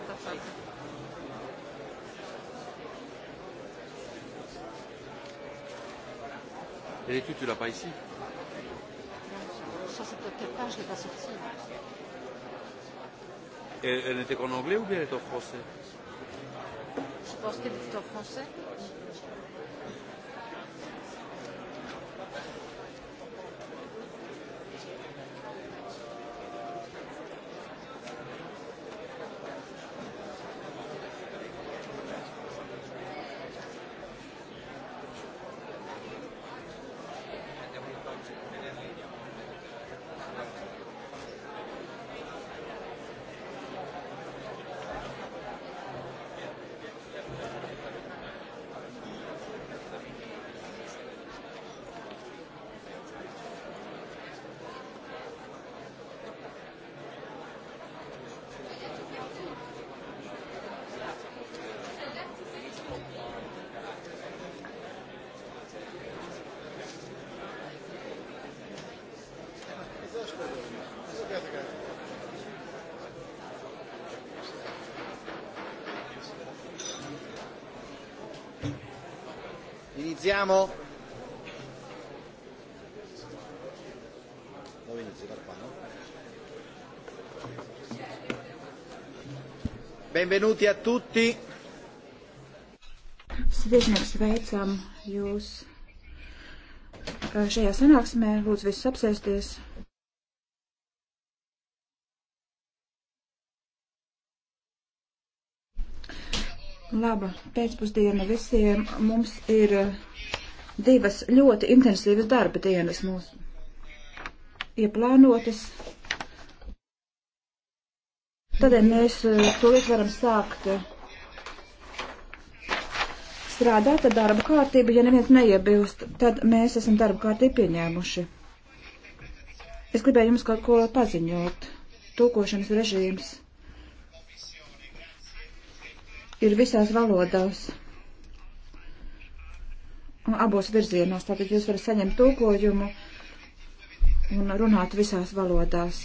35. Et l'étude, tu l'as pas ici Non, ça c'est peut-être quelqu'un, je ne l'ai pas sorti. Et elle n'était qu'en anglais ou bien elle était en français Je pense qu'elle était en français. Oui. Iniziamo. Dove inizio da qua, no? Benvenuti a tutti. Sveicinieks sveicam jūs šajā sanāksmē. Lūdzu visus apsēsties. Laba pēcpusdiena visiem. Mums ir eh, divas ļoti intensīvas darba dienas mūsu ieplānotas. Tādēļ mēs eh, tūlīt varam sākt eh, strādāt ar darba kārtību. Ja neviens neiebilst, tad mēs esam darba kārtību pieņēmuši. Es gribēju jums kaut ko paziņot. Tūkošanas režīms ir visās valodās un abos virzienos. Tātad jūs varat saņemt tūkojumu un runāt visās valodās.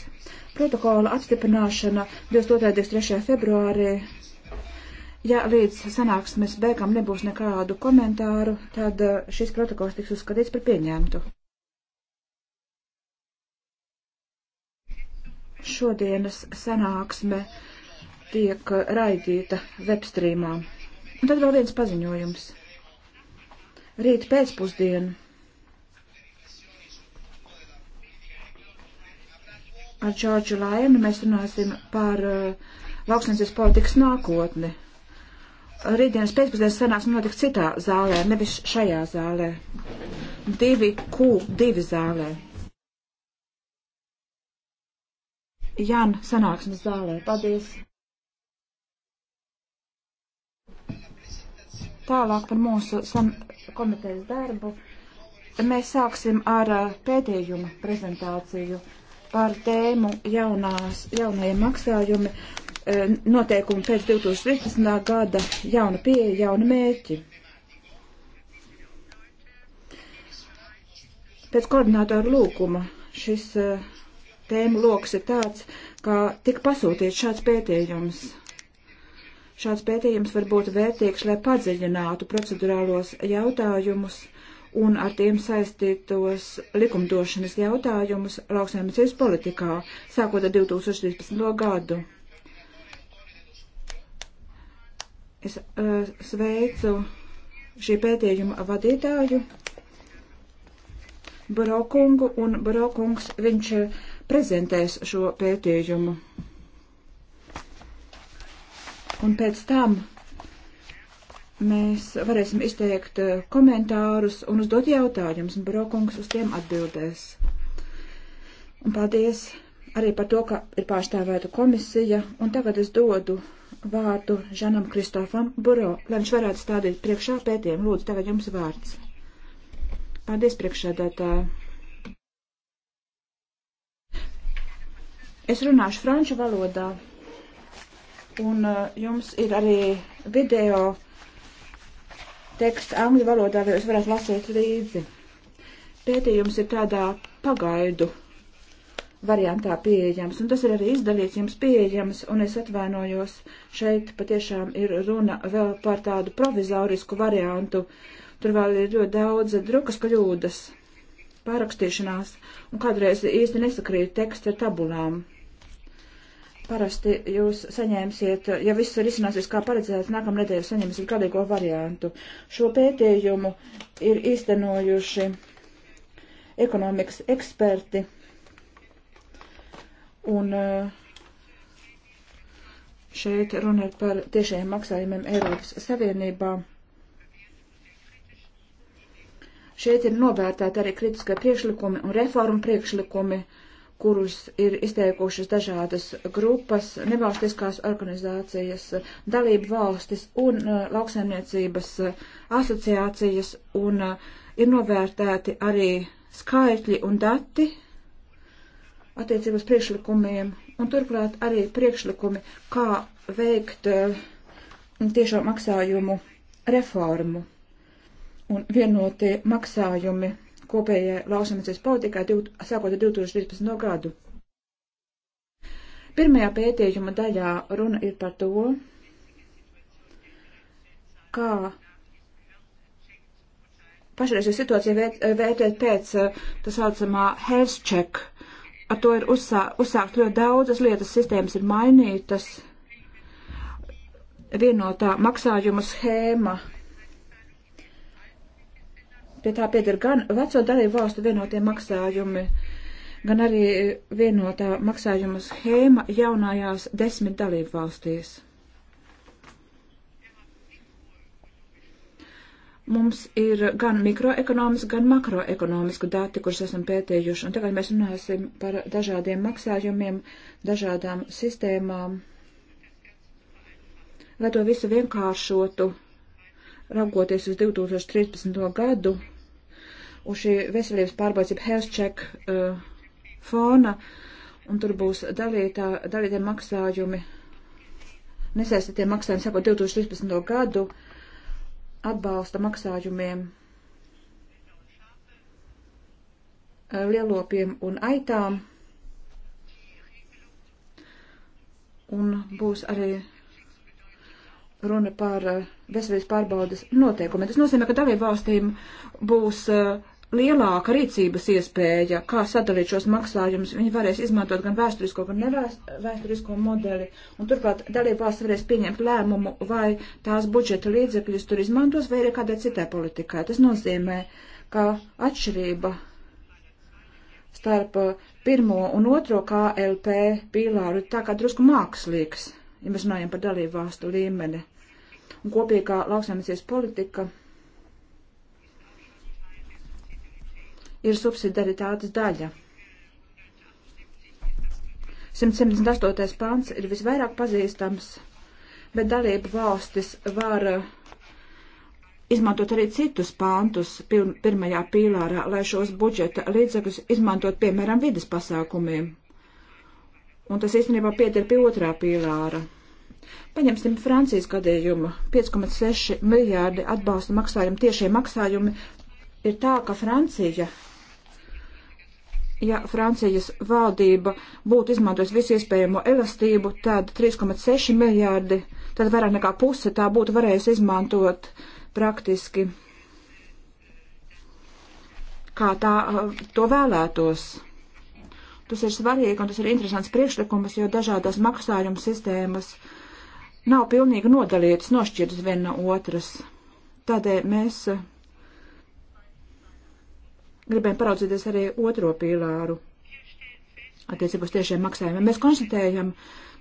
Protokola apstiprināšana 22.23. februārī. Ja līdz sanāksmes beigām nebūs nekādu komentāru, tad eh, šis protokols tiks uzskatīts par pieņemtu. Šodienas sanāksme tiek raidīta webstrīmā. Un tad vēl viens paziņojums. Rīt pēcpusdienu ar Čorču Lainu mēs runāsim par uh, lauksnesības politikas nākotni. Rītdienas pēcpusdienas sanāksme notiks citā zālē, nevis šajā zālē. 2Q2 zālē. Jan sanāksmes zālē. Paldies! Tālāk par mūsu komitejas darbu. Mēs sāksim ar pētījumu prezentāciju par tēmu jaunās, jaunie maksājumi, noteikumi pēc 2013. gada, jauna pieeja, jauna mērķi. Pēc koordinātoru lūkuma šis tēma loks ir tāds, ka tika pasūtīts šāds pētījums – Šāds pētījums var būt vērtīgs, lai padziļinātu procedurālos jautājumus un ar tiem saistītos likumdošanas jautājumus lauksaimniecības politikā, sākot ar 2013. gadu. Es uh, sveicu šī pētījuma vadītāju Barokungu, un Barokungs viņš eh, prezentēs šo pētījumu un pēc tam mēs varēsim izteikt eh, komentārus un uzdot jautājumus, un Brokungs uz tiem atbildēs. Un paldies arī par to, ka ir pārstāvēta komisija, un tagad es dodu vārdu Žanam Kristofam Buro, lai viņš varētu stādīt priekšā pētiem. Lūdzu, tagad jums vārds. Paldies priekšsēdētāji. Es runāšu franču valodā un uh, jums ir arī video teksts angļu valodā, vai jūs varat lasīt līdzi. Pētījums ir tādā pagaidu variantā pieejams, un tas ir arī izdalīts jums pieejams, un es atvainojos, šeit patiešām ir runa vēl par tādu provizorisku variantu. Tur vēl ir ļoti daudz drukas kļūdas, pārakstīšanās, un kādreiz īsti nesakrīt teksts ar tabulām. Parasti jūs saņēmsiet, ja viss ir izcināsies kā paredzēts, nākamnedēļ jūs saņemsiet kādīgo variantu. Šo pētījumu ir iztenojuši ekonomikas eksperti. Un eh, šeit runa ir par tiešajiem maksājumiem Eiropas Savienībā. Šeit ir novērtēti arī kritiskie priekšlikumi un reformu priekšlikumi. Uh, kurus ir izteikušas dažādas grupas, nevalstiskās organizācijas, dalību valstis un uh, lauksaimniecības uh, asociācijas, un uh, ir novērtēti arī skaitļi un dati attiecības priekšlikumiem, un turklāt arī priekšlikumi, kā veikt uh, tiešo maksājumu reformu un vienotie maksājumi kopējai lauksamniecības politikai sākot ar 2013. gadu. Pirmajā pētījuma daļā runa ir par to, kā pašreizēju situāciju vērt, vērtēt pēc eh, tā saucamā health check. Ar to ir uzsā, uzsākt ļoti daudzas lietas, sistēmas ir mainītas, vienotā maksājuma schēma Pie tā pieder gan veco dalību valstu vienotie maksājumi, gan arī vienotā maksājuma schēma jaunajās desmit dalību valstīs. Mums ir gan mikroekonomiski, gan makroekonomiski dati, kurus esam pētījuši. Un tagad mēs runāsim par dažādiem maksājumiem, dažādām sistēmām. Lai to visu vienkāršotu, raugoties uz 2013. gadu, uz šī veselības pārbaudas, jeb health check uh, fona, un tur būs dalītā, dalītie maksājumi, nesaistītie maksājumi, sakot, 2013. gadu atbalsta maksājumiem uh, lielopiem un aitām. Un būs arī runa par eh, veselības pārbaudas noteikumiem. Tas nozīmē, ka dalībvalstīm būs eh, lielāka rīcības iespēja, kā sadalīt šos maksājumus. Viņi varēs izmantot gan vēsturisko, gan nevēsturisko modeli. Un turklāt dalībvalsts varēs pieņemt lēmumu, vai tās budžeta līdzekļus tur izmantos, vai arī kādai citai politikai. Tas nozīmē, ka atšķirība starp eh, pirmo un otro KLP pīlāru ir tā kā drusku mākslīgs ja mēs runājam par dalību valstu līmeni. Un kopīgā lauksaimniecības politika ir subsidaritātes daļa. 178. pāns ir visvairāk pazīstams, bet dalību valstis var uh, izmantot arī citus pāntus pirmajā pīlārā, lai šos budžeta līdzekļus izmantot, piemēram, vidas pasākumiem un tas īstenībā pieder pie otrā pīlāra. Paņemsim Francijas gadījumu. 5,6 miljārdi atbalsta maksājumu, tiešie maksājumi ir tā, ka Francija, ja Francijas valdība būtu izmantojusi visu iespējamo elastību, tad 3,6 miljārdi, tad vairāk nekā puse tā būtu varējusi izmantot praktiski, kā tā eh, to vēlētos. Tas ir svarīgi un tas ir interesants priekšlikums, jo dažādas maksājuma sistēmas nav pilnīgi nodalītas, nošķirtas viena no otras. Tādēļ mēs eh, gribējām paraudzīties arī otro pīlāru attiecībā uz tiešiem maksājumiem. Mēs konstatējam,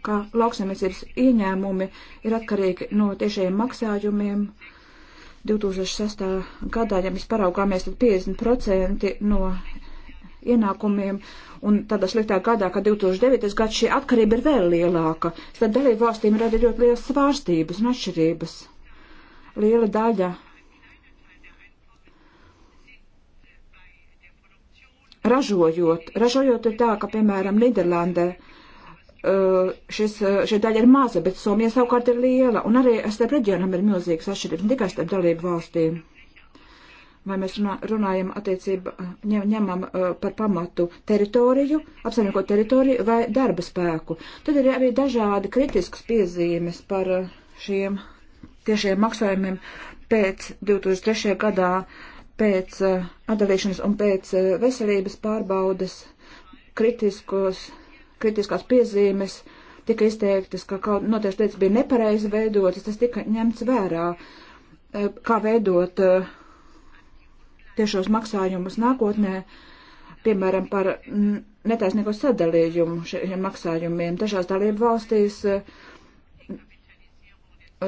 ka lauksaimniecības ieņēmumi ir atkarīgi no tiešajiem maksājumiem. 2006. gadā, ja mēs paraugāmies, tad 50% no ienākumiem, un tādā sliktā gadā, kad 2009. gads šī atkarība ir vēl lielāka. Starp dalību valstīm ir arī ļoti liels svārstības un atšķirības. Liela daļa ražojot. Ražojot ir tā, ka, piemēram, Nīderlandē uh, šis, uh, šī daļa ir maza, bet Somija savukārt ir liela, un arī starp reģionam ir milzīgas atšķirības, ne tikai starp dalību valstīm vai mēs runā, runājam attiecību, ņem, ņemam uh, par pamatu teritoriju, apsaimnieko teritoriju vai darba spēku. Tad ir arī dažādi kritiskas piezīmes par uh, šiem tiešiem maksājumiem pēc 2003. gadā, pēc uh, atdalīšanas un pēc uh, veselības pārbaudas kritiskos, kritiskās piezīmes tika izteiktas, ka kaut noteikti lietas bija nepareizi veidotas, tas tika ņemts vērā, uh, kā veidot uh, tiešos maksājumus nākotnē, piemēram, par netaisnīgo sadalījumu šiem maksājumiem. Dažās dalību valstīs eh,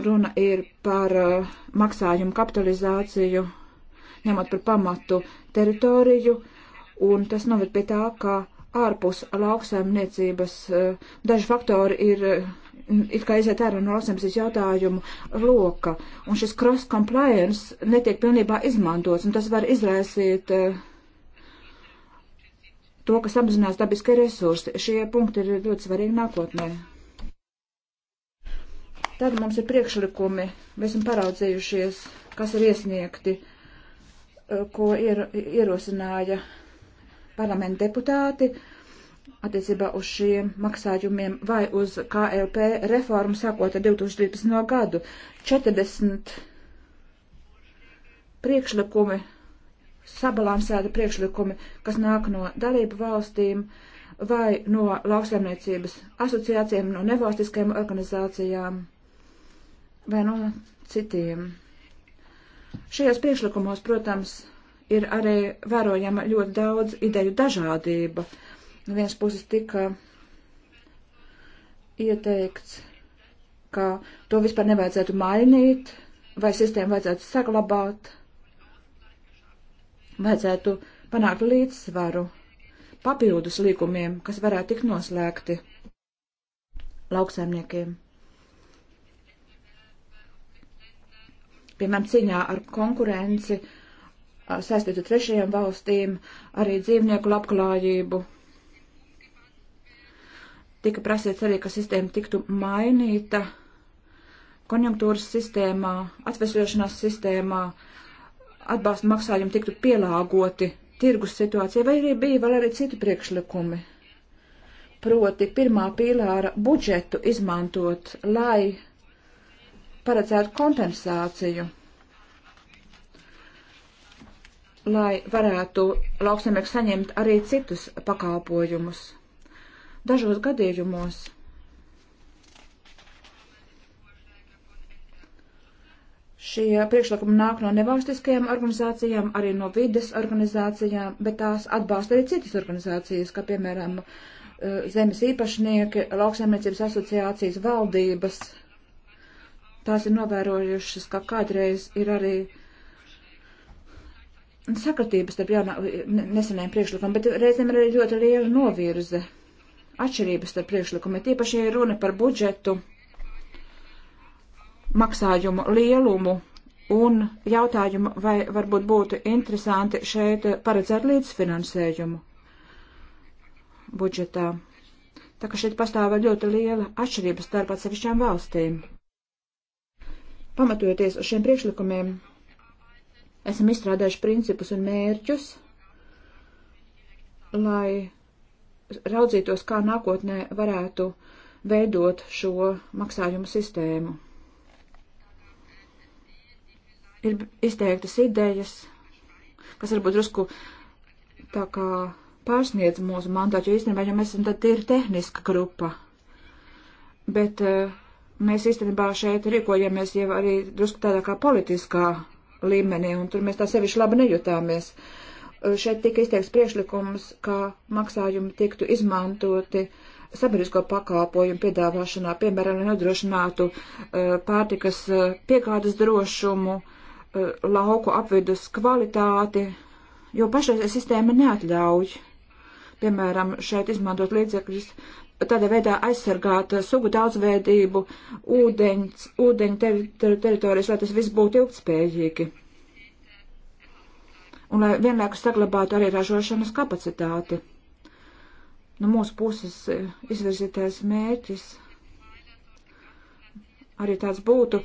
runa ir par eh, maksājumu kapitalizāciju, ņemot par pamatu teritoriju, un tas noved pie tā, ka ārpus lauksaimniecības eh, daži faktori ir it kā aiziet ārā no lauksaimniecības jautājumu loka, un šis cross compliance netiek pilnībā izmantots, un tas var izraisīt eh, to, kas apzinās dabiskie resursi. Šie punkti ir ļoti svarīgi nākotnē. Tad mums ir priekšlikumi, mēs esam paraudzījušies, kas ir iesniegti, eh, ko ir, ierosināja parlamenta deputāti. Uh, attiecībā uz šiem maksājumiem vai uz KLP reformu sākot ar 2012. gadu. 40 priekšlikumi, sabalansēta priekšlikumi, kas nāk no dalību valstīm vai no lauksaimniecības asociācijām, no nevalstiskajām organizācijām vai no citiem. Šajos priekšlikumos, protams, ir arī vērojama ļoti daudz ideju dažādība. Uh, no vienas puses tika ieteikts, ka to vispār nevajadzētu mainīt, vai sistēmu vajadzētu saglabāt, vajadzētu panākt līdzsvaru papildus līgumiem, kas varētu tikt noslēgti lauksaimniekiem. Piemēram, ciņā ar konkurenci saistītu trešajām valstīm, arī dzīvnieku labklājību Tika prasīts arī, ka sistēma tiktu mainīta konjunktūras sistēmā, atvesļošanās sistēmā, atbalsta maksājumi tiktu pielāgoti tirgus situācijai, vai arī bija vēl arī citi priekšlikumi. Proti pirmā pīlāra budžetu izmantot, lai paredzētu kompensāciju, lai varētu lauksemnieks saņemt arī citus pakalpojumus. Dažos gadījumos Šie priekšlikumi nāk no nevalstiskajām organizācijām, arī no vides organizācijām, bet tās atbalsta arī citas organizācijas, kā piemēram eh, zemes īpašnieki, lauksaimniecības asociācijas, valdības. Tās ir novērojušas, ka kādreiz ir arī sakratības starp neseniem priekšlikumiem, bet reizēm ir arī ļoti liela novirze atšķirības starp priekšlikumiem, tīpaši, ja runa par budžetu, maksājumu lielumu un jautājumu, vai varbūt būtu interesanti šeit paredzēt līdzfinansējumu budžetā. Tā ka šeit pastāv ļoti liela atšķirības starp atsevišķām valstīm. Pamatojoties uz šiem priekšlikumiem, esam izstrādājuši principus un mērķus, lai raudzītos, kā nākotnē varētu veidot šo maksājumu sistēmu. Ir izteiktas idejas, kas varbūt drusku tā kā pārsniedz mūsu mandātu, jo īstenībā jau mēs esam tad ir tehniska grupa. Bet uh, mēs īstenībā šeit rīkojamies jau arī drusku tādā kā politiskā līmenī, un tur mēs tā sevišķi labi nejutāmies. Uh, Eh, šeit tika izteikts priešlikums, ka maksājumi tiktu izmantoti sabiedrisko pakāpojumu piedāvāšanā, piemēram, lai nodrošinātu eh, pārtikas eh, piegādes drošumu, lauku apvidus kvalitāti, jo pašreiz sistēma neatļauj, piemēram, šeit izmantot līdzekļus tādā veidā aizsargāt sugu daudzveidību, ūdeņu, ūdeņu ter, ter, teritorijas, lai tas viss būtu ilgtspējīgi un lai vienlaikus saglabātu arī ražošanas kapacitāti. No mūsu puses e, izvirzītais mērķis arī tāds būtu.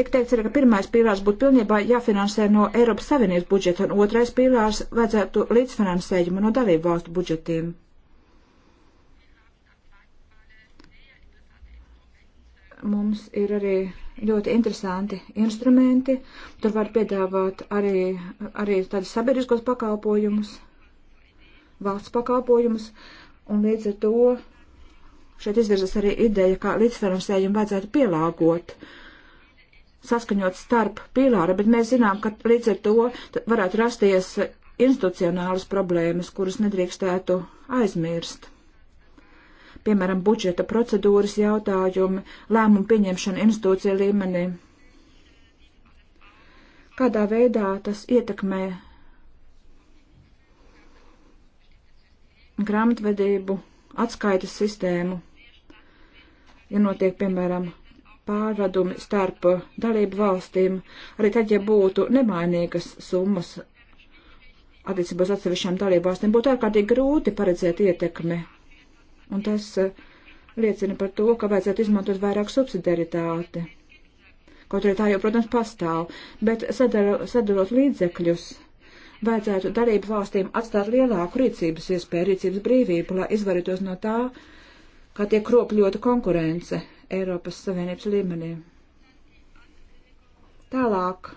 Tik teikts arī, ka pirmais pīlārs būtu pilnībā jāfinansē no Eiropas Savienības budžeta, un otrais pīlārs vajadzētu līdzfinansējumu no dalību valstu budžetiem. mums ir arī ļoti interesanti instrumenti. Tur var piedāvāt arī, arī tādus sabiedriskos pakalpojumus, valsts pakalpojumus, un līdz ar to šeit izvirzas arī ideja, kā līdzfinansējumu vajadzētu pielāgot, saskaņot starp pīlāra, bet mēs zinām, ka līdz ar to varētu rasties institucionālas problēmas, kuras nedrīkstētu aizmirst piemēram, budžeta procedūras jautājumi, lēmumu pieņemšana institūcija līmenī. Kādā veidā tas ietekmē grāmatvedību, atskaitas sistēmu, ja notiek, piemēram, pārvadumi starp dalību valstīm, arī tad, ja būtu nemainīgas summas attiecībā uz atsevišķām dalību valstīm, būtu ārkārtīgi grūti paredzēt ietekmi Un tas eh, liecina par to, ka vajadzētu izmantot vairāk subsidiaritāti. Kaut arī tā jau, protams, pastāv, bet sadaro, sadarot līdzekļus, vajadzētu darību valstīm atstāt lielāku rīcības iespēju, rīcības brīvību, lai izvarītos no tā, kā tiek kropļota konkurence Eiropas Savienības līmenī. Tālāk.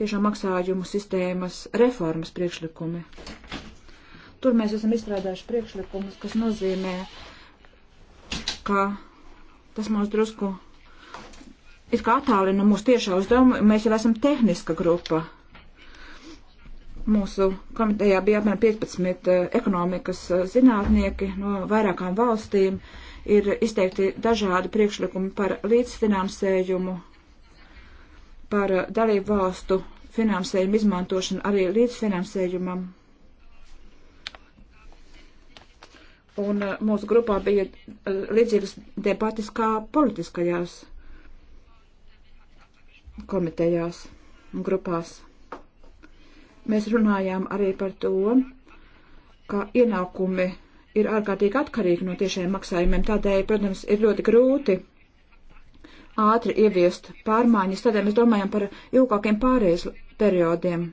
Tiešām maksājumu sistēmas reformas priekšlikumi. Tur mēs esam izstrādājuši priekšlikumus, kas nozīmē, ka tas mums drusku it kā attālina mūsu tiešā uzdevuma. Mēs jau esam tehniska grupa. Mūsu komitejā bija apmēram 15 eh, ekonomikas eh, zinātnieki no vairākām valstīm. Ir izteikti dažādi priekšlikumi par līdzfinansējumu, par eh, dalību valstu finansējumu izmantošanu arī līdzfinansējumam. Un uh, mūsu grupā bija uh, līdzīgas debatas kā politiskajās komitejās un grupās. Mēs runājām arī par to, ka ienākumi ir ārkārtīgi atkarīgi no tiešiem maksājumiem. Tādēļ, protams, ir ļoti grūti ātri ieviest pārmaiņas. Tādēļ mēs domājam par ilgākiem pārējais periodiem.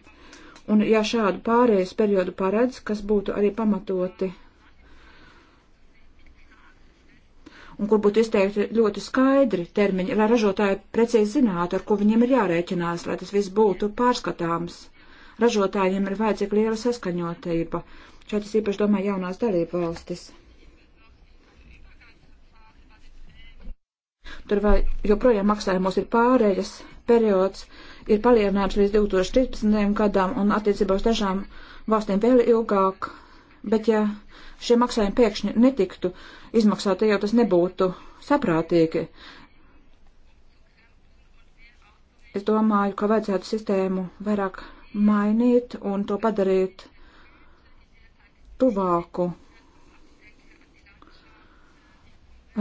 Un ja šādu pārējais periodu paredz, kas būtu arī pamatoti un kur būtu izteikti ļoti skaidri termiņi, lai ražotāji precīzi zinātu, ar ko viņiem ir jārēķinās, lai tas viss būtu pārskatāms. Ražotājiem ir vajadzīga liela saskaņotība. Šeit es īpaši domāju jaunās dalību valstis. Tur vēl joprojām maksājumos ir pārējas periods, ir palielināts līdz 2013. gadam un attiecībā uz dažām valstīm vēl ilgāk, bet ja šie maksājumi pēkšņi netiktu uh, izmaksātu, ja jau tas nebūtu saprātīgi. Es domāju, ka vajadzētu sistēmu vairāk mainīt un to padarīt tuvāku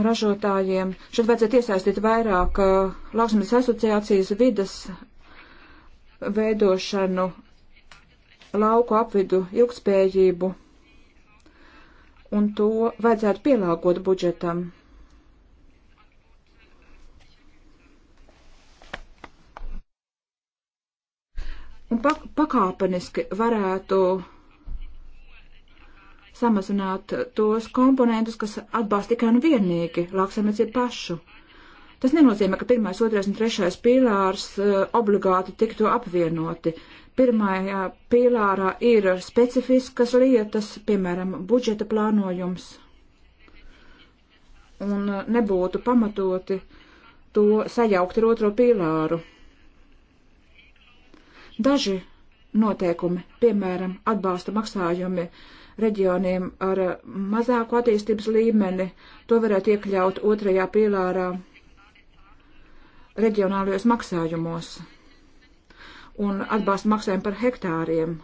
ražotājiem. Šeit vajadzētu iesaistīt vairāk uh, lauksimnes asociācijas vidas veidošanu, lauku apvidu, ilgspējību un to vajadzētu pielāgot budžetam. Un pak pakāpeniski varētu samazināt tos komponentus, kas atbalsta tikai un vienīgi lauksaimniecību pašu. Tas nenozīmē, ka pirmais, otrais un trešais pīlārs uh, obligāti tiktu apvienoti. Uh, Pirmajā pīlārā ir specifiskas lietas, piemēram, budžeta plānojums. Un nebūtu pamatoti to sajaukt ar otro pīlāru. Daži noteikumi, piemēram, atbalsta maksājumi reģioniem ar mazāku attīstības līmeni, to varētu iekļaut otrajā pīlārā reģionālajos maksājumos un atbalsta maksājumu par hektāriem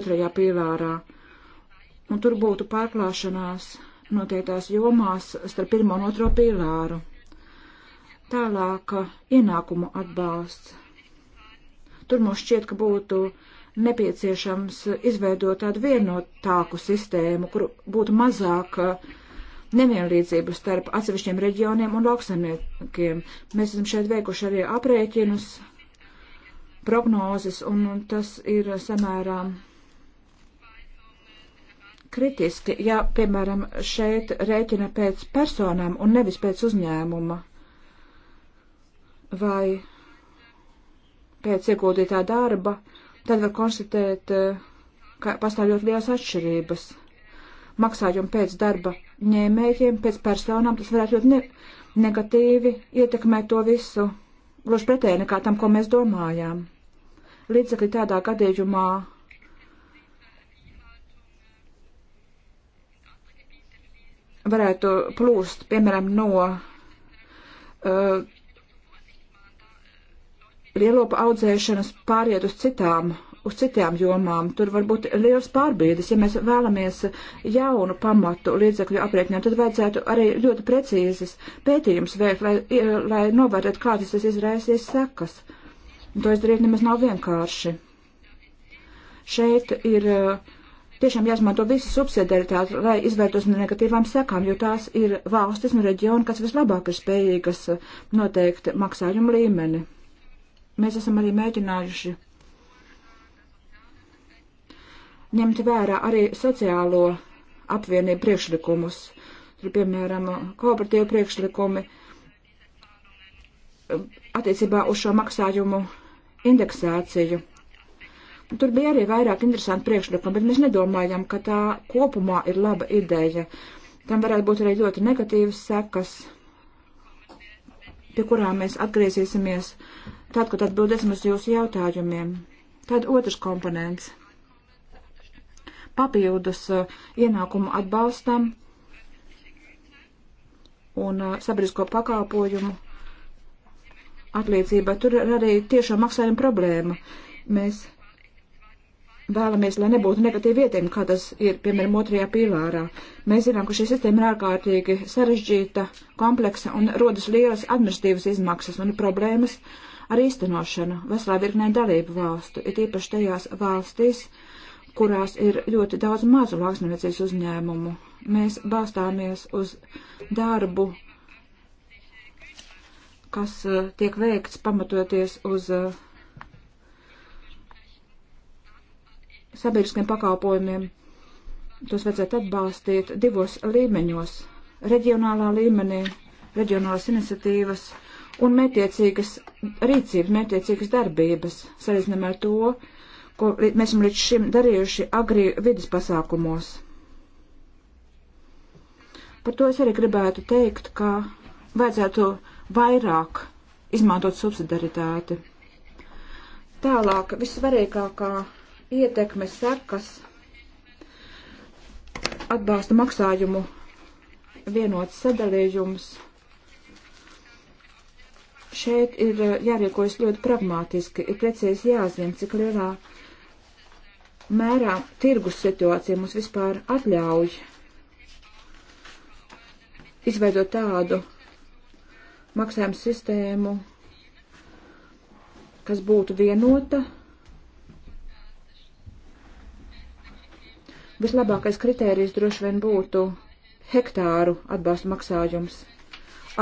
otrajā pīlārā. Un tur būtu pārklāšanās noteiktās jomās starp pirmo un otro pīlāru. Tālāk ienākumu atbalsts. Tur mums šķiet, ka būtu nepieciešams izveidot tādu vienotāku sistēmu, kur būtu mazāk nevienlīdzību starp atsevišķiem reģioniem un lauksaimniekiem. Mēs esam šeit veikuši arī aprēķinus, prognozes, un tas ir samērā kritiski, ja, piemēram, šeit rēķina pēc personām un nevis pēc uzņēmuma vai pēc ieguldītā darba, tad var konstatēt, ka pastāv ļoti liels atšķirības. Maksājumi pēc darba ņēmējiem, pēc personām, tas varētu ļoti ne negatīvi ietekmēt to visu, gluži pretēji nekā tam, ko mēs domājām līdzekļi tādā gadījumā varētu plūst, piemēram, no uh, lielopa audzēšanas pāriet uz citām, uz citām jomām. Tur var būt liels pārbīdes. Ja mēs vēlamies jaunu pamatu līdzekļu aprēķināt, tad vajadzētu arī ļoti precīzes pētījums veikt, lai, lai novērtētu, kādas tas izraisīs sekas. Uh, Un to izdarīt nemaz nav vienkārši. Šeit ir eh, tiešām jāizmanto visa subsidiaritāte, lai izvērtos no negatīvām sekām, jo tās ir valstis un reģioni, kas vislabāk ir spējīgas eh, noteikt maksājumu līmeni. Mēs esam arī mēģinājuši ņemt vērā arī sociālo apvienību priekšlikumus. Tur, piemēram, kooperatīvu priekšlikumi eh, attiecībā uz šo maksājumu indeksāciju. Un tur bija arī vairāk interesanti priekšlikumi, bet mēs nedomājam, ka tā kopumā ir laba ideja. Tam varētu būt arī ļoti negatīvas sekas, pie kurām mēs atgriezīsimies tad, kad atbildēsim uz jūsu jautājumiem. Tad otrs komponents papildus uh, ienākumu atbalstam un uh, sabiedrisko pakāpojumu apliecībā. Tur ir arī tiešām maksājuma problēma. Mēs vēlamies, lai nebūtu negatīvi ietekmi, kā tas ir, piemēram, otrajā pīlārā. Mēs zinām, ka šī sistēma ir ārkārtīgi sarežģīta, kompleksa un rodas lielas administratīvas izmaksas un problēmas ar īstenošanu veselā virknē dalību valstu, ir īpaši tajās valstīs, kurās ir ļoti daudz mazu lauksnevecības uzņēmumu. Mēs balstāmies uz darbu kas eh, tiek veikts pamatoties uz eh, sabiedriskiem pakalpojumiem. Tos vajadzētu atbalstīt divos līmeņos - reģionālā līmenī, reģionālas iniciatīvas un mērķiecīgas rīcības, mērķiecīgas darbības, salīdzinām ar to, ko mēs esam līdz šim darījuši agrī vidas pasākumos. Par to es arī gribētu teikt, ka vajadzētu vairāk izmantot subsidaritāti. Tālāk, vissvarīgākā ietekme sekas atbalsta maksājumu vienots sadalījums. Šeit ir eh, jārīkojas ļoti pragmātiski, ir precīzi jāzina, cik lielā mērā tirgus situācija mums vispār atļauj izveidot tādu maksājumu sistēmu, kas būtu vienota. Vislabākais kritērijs droši vien būtu hektāru atbalsta maksājums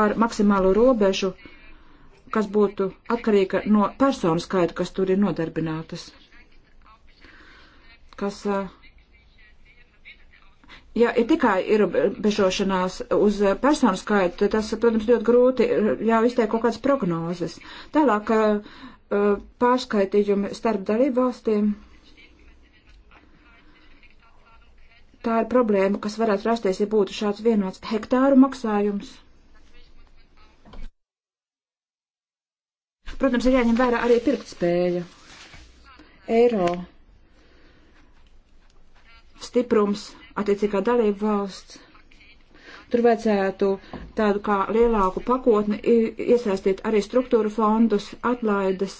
ar maksimālo robežu, kas būtu atkarīga no personu skaita, kas tur ir nodarbinātas, kas uh, Ja ir tikai ierobežošanās uz personu skaitu, tas, protams, ļoti grūti ļauj izteikt kaut kādas prognozes. Tālāk eh, pārskaitījumi starp dalību valstīm. Tā ir problēma, kas varētu rasties, ja būtu šāds vienots hektāru maksājums. Protams, ir jāņem vērā arī pirktspēja. Eiro. Stiprums attiecīgā dalība valsts. Tur vajadzētu tādu kā lielāku pakotni iesaistīt arī struktūra fondus, atlaides.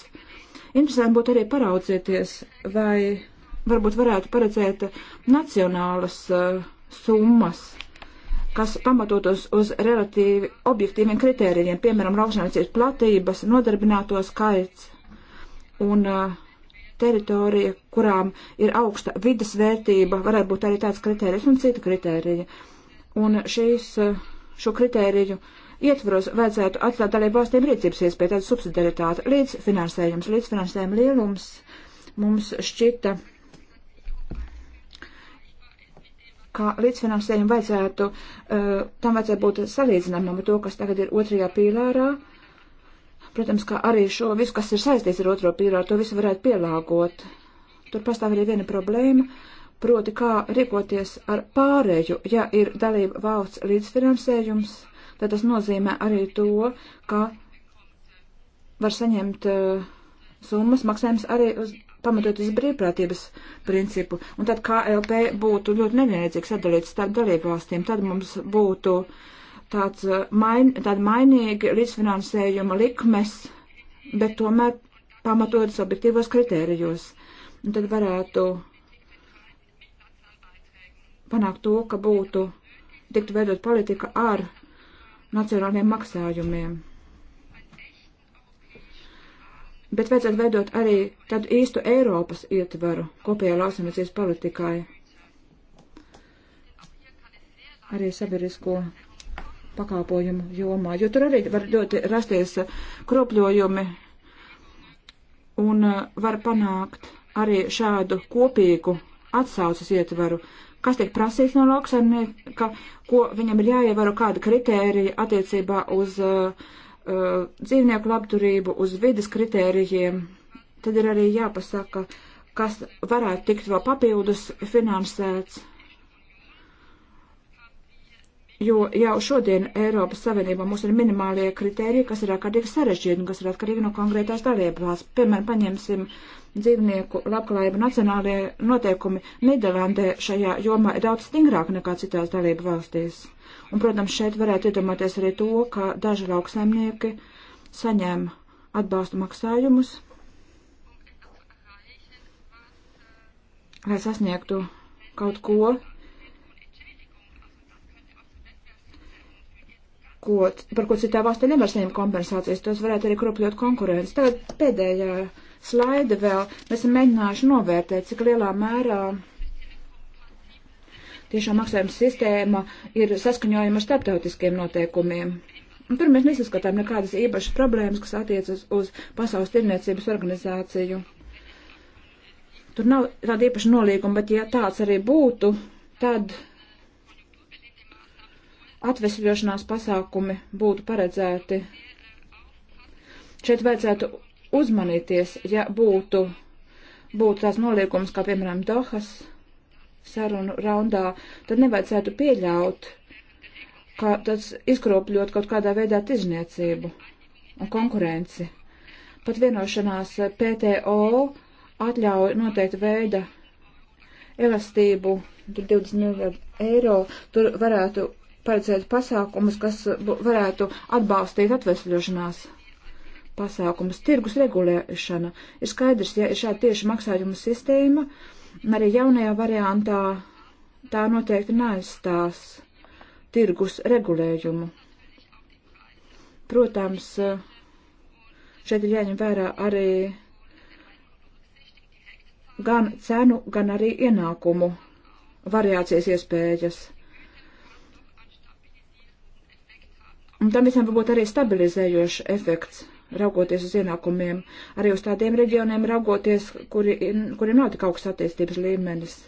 Interesanti būtu arī paraudzīties, vai varbūt varētu paredzēt nacionālas uh, summas, kas pamatotos uz relatīvi objektīviem kritērijiem, piemēram, lauksainicības platības, nodarbināto skaits un uh, teritorija, kurām ir augsta vidas vērtība, varētu būt arī tāds kritērijs un cita kritērija. Un šīs, šo kritēriju ietvaros vajadzētu atstāt dalību valstīm rīcības iespēju, tāda subsidiaritāte, līdzfinansējums, līdzfinansējuma lielums mums šķita kā līdzfinansējumu vajadzētu, uh, tam vajadzētu būt salīdzināmam ar to, kas tagad ir otrajā pīlārā. Uh, Protams, ka arī šo visu, kas ir saistīts ar otro pīlāru, to visu varētu pielāgot. Tur pastāv arī viena problēma, proti kā rīkoties ar pārēju, ja ir dalība valsts līdzfinansējums, tad tas nozīmē arī to, ka var saņemt uh, summas maksājums arī uz, pamatot uz brīvprātības principu. Un tad KLP būtu ļoti nevienlīdzīgi sadalīts starp dalību valstīm. Tad mums būtu uh, tāds, eh, main, tāda mainīga līdzfinansējuma likmes, bet tomēr pamatotas objektīvos kritērijos. Un tad varētu panākt to, ka būtu tiktu veidot politika ar nacionāliem maksājumiem. Bet vajadzētu veidot arī tādu īstu Eiropas ietvaru kopējā lauksamniecības politikai. Arī sabiedrisko pakalpojumu jomā, jo tur arī var ļoti rasties kropļojumi un eh, var panākt arī šādu kopīgu atsaucas ietvaru, kas tiek prasīts no lauksaimnieka, ko viņam ir jāievēro, kāda kritērija attiecībā uz uh, uh, dzīvnieku labturību, uz vidas kritērijiem. Tad ir arī jāpasaka, kas varētu tikt vēl papildus finansēts jo jau šodien Eiropas Savienībā mums ir minimālie kritēriji, kas ir ārkārtīgi sarežģīti un kas ir atkarīgi no konkrētās dalībās. Piemēram, paņemsim dzīvnieku labklājību nacionālajie noteikumi. Nīderlandē šajā jomā ir daudz stingrāk nekā citās dalību valstīs. Un, protams, šeit varētu iedomāties arī to, ka daži lauksaimnieki saņem atbalstu maksājumus, lai sasniegtu kaut ko, ko, par ko citā valstī nevar saņemt kompensācijas. Tas varētu arī kropļot konkurences. Tagad pēdējā slaida vēl. Mēs esam mēģinājuši novērtēt, cik lielā mērā tiešām maksājuma sistēma ir saskaņojama ar starptautiskiem noteikumiem. Un tur mēs nesaskatām nekādas īpašas problēmas, kas attiecas uz Pasaules tirniecības organizāciju. Tur nav tāda īpaša nolīguma, bet ja tāds arī būtu, tad atvesļošanās pasākumi būtu paredzēti. Šeit vajadzētu uzmanīties, ja būtu, būtu tās noliekums, kā piemēram Dohas sarunu raundā, tad nevajadzētu pieļaut, ka tas izkropļot kaut kādā veidā tirzniecību un konkurenci. Pat vienošanās PTO atļauj noteikti veida elastību, tur 20 miljardu eiro, tur varētu paredzēt pasākumus, kas varētu atbalstīt atvesļošanās pasākumus. Tirgus regulēšana ir skaidrs, ja ir šāda tieši maksājuma sistēma, arī jaunajā variantā tā noteikti neaizstās tirgus regulējumu. Protams, šeit ir jāņem vērā arī gan cenu, gan arī ienākumu variācijas iespējas. Un tam visam varbūt arī stabilizējošs efekts, raugoties uz ienākumiem, arī uz tādiem reģioniem raugoties, kuri, kuri nav tik augsts attīstības līmenis.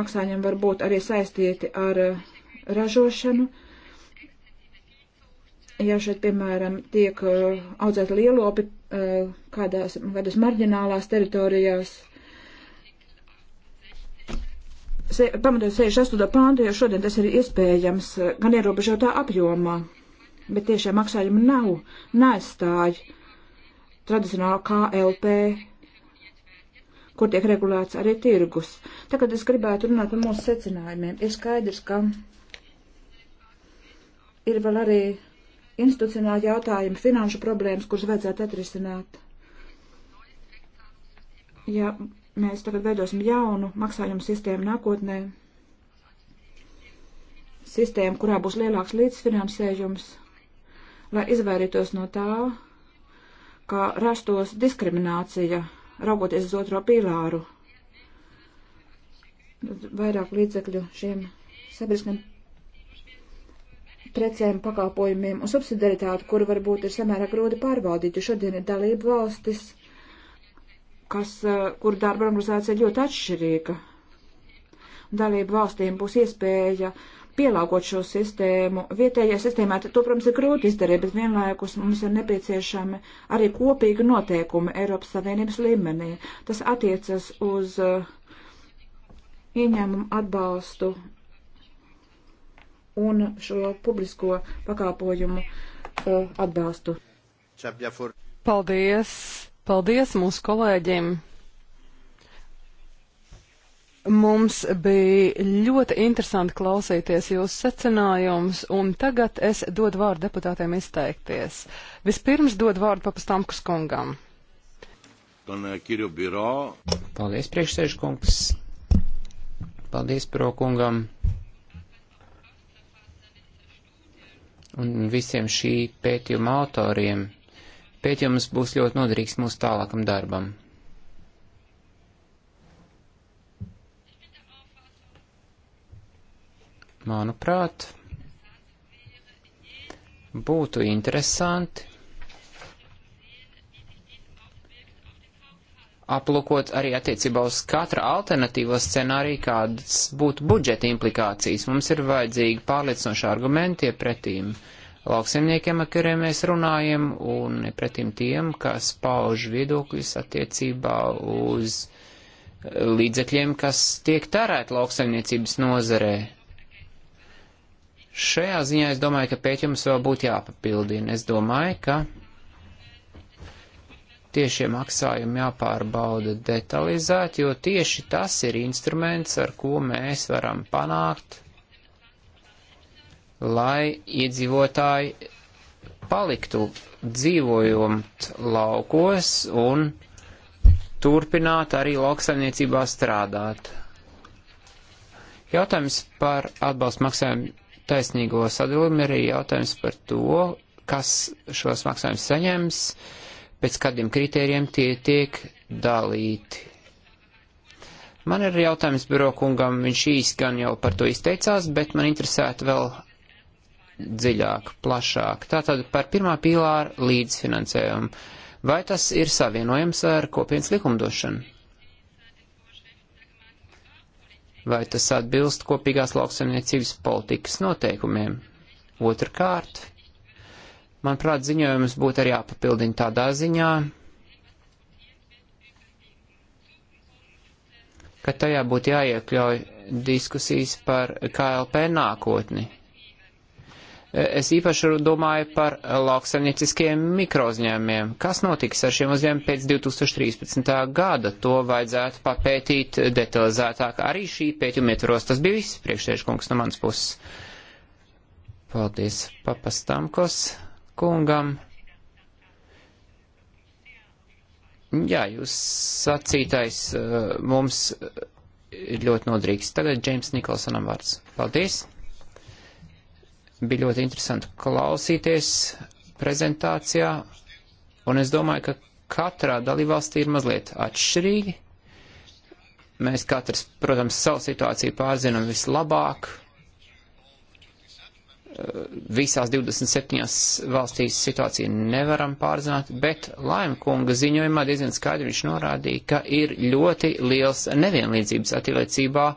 Maksājumi var būt arī saistīti ar uh, ražošanu. Ja šeit, piemēram, tiek uh, audzēta lielopi uh, kādās, kādās marģinālās teritorijās, se, pamatot 68. pāntu, jo šodien tas ir iespējams eh, gan ierobežotā apjomā, bet tiešie maksājumi nav, neaizstāj tradicionālo KLP, kur tiek regulēts arī tirgus. Tagad es gribētu runāt par mūsu secinājumiem. Ir skaidrs, ka ir vēl arī institucionāli jautājumi, finanšu problēmas, kuras vajadzētu atrisināt. Ja mēs tagad veidosim jaunu maksājumu sistēmu nākotnē. Sistēmu, kurā būs lielāks līdzfinansējums, lai izvairītos no tā, ka rastos diskriminācija, raugoties uz otro pīlāru. Vairāk līdzekļu šiem sabiedriskiem precēm, pakalpojumiem un subsidiaritāti, kuru varbūt ir samērā grūti pārvaldīt, jo šodien ir dalība valstis kas, eh, kur darba organizācija ir ļoti atšķirīga. Dalību valstīm būs iespēja pielāgot šo sistēmu. Vietējā sistēmā to, protams, ir grūti izdarīt, bet vienlaikus mums ir nepieciešami arī kopīgi noteikumi Eiropas Savienības līmenī. Tas attiecas uz eh, ieņēmumu atbalstu un šo publisko pakāpojumu eh, atbalstu. Paldies! Paldies mūsu kolēģim! Mums bija ļoti interesanti klausīties jūsu secinājumus, un tagad es dodu vārdu deputātiem izteikties. Vispirms dodu vārdu papastāmkus kungam. Eh, Paldies, priekšsēžkungs. Paldies, prokungam. Un visiem šī pētījuma autoriem pētījums būs ļoti noderīgs mūsu tālākam darbam. Manuprāt, būtu interesanti aplūkot arī attiecībā uz katra alternatīvo scenāriju, kādas būtu budžeta implikācijas. Mums ir vajadzīgi pārliecinoši argumenti pretīm. Ja lauksemniekiem, ar kuriem mēs runājam, un pretim tiem, kas pauž viedokļus attiecībā uz eh, līdzekļiem, kas tiek tērēt lauksaimniecības nozarē. Šajā ziņā es domāju, ka pētījums vēl būtu jāpapildina. Es domāju, ka tiešie maksājumi jāpārbauda detalizēt, jo tieši tas ir instruments, ar ko mēs varam panākt lai iedzīvotāji paliktu dzīvojot laukos un turpināt arī lauksaimniecībā strādāt. Jautājums par atbalstu maksājumu taisnīgo sadalījumu ir arī jautājums par to, kas šos maksājumus saņems, pēc kādiem kritērijiem tie tiek dalīti. Man ir jautājums birokungam, viņš īsti gan jau par to izteicās, bet man interesētu vēl dziļāk, plašāk. Tātad par pirmā pīlāra līdzfinansējumu. Vai tas ir savienojams ar kopienas likumdošanu? Vai tas atbilst kopīgās lauksaimniecības politikas noteikumiem? Otrakārt, manuprāt, ziņojums būtu arī jāpapildina tādā ziņā, ka tajā būtu jāiekļauj diskusijas par KLP nākotni, Es īpaši domāju par lauksaimnieciskiem mikrouzņēmumiem. Kas notiks ar šiem uzņēmumiem pēc 2013. gada? To vajadzētu papētīt detalizētāk. Arī šī pētījuma ietvaros tas bija viss priekšsēžkungs no manas puses. Paldies papastamkos kungam. Jā, jūs sacītais uh, mums ļoti nodrīgs. Tagad Džeims Nikolsonam vārds. Paldies! Bija ļoti interesanti klausīties prezentācijā, un es domāju, ka katrā dalībvalstī ir mazliet atšķirīgi. Mēs katrs, protams, savu situāciju pārzinām vislabāk. Visās 27 valstīs situāciju nevaram pārzināt, bet Laimkunga ziņojumā diezgan skaidri viņš norādīja, ka ir ļoti liels nevienlīdzības attiecībā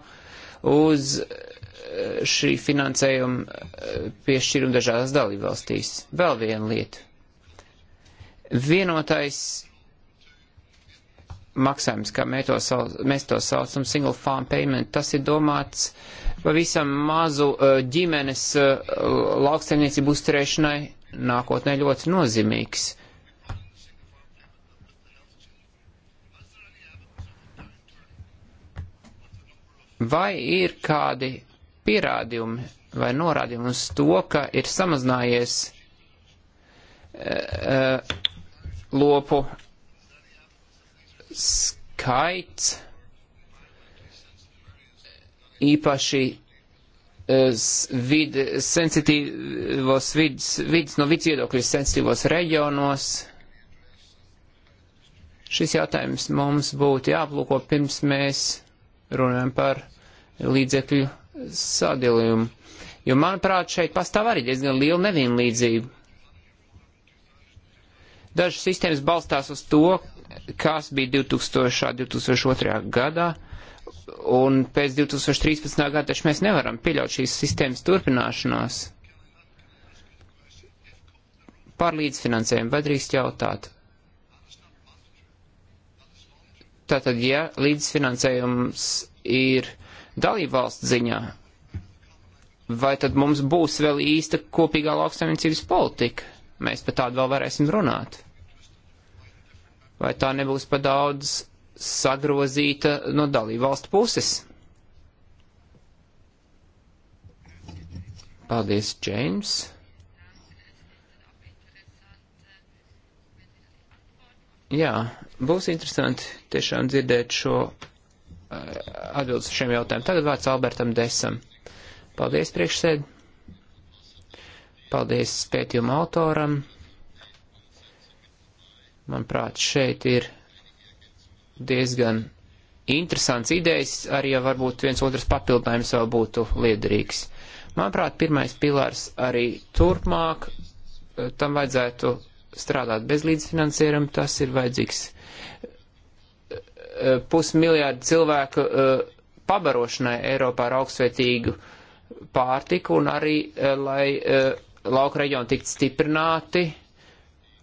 uz uh, šī finansējuma eh, piešķiruma dažādās dalībvalstīs. Vēl viena lieta. Vienotais maksājums, kā mēs to, sauc, mēs to saucam, single farm payment, tas ir domāts pavisam mazu eh, ģimenes eh, lauksaimniecību uzturēšanai nākotnē ļoti nozīmīgs. Vai ir kādi pierādījumi vai norādījumi uz to, ka ir samazinājies uh, uh, lopu skaits īpaši eh, vid, sensitīvos vidas, vidas no vidas viedokļa sensitīvos reģionos. Šis jautājums mums būtu jāaplūko pirms mēs runājam par līdzekļu sadalījumu. Jo, manuprāt, šeit pastāv arī diezgan liela nevienlīdzība. Dažas sistēmas balstās uz to, kas bija 2000. 2002. gadā, un pēc 2013. gada taču mēs nevaram pieļaut šīs sistēmas turpināšanos. Par līdzfinansējumu vai drīkst jautāt? Tātad, ja līdzfinansējums ir dalību valsts ziņā. Vai tad mums būs vēl īsta kopīgā lauksaimniecības politika? Mēs par tādu vēl varēsim runāt. Vai tā nebūs pa daudz sagrozīta no dalību valstu puses? Paldies, Džeims. Jā, būs interesanti tiešām dzirdēt šo Uh, atbildes uz šiem jautājumiem. Tagad vārds Albertam Desam. Paldies, priekšsēd. Paldies pētījuma autoram. Manuprāt, šeit ir diezgan interesants idejas, arī ja varbūt viens otrs papildinājums vēl būtu liederīgs. Manuprāt, pirmais pilārs arī turpmāk uh, tam vajadzētu strādāt bez līdzfinansieruma, tas ir vajadzīgs pusmiljārdu cilvēku e, pabarošanai Eiropā ar augstsvērtīgu pārtiku un arī, e, lai e, lauka reģioni tiktu stiprināti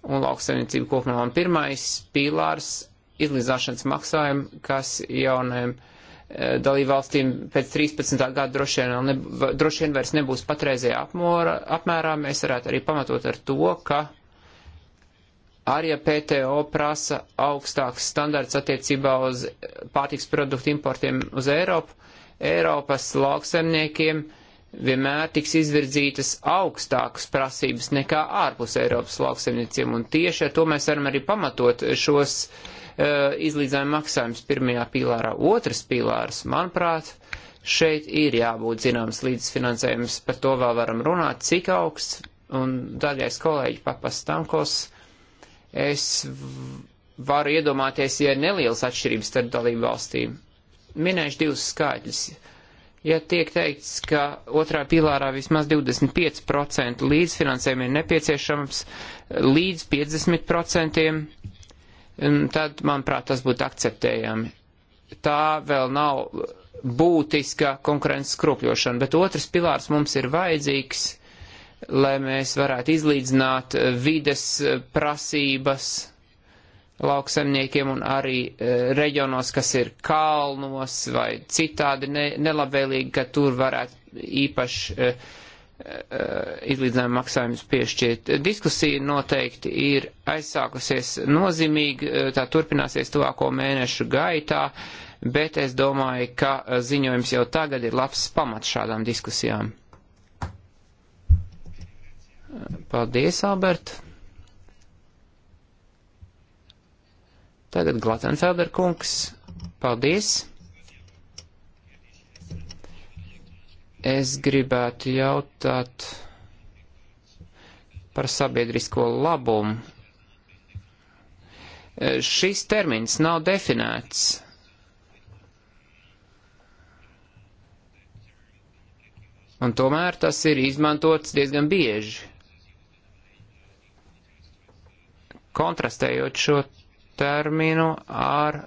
un lauksaimniecība kopumā. Un pirmais pīlārs izlīdzināšanas maksājumi, kas jaunajiem dalībvalstīm pēc 13. gada droši vien, ne, droši vien vairs nebūs patreizajā apmērā. Mēs varētu arī pamatot ar to, ka Arī PTO prasa augstāks standarts attiecībā uz pārtiks produktu importiem uz Eiropu. Eiropas lauksemniekiem vienmēr tiks izvirzītas augstākas prasības nekā ārpus Eiropas lauksemnieciem, un tieši ar to mēs varam arī pamatot šos uh, izlīdzinājumu maksājumus pirmajā pīlārā. Otrs pīlārs, manuprāt, šeit ir jābūt zināms līdzfinansējums, par to vēl varam runāt, cik augsts, un daļais kolēģi papastānkos. Uh, Es varu iedomāties, ja ir nelielas atšķirības starp dalību valstīm. Minēšu divus skaitļus. Ja tiek teikts, ka otrā pilārā vismaz 25% līdzfinansējumi ir nepieciešams līdz 50%, tad, manuprāt, tas būtu akceptējami. Tā vēl nav būtiska konkurences skrupļošana, bet otrs pilārs mums ir vajadzīgs lai mēs varētu izlīdzināt vides prasības lauksaimniekiem un arī e, reģionos, kas ir kalnos vai citādi ne, nelabvēlīgi, ka tur varētu īpaši e, e, izlīdzinājumu maksājumus piešķirt. Diskusija noteikti ir aizsākusies nozīmīgi, tā turpināsies tuvāko mēnešu gaitā, bet es domāju, ka ziņojums jau tagad ir labs pamats šādām diskusijām. Paldies, Albert. Tagad Glatenfelder kungs. Paldies. Es gribētu jautāt par sabiedrisko labumu. Šis termins nav definēts. Un tomēr tas ir izmantots diezgan bieži. kontrastējot šo terminu ar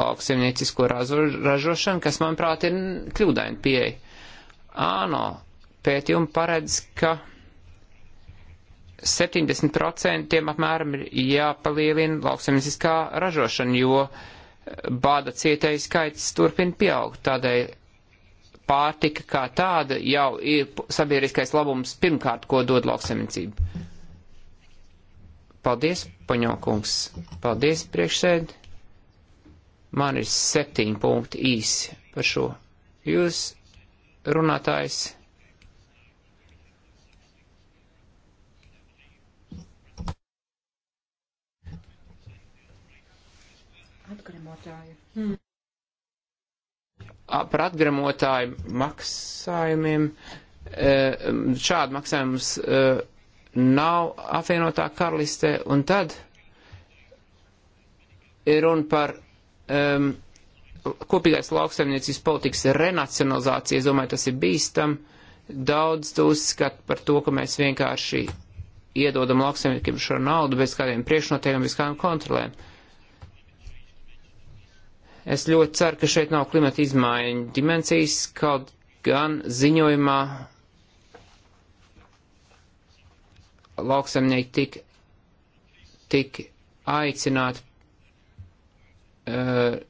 lauksimniecisko ražošanu, kas, manuprāt, ir kļūdaina pieeja. Āno pētījumi paredz, ka 70% apmēram ir jāpalielina lauksimnieciskā ražošana, jo bāda cietēju skaits turpina pieaugt. Tādēļ pārtika kā tāda jau ir sabiedriskais labums pirmkārt, ko dod lauksimniecība. Paldies, paņokungs. Paldies, priekšsēd. Man ir septiņi punkti īsi par šo. Jūs, runātājs. Atgremotāju. Hmm. Par atgremotāju maksājumiem. E, šādu maksājumus nav apvienotā karalistē, un tad ir runa par um, kopīgais lauksaimniecības politikas renacionalizāciju. Es domāju, tas ir bīstam. Daudz to uzskat par to, ka mēs vienkārši iedodam lauksaimniekiem šo naudu bez kādiem priekšnoteikumiem, bez kādiem kontrolēm. Es ļoti ceru, ka šeit nav klimata izmaiņu dimensijas, kaut gan ziņojumā lauksemnieki tik, tik aicināti uh, eh,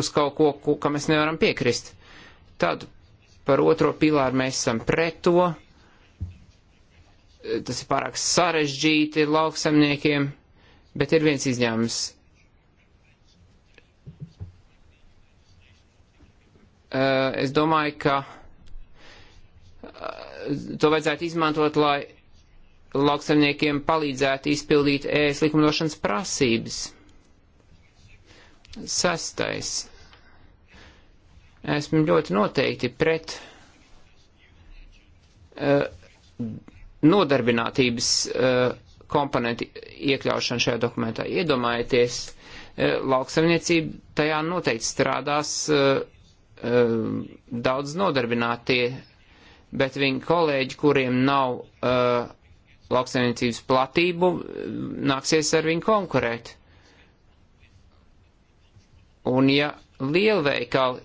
uz kaut ko, ko, kam mēs nevaram piekrist. Tad par otro pilāru mēs esam pret to. Eh, tas ir pārāk sarežģīti lauksemniekiem, bet ir viens izņēmums. Uh, es domāju, ka to vajadzētu izmantot, lai lauksaimniekiem palīdzētu izpildīt ēs likumdošanas prasības. Sastais. Esmu ļoti noteikti pret uh, nodarbinātības uh, komponenti iekļaušanu šajā dokumentā. Iedomājieties, uh, lauksaimniecība tajā noteikti strādās uh, uh, daudz nodarbinātie bet viņa kolēģi, kuriem nav uh, lauksaimniecības platību, uh, nāksies ar viņu konkurēt. Un ja lielveikali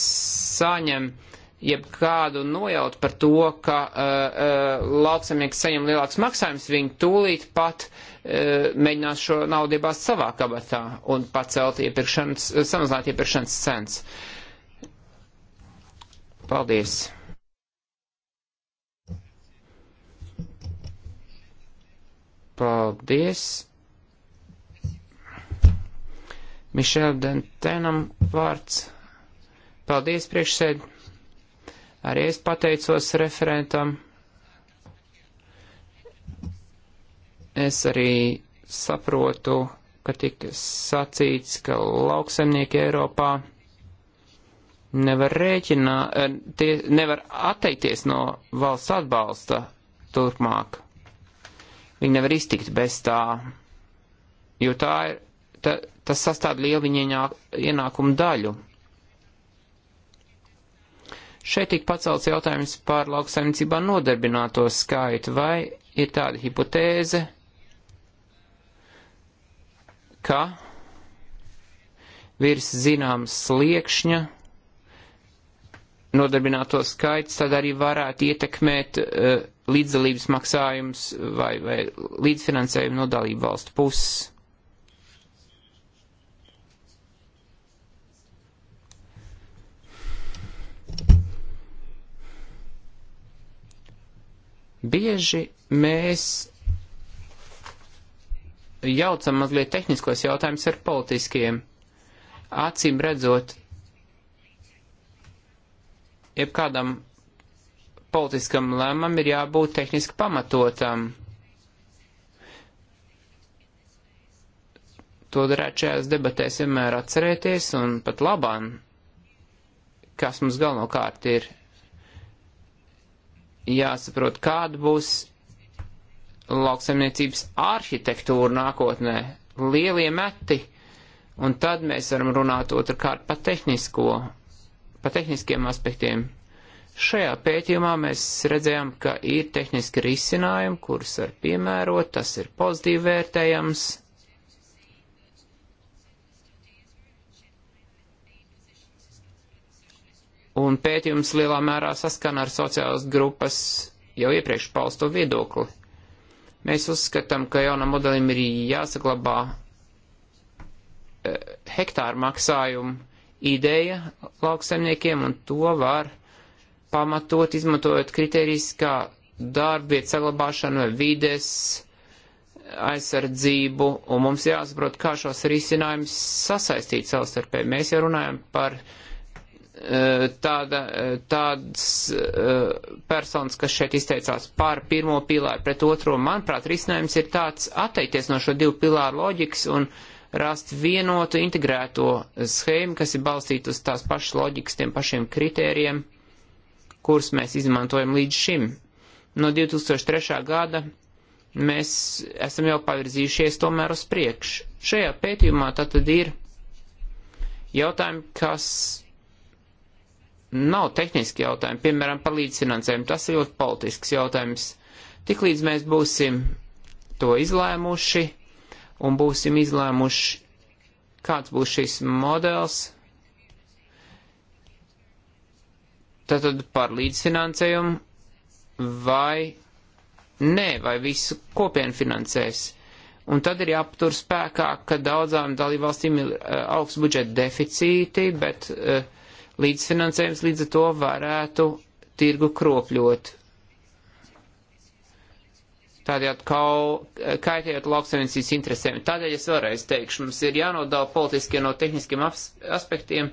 saņem jebkādu nojautu par to, ka uh, uh, lauksaimnieks saņem lielāks maksājums, viņi tūlīt pat uh, mēģinās šo naudu iebāzt savā kabatā un pacelt iepirkšanas, samazināt iepirkšanas cenas. Paldies! Paldies! Mišel Dentenam vārds. Paldies, priekšsēd. Arī es pateicos referentam. Es arī saprotu, ka tika sacīts, ka lauksemnieki Eiropā nevar rēķināt, eh, nevar atteikties no valsts atbalsta turpmāk. Viņi nevar iztikt bez tā, jo tā ir, ta, tas sastāv lielu viņa ienākumu daļu. Šeit tika pacelts jautājums par lauksaimniecībā nodarbināto skaitu, vai ir tāda hipotēze, ka virs zināms sliekšņa nodarbināto skaits, tad arī varētu ietekmēt uh, līdzdalības maksājums vai, vai līdzfinansējumu no dalību valstu puses. Bieži mēs jaucam mazliet tehniskos jautājumus ar politiskiem. Acīm redzot, jebkādam politiskam lēmam ir jābūt tehniski pamatotam. To darētu šajās debatēs vienmēr atcerēties un pat labāk, kas mums galvenokārt ir jāsaprot, kāda būs lauksaimniecības arhitektūra nākotnē, lielie meti, un tad mēs varam runāt otrkārt par tehnisko pa tehniskiem aspektiem. Šajā pētījumā mēs redzējām, ka ir tehniski risinājumi, kurus var piemērot, tas ir pozitīvi vērtējams. Un pētījums lielā mērā saskana ar sociālas grupas jau iepriekš pausto viedokli. Mēs uzskatām, ka jaunam modelim ir jāsaglabā eh, hektāru maksājumu ideja lauksaimniekiem, un to var pamatot, izmantojot kriterijus kā darbvietas saglabāšanu vai vides aizsardzību, un mums jāsaprot, kā šos risinājumus sasaistīt savstarpēji. Mēs jau runājam par eh, tāda, eh, tādas eh, personas, kas šeit izteicās par pirmo pilāru pret otro, manuprāt, risinājums ir tāds atteikties no šo divu pilāru loģikas un uh, rast vienotu integrēto schēmu, kas ir balstīta uz tās pašas loģikas, tiem pašiem kritērijiem, kurus mēs izmantojam līdz šim. No 2003. gada mēs esam jau pavirzījušies tomēr uz priekšu. Šajā pētījumā tātad ir jautājumi, kas nav tehniski jautājumi, piemēram, par līdzfinansējumu. Tas ir ļoti politisks jautājums. Tiklīdz mēs būsim to izlēmuši, un būsim izlēmuši, kāds būs šis modelis. Tātad par līdzfinansējumu vai nē, vai visu kopienu finansēs. Un tad ir jāpatur spēkā, ka daudzām dalībvalstīm ir uh, augsts budžeta deficīti, bet uh, līdzfinansējums līdz ar to varētu tirgu kropļot tādējādi kaitējot lauksaimniecības interesēm. Tādēļ es vēlreiz teikšu, mums ir jānodala politiskie no tehniskiem aspektiem,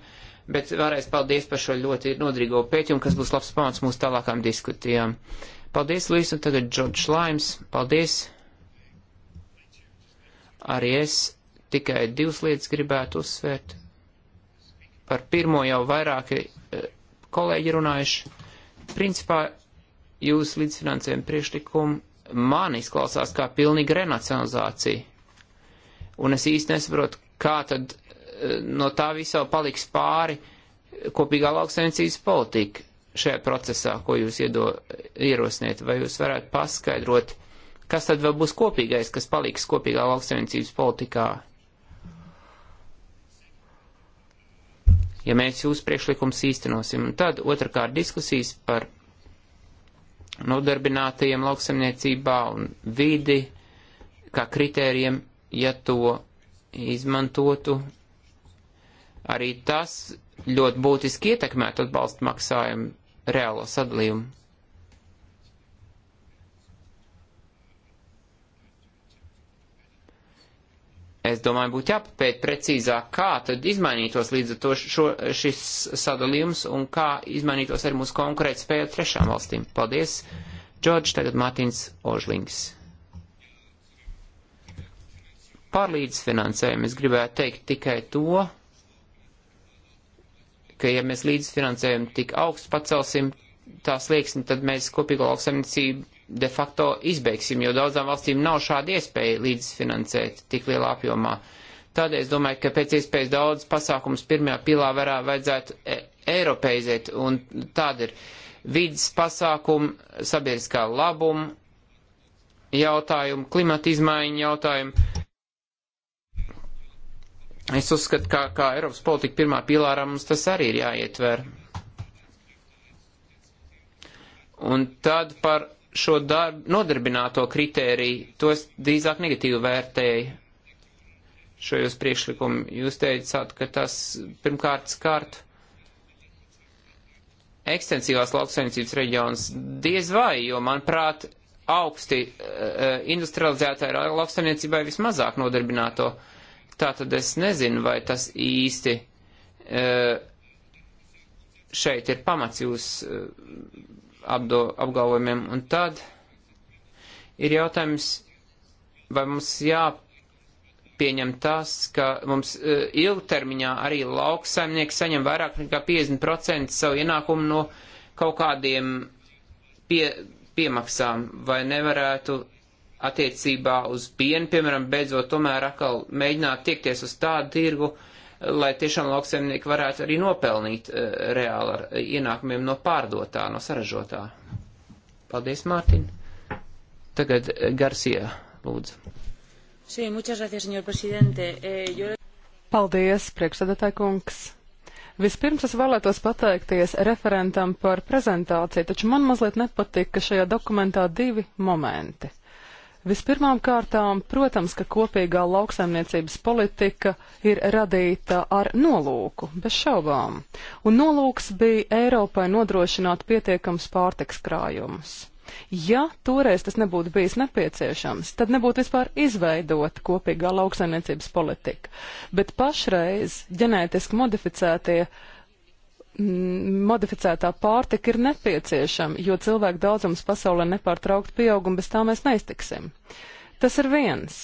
bet vēlreiz paldies par šo ļoti nodrīgo pētījumu, kas būs labs pamats mūsu tālākām diskutijām. Paldies, Līs, un tagad Džordžs Laims. Paldies. Arī es tikai divas lietas gribētu uzsvērt. Par pirmo jau vairāki eh, kolēģi runājuši. Principā jūs līdzfinansējumu priekšlikumu man izklausās kā pilnīga renacionalizācija. Un es īsti nesaprotu, kā tad eh, no tā visā paliks pāri kopīgā lauksaimniecības politika šajā procesā, ko jūs iedo, ierosniet. Vai jūs varētu paskaidrot, kas tad vēl būs kopīgais, kas paliks kopīgā lauksaimniecības politikā? Ja mēs jūsu priekšlikums īstenosim, un tad otrkārt diskusijas par nodarbinātajiem lauksemniecībā un vidi kā kritērijiem, ja to izmantotu. Arī tas ļoti būtiski ietekmētu atbalstu maksājumu reālo sadalījumu. es domāju, būtu jāpapēt precīzāk, kā tad izmainītos līdz ar to šo, šis sadalījums un kā izmainītos arī mūsu konkurēt spēju trešām valstīm. Paldies, Džordž, tagad Mārtiņš Ožlings. Par līdzfinansējumu es gribētu teikt tikai to, ka ja mēs līdzfinansējumu tik augstu pacelsim, tās liekasni, tad mēs kopīgo lauksaimniecību de facto izbeigsim, jo daudzām valstīm nav šāda iespēja līdzfinansēt tik lielā apjomā. Tādēļ es domāju, ka pēc iespējas daudz pasākums pirmajā pilā varā vajadzētu e eiropeizēt, un tāda ir vidas pasākuma, sabiedriskā labuma jautājumu, klimata izmaiņu jautājumu. Es uzskatu, kā, kā Eiropas politika pirmā pilārā mums tas arī ir jāietver. Un tad par šo darbu, nodarbināto kritēriju, tos drīzāk negatīvi vērtēja šo jūs priekšlikumu. Jūs teicāt, ka tas pirmkārt skārt ekstensīvās lauksaimniecības reģions diez vai, jo, manuprāt, augsti uh, eh, eh, industrializētā ir lauksaimniecībai vismazāk nodarbināto. Tātad es nezinu, vai tas īsti uh, šeit ir pamats jūs uh, apdo, apgalvojumiem. Un tad ir jautājums, vai mums jāpieņem tas, ka mums uh, ilgtermiņā arī lauksaimnieki saņem vairāk nekā 50% savu ienākumu no kaut kādiem pie, piemaksām, vai nevarētu attiecībā uz pienu, piemēram, beidzot tomēr atkal mēģināt tiekties uz tādu tirgu, uh, lai tiešām lauksaimnieki varētu arī nopelnīt eh, reāli ar ienākumiem no pārdotā, no saražotā. Paldies, Mārtiņ. Tagad eh, Garcia, lūdzu. Sí, muchas gracias, señor presidente. Eh, yo... Paldies, priekšsēdētāj kungs. Vispirms es vēlētos pateikties referentam par prezentāciju, taču man mazliet nepatika šajā dokumentā divi momenti. Vispirmām kārtām, protams, ka kopīgā lauksaimniecības politika ir radīta ar nolūku, bez šaubām, un nolūks bija Eiropai nodrošināt pietiekams pārtiks krājumus. Ja toreiz tas nebūtu bijis nepieciešams, tad nebūtu vispār izveidota kopīgā lauksaimniecības politika, bet pašreiz ģenētiski modificētie uh, modificētā pārtika ir nepieciešama, jo cilvēku daudzums pasaulē nepārtraukt pieaug un bez tā mēs neiztiksim. Tas ir viens.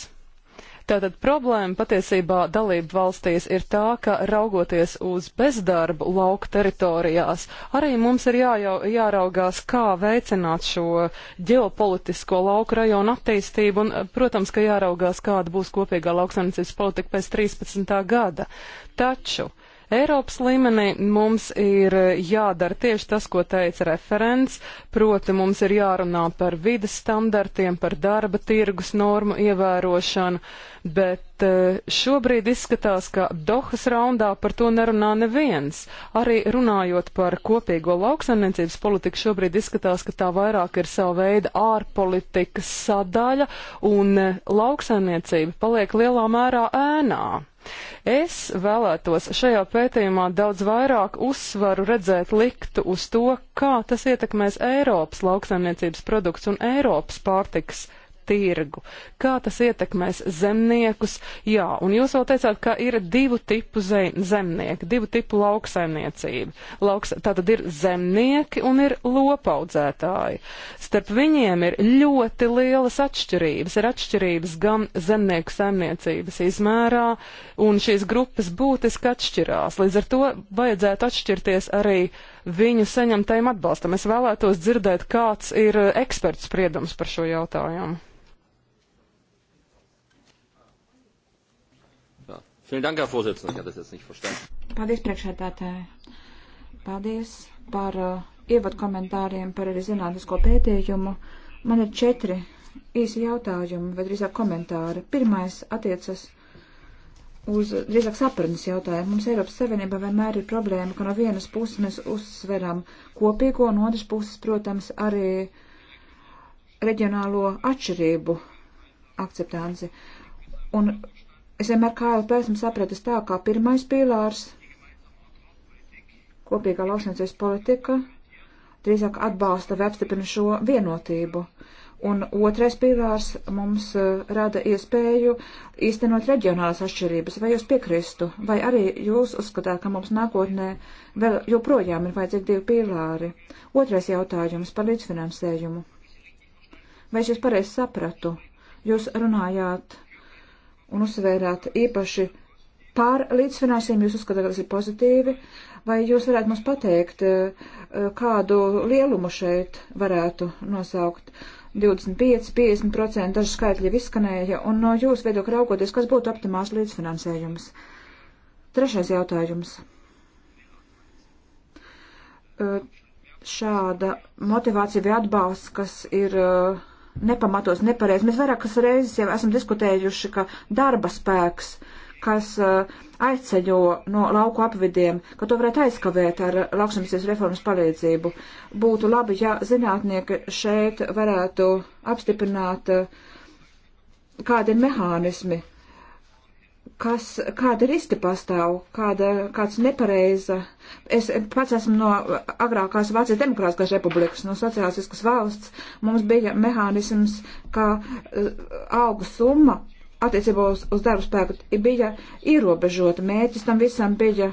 Tātad problēma patiesībā dalību valstīs ir tā, ka raugoties uz bezdarbu lauku teritorijās, arī mums ir jājau, jāraugās, kā veicināt šo ģeopolitisko lauku rajonu attīstību un, protams, ka jāraugās, kāda būs kopīgā lauksaimniecības politika pēc 13. gada. Taču Eiropas līmenī mums ir eh, jādara tieši tas, ko teica referents, proti mums ir jārunā par vidas standartiem, par darba tirgus normu ievērošanu, bet eh, šobrīd izskatās, ka Dohas raundā par to nerunā neviens. Arī runājot par kopīgo lauksaimniecības politiku, šobrīd izskatās, ka tā vairāk ir sava veida ārpolitikas sadaļa un eh, lauksaimniecība paliek lielā mērā ēnā. Es vēlētos šajā pētījumā daudz vairāk uzsvaru redzēt liktu uz to, kā tas ietekmēs Eiropas lauksaimniecības produkts un Eiropas pārtiks tirgu, kā tas ietekmēs zemniekus. Jā, un jūs vēl teicāt, ka ir divu tipu zemnieki, divu tipu lauksaimniecība. Lauks, tātad ir zemnieki un ir lopaudzētāji. Starp viņiem ir ļoti lielas atšķirības. Ir atšķirības gan zemnieku saimniecības izmērā, uh, un šīs grupas būtiski atšķirās. Līdz ar to vajadzētu atšķirties arī viņu saņemtajam atbalstam. Es vēlētos dzirdēt, kāds ir eksperts spriedums par šo jautājumu. Paldies, priekšsēdētāji. Paldies par uh, ievadu komentāriem, par arī zinātnisko pētījumu. Man ir četri īsi jautājumi, vai drīzāk komentāri. Pirmais attiecas uz uz drīzāk sapratnes jautājumu. Mums Eiropas Savienībā vienmēr ir problēma, ka no vienas puses mēs uzsveram kopīgo, no otras puses, protams, arī reģionālo atšķirību akceptanci. Un es vienmēr KLP esmu sapratis tā, kā pirmais pīlārs kopīgā lauksniecības politika drīzāk atbalsta vai apstiprina šo vienotību. Uh, Un otrais pilārs mums eh, rada iespēju īstenot reģionālas atšķirības. Vai jūs piekristu, vai arī jūs uzskatāt, ka mums nākotnē vēl joprojām ir vajadzīgi divi pilāri? Otrais jautājums par līdzfinansējumu. Vai es jūs pareizi sapratu? Jūs runājāt un uzsvērāt īpaši pār līdzfinansējumu, jūs uzskatāt, ka tas ir pozitīvi. Vai jūs varētu mums pateikt, eh, eh, kādu lielumu šeit varētu nosaukt? Uh, 25-50%, daži skaitļi jau izskanēja, un no jūsu viedokļa raugoties, kas būtu optimāls līdzfinansējums? Trešais jautājums. Šāda motivācija vai atbalsts, kas ir nepamatos, nepareiz. Mēs vairākas reizes jau esam diskutējuši, ka darba spēks uh, kas eh, aizceļo no lauku apvidiem, ka to varētu aizkavēt ar lauksamības reformas palīdzību. Būtu labi, ja zinātnieki šeit varētu apstiprināt, eh, kādi ir mehānismi, kas, kāda ir īsti pastāv, kāda, kāds nepareiza. Es pats esmu no agrākās Vācijas Demokrātiskās republikas, no sociālistiskas valsts. Mums bija mehānisms, ka uh, eh, augu summa attiecībā uz, uz darbu spēku bija ierobežota. Mērķis tam visam bija,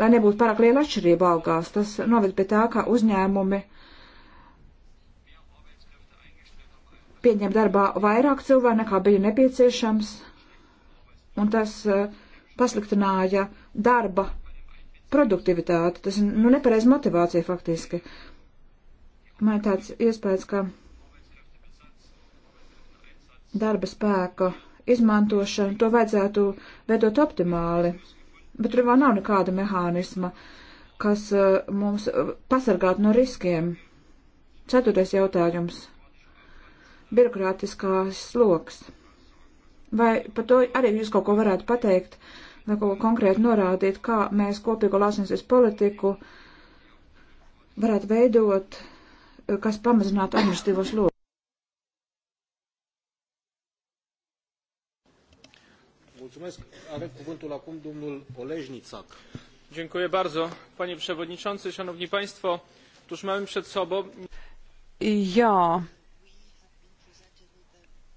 lai nebūtu pārāk liela atšķirība algās. Tas noved pie tā, ka uzņēmumi pieņem darbā vairāk cilvēku nekā bija nepieciešams, un tas uh, pasliktināja darba produktivitāti. Tas ir nu, nepareiz motivācija faktiski. Man ir tāds iespējas, ka darba spēka izmantošanu, to vajadzētu veidot optimāli, bet tur vēl nav nekāda mehānisma, kas uh, mums uh, pasargātu no riskiem. Ceturtais jautājums - birokrātiskās sloks. Vai par to arī jūs kaut ko varētu pateikt, vai kaut ko konkrēti norādīt, kā mēs kopīgo lasnesības politiku varētu veidot, uh, kas pamazinātu administratīvos lokus? Mulțumesc. Are cuvântul acum domnul Oleżniczak. Dziękuję bardzo, panie przewodniczący, szanowni państwo. Otóż mamy przed sobą... Jā,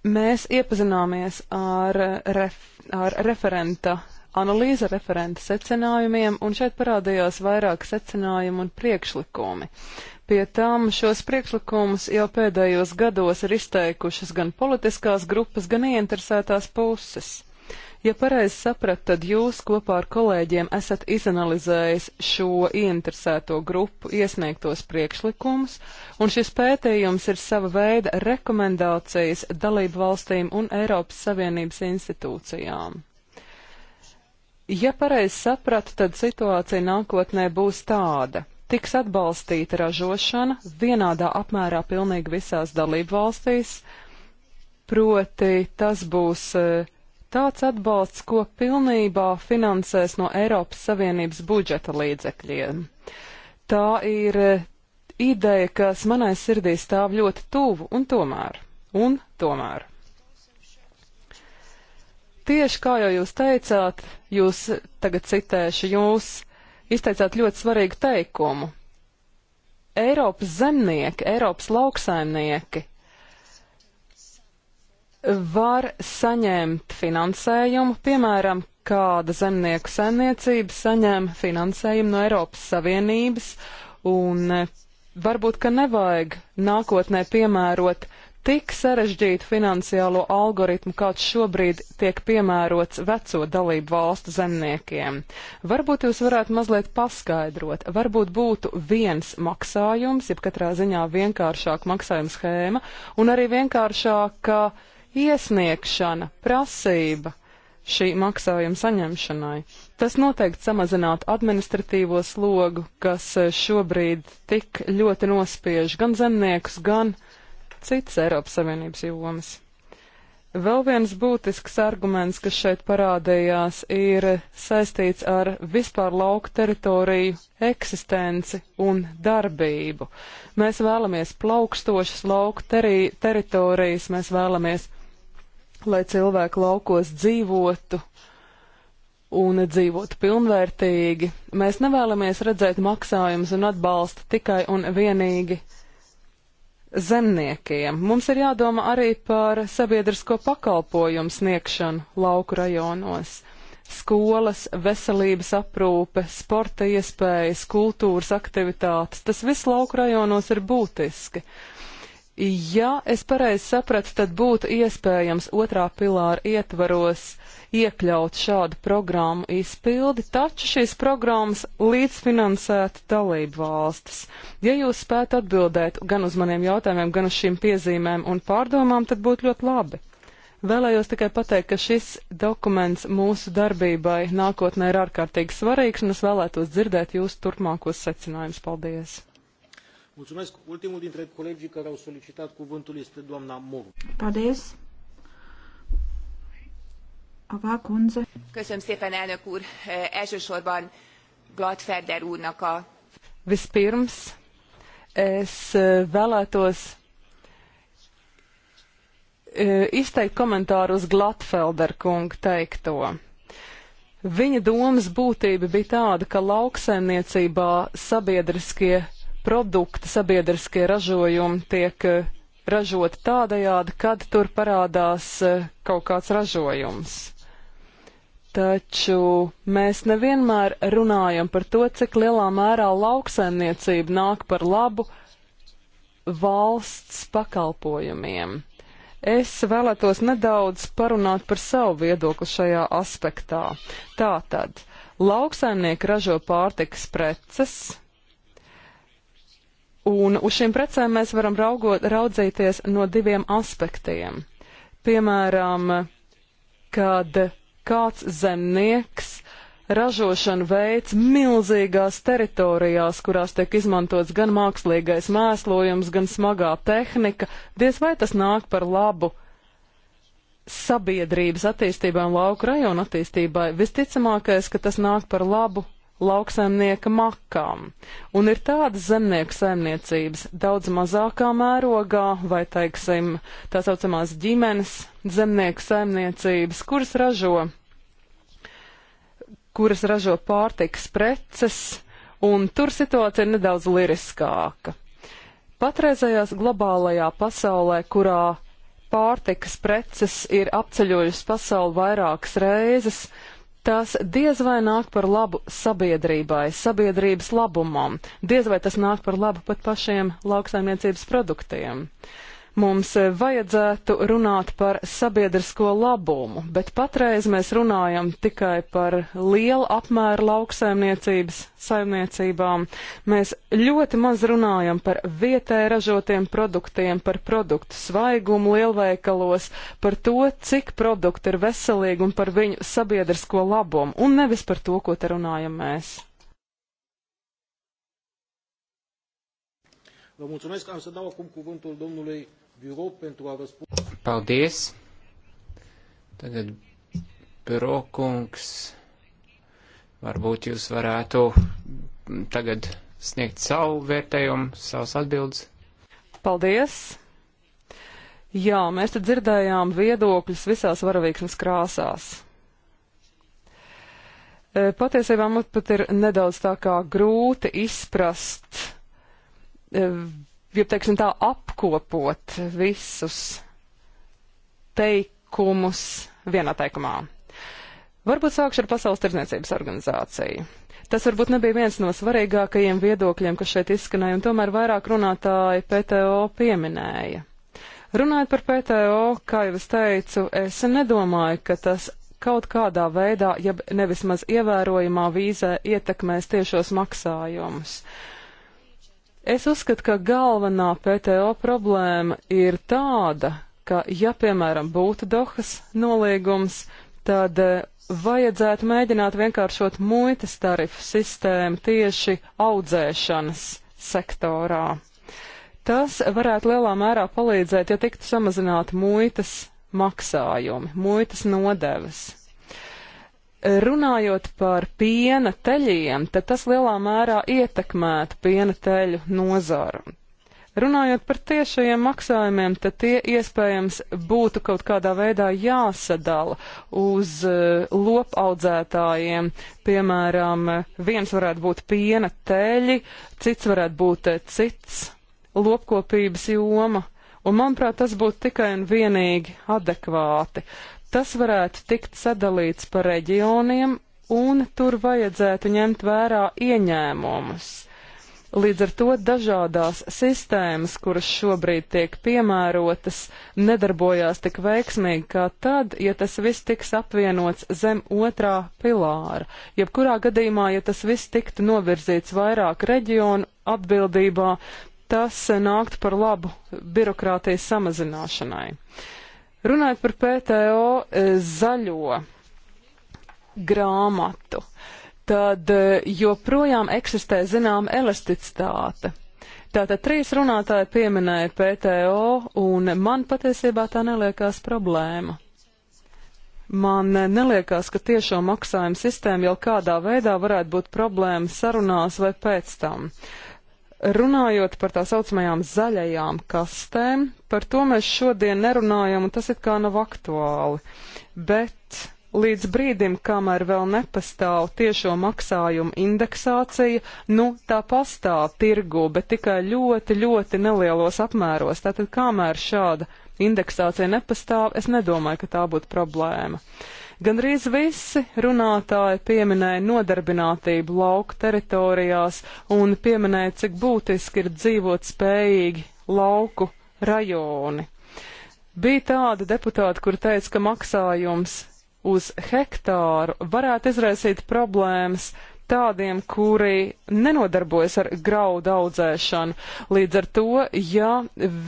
mēs iepazināmies ar, ref, ar referenta analīze referenta secinājumiem, un šeit parādījās vairāk secinājumu un priekšlikumi. Pie tam šos priekšlikumus jau pēdējos gados ir izteikušas gan politiskās grupas, gan ieinteresētās puses. Ja pareizi saprat, tad jūs kopā ar kolēģiem esat izanalizējis šo ieinteresēto grupu iesniegtos priekšlikumus, un šis pētījums ir sava veida rekomendācijas dalību valstīm un Eiropas Savienības institūcijām. Ja pareizi sapratu, tad situācija nākotnē būs tāda. Tiks atbalstīta ražošana vienādā apmērā pilnīgi visās dalību valstīs, proti tas būs eh, Tāds atbalsts, ko pilnībā finansēs no Eiropas Savienības budžeta līdzekļiem. Tā ir e, ideja, kas manai sirdī stāv ļoti tuvu un tomēr. Un tomēr tieši kā jau jūs teicāt, jūs tagad citēšu, jūs izteicāt ļoti svarīgu teikumu. Eiropas zemnieki, Eiropas lauksaimnieki var saņemt finansējumu, piemēram, kāda zemnieku saimniecība saņem finansējumu no Eiropas Savienības, un e, varbūt, ka nevajag nākotnē piemērot tik sarežģītu finansiālo algoritmu, kāds šobrīd tiek piemērots veco dalību valstu zemniekiem. Varbūt jūs varētu mazliet paskaidrot, varbūt būtu viens maksājums, jeb katrā ziņā vienkāršāka maksājuma schēma, un arī vienkāršāka uh, iesniegšana, prasība šī maksājuma saņemšanai. Tas noteikti samazinātu administratīvo slogu, kas e, šobrīd tik ļoti nospiež gan zemniekus, gan citas Eiropas Savienības jomas. Vēl viens būtisks arguments, kas šeit parādījās, ir saistīts ar vispār lauku teritoriju eksistenci un darbību. Mēs vēlamies plaukstošas lauku teri teritorijas, mēs vēlamies lai cilvēki laukos dzīvotu un dzīvotu pilnvērtīgi. Mēs nevēlamies redzēt maksājumus un atbalstu tikai un vienīgi zemniekiem. Mums ir jādomā arī par sabiedrisko pakalpojumu sniegšanu lauku rajonos. Skolas, veselības aprūpe, sporta iespējas, kultūras aktivitātes, tas viss lauku rajonos ir būtiski. Uh, Ja es pareizi sapratu, tad būtu iespējams otrā pilāra ietvaros iekļaut šādu programmu izpildi, taču šīs programmas līdzfinansētu dalību valstis. Ja jūs spētu atbildēt gan uz maniem jautājumiem, gan uz šīm piezīmēm un pārdomām, tad būtu ļoti labi. Vēlējos tikai pateikt, ka šis dokuments mūsu darbībai nākotnē ir ārkārtīgi svarīgs, un es vēlētos dzirdēt jūsu turpmākos secinājumus. Paldies! Mulțumesc. Ultimul dintre colegii care au solicitat cuvântul este doamna Moru. Paldies. Avá kundze. Köszönöm szépen, elnök úr. Elsősorban Gladferder úrnak a... Vispirms es vēlētos izteikt komentāru uz Glatfelder kungu teikto. Viņa domas būtība bija tāda, ka lauksaimniecībā sabiedriskie produkta sabiedriskie ražojumi tiek eh, ražoti tādajādi, kad tur parādās eh, kaut kāds ražojums. Taču mēs nevienmēr runājam par to, cik lielā mērā lauksaimniecība nāk par labu valsts pakalpojumiem. Es vēlētos nedaudz parunāt par savu viedokli šajā aspektā. Tātad, lauksaimnieki ražo pārtikas preces, Un uz šīm precēm mēs varam raugot, raudzīties no diviem aspektiem. Piemēram, kad kāds zemnieks ražošanu veids milzīgās teritorijās, kurās tiek izmantots gan mākslīgais mēslojums, gan smagā tehnika, diez vai tas nāk par labu sabiedrības attīstībā un lauku rajonu attīstībai. Visticamākais, ka tas nāk par labu lauksaimnieka makām. Un ir tādas zemnieku saimniecības daudz mazākā mērogā, vai teiksim, tā saucamās ģimenes zemnieku saimniecības, kuras ražo, kuras ražo pārtikas preces, un tur situācija ir nedaudz liriskāka. Patreizējās globālajā pasaulē, kurā pārtikas preces ir apceļojusi pasauli vairākas reizes, tās diez vai nāk par labu sabiedrībai, sabiedrības labumam, diez vai tas nāk par labu pat pašiem lauksaimniecības produktiem. Uh, Mums eh, vajadzētu runāt par sabiedrisko labumu, bet patreiz mēs runājam tikai par lielu apmēru lauksaimniecības saimniecībām. Mēs ļoti maz runājam par vietēji ražotiem produktiem, par produktu svaigumu lielveikalos, par to, cik produkti ir veselīgi un par viņu sabiedrisko labumu, un nevis par to, ko te runājam mēs. Vă mulțumesc. Am să dau acum cuvântul domnului Paldies. Tagad Birokungs, varbūt jūs varētu tagad sniegt savu vērtējumu, savas atbildes. Paldies! Jā, mēs te dzirdējām viedokļus visās varavīksnes krāsās. E, patiesībā man pat ir nedaudz tā kā grūti izprast e, ja teiksim tā, apkopot visus teikumus vienā teikumā. Varbūt sākšu ar Pasaules tirdzniecības organizāciju. Tas varbūt nebija viens no svarīgākajiem viedokļiem, kas šeit izskanēja, un tomēr vairāk runātāji PTO pieminēja. Runājot par PTO, kā jau es teicu, es nedomāju, ka tas kaut kādā veidā, ja nevismaz ievērojamā vīzē, ietekmēs tiešos maksājumus. Uh, Es uzskatu, ka galvenā PTO problēma ir tāda, ka, ja, piemēram, būtu Dohas noliegums, tad eh, vajadzētu mēģināt vienkāršot muitas tarifu sistēmu tieši audzēšanas sektorā. Tas varētu lielā mērā palīdzēt, ja tiktu samazināti muitas maksājumi, muitas nodevas. Runājot par piena teļiem, tad tas lielā mērā ietekmētu piena teļu nozaru. Runājot par tiešajiem maksājumiem, tad tie iespējams būtu kaut kādā veidā jāsadala uz eh, lopaudzētājiem. Piemēram, viens varētu būt piena teļi, cits varētu būt eh, cits lopkopības joma. Un, manuprāt, tas būtu tikai un vienīgi adekvāti. Tas varētu tikt sadalīts pa reģioniem, un tur vajadzētu ņemt vērā ieņēmumus. Līdz ar to dažādās sistēmas, kuras šobrīd tiek piemērotas, nedarbojās tik veiksmīgi kā tad, ja tas viss tiks apvienots zem otrā pilāra. Jebkurā gadījumā, ja tas viss tiktu novirzīts vairāk reģionu atbildībā, tas nākt par labu birokrātijas samazināšanai. Uh, Runājot par PTO e, zaļo grāmatu, tad e, joprojām eksistē zinām elasticitāte. Tātad trīs runātāji pieminēja PTO, un man patiesībā tā neliekās problēma. Man e, neliekās, ka tiešo maksājumu sistēma jau kādā veidā varētu būt problēma sarunās vai pēc tam. Uh, Runājot par tā saucamajām zaļajām kastēm, par to mēs šodien nerunājam, un tas it kā nav aktuāli. Bet līdz brīdim, kamēr vēl nepastāv tiešo maksājumu indeksācija, nu tā pastāv tirgu, bet tikai ļoti, ļoti nelielos apmēros. Tātad, kamēr šāda indeksācija nepastāv, es nedomāju, ka tā būtu problēma. Uh, Gandrīz visi runātāji pieminēja nodarbinātību lauku teritorijās un pieminēja, cik būtiski ir dzīvot spējīgi lauku rajoni. Bija tāda deputāta, kur teica, ka maksājums uz hektāru varētu izraisīt problēmas tādiem, kuri nenodarbojas ar graudu audzēšanu. Līdz ar to, ja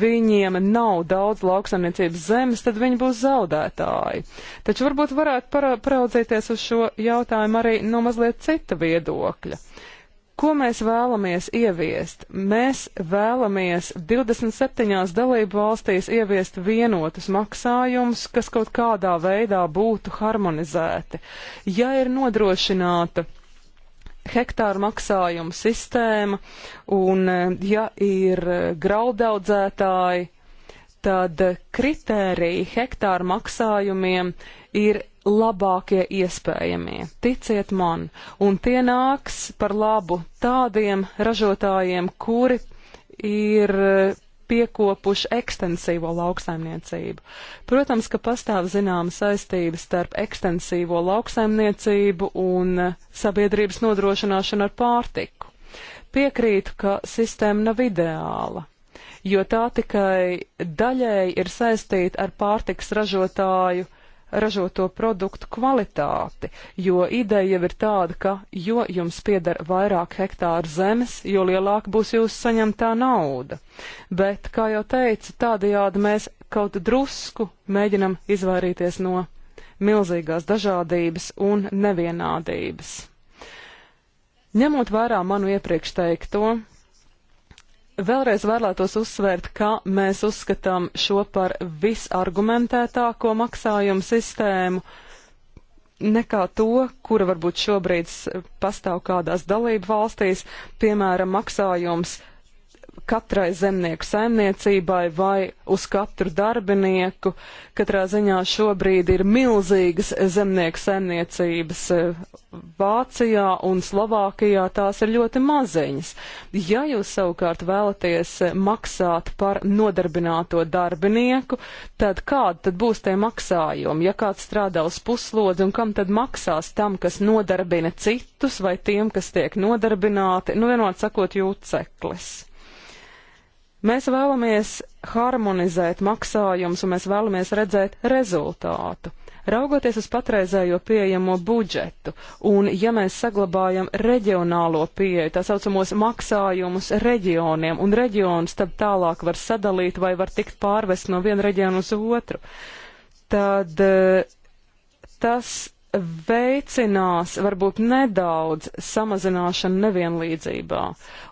viņiem nav daudz lauksaimniecības zemes, tad viņi būs zaudētāji. Taču varbūt varētu para, paraudzīties uz šo jautājumu arī no mazliet cita viedokļa. Ko mēs vēlamies ieviest? Mēs vēlamies 27 dalību valstīs ieviest vienotus maksājumus, kas kaut kādā veidā būtu harmonizēti. Ja ir nodrošināta hektāru maksājumu sistēma, un eh, ja ir eh, graudaudzētāji, tad kritēriji hektāru maksājumiem ir labākie iespējamie. Ticiet man, un tie nāks par labu tādiem ražotājiem, kuri ir eh, piekopuši ekstensīvo lauksaimniecību. Protams, ka pastāv zināma saistība starp ekstensīvo lauksaimniecību un sabiedrības nodrošināšanu ar pārtiku. Piekrītu, ka sistēma nav ideāla, jo tā tikai daļēji ir saistīta ar pārtiks ražotāju ražoto produktu kvalitāti, jo ideja jau ir tāda, ka jo jums pieder vairāk hektāru zemes, jo lielāka būs jūsu saņemtā nauda. Bet, kā jau teicu, tādajādi mēs kaut drusku mēģinam izvairīties no milzīgās dažādības un nevienādības. Ņemot vērā manu iepriekš teikto, Vēlreiz vēlētos uzsvērt, ka mēs uzskatām šo par visargumentētāko maksājumu sistēmu nekā to, kura varbūt šobrīd pastāv kādās dalību valstīs, piemēram, maksājums katrai zemnieku saimniecībai vai uz katru darbinieku. Katrā ziņā šobrīd ir milzīgas zemnieku saimniecības e, Vācijā un Slovākijā tās ir ļoti maziņas. Ja jūs savukārt vēlaties e, maksāt par nodarbināto darbinieku, tad kādi tad būs tie maksājumi? Ja kāds strādā uz puslodzi un kam tad maksās tam, kas nodarbina citus vai tiem, kas tiek nodarbināti, nu vienot sakot, jūceklis. Mēs vēlamies harmonizēt maksājumus un mēs vēlamies redzēt rezultātu. Raugoties uz patreizējo pieejamo budžetu, un ja mēs saglabājam reģionālo pieeju, tā saucamos maksājumus reģioniem, un reģionus tad tālāk var sadalīt vai var tikt pārvest no viena reģiona uz otru, tad eh, tas veicinās varbūt nedaudz samazināšanu nevienlīdzībā.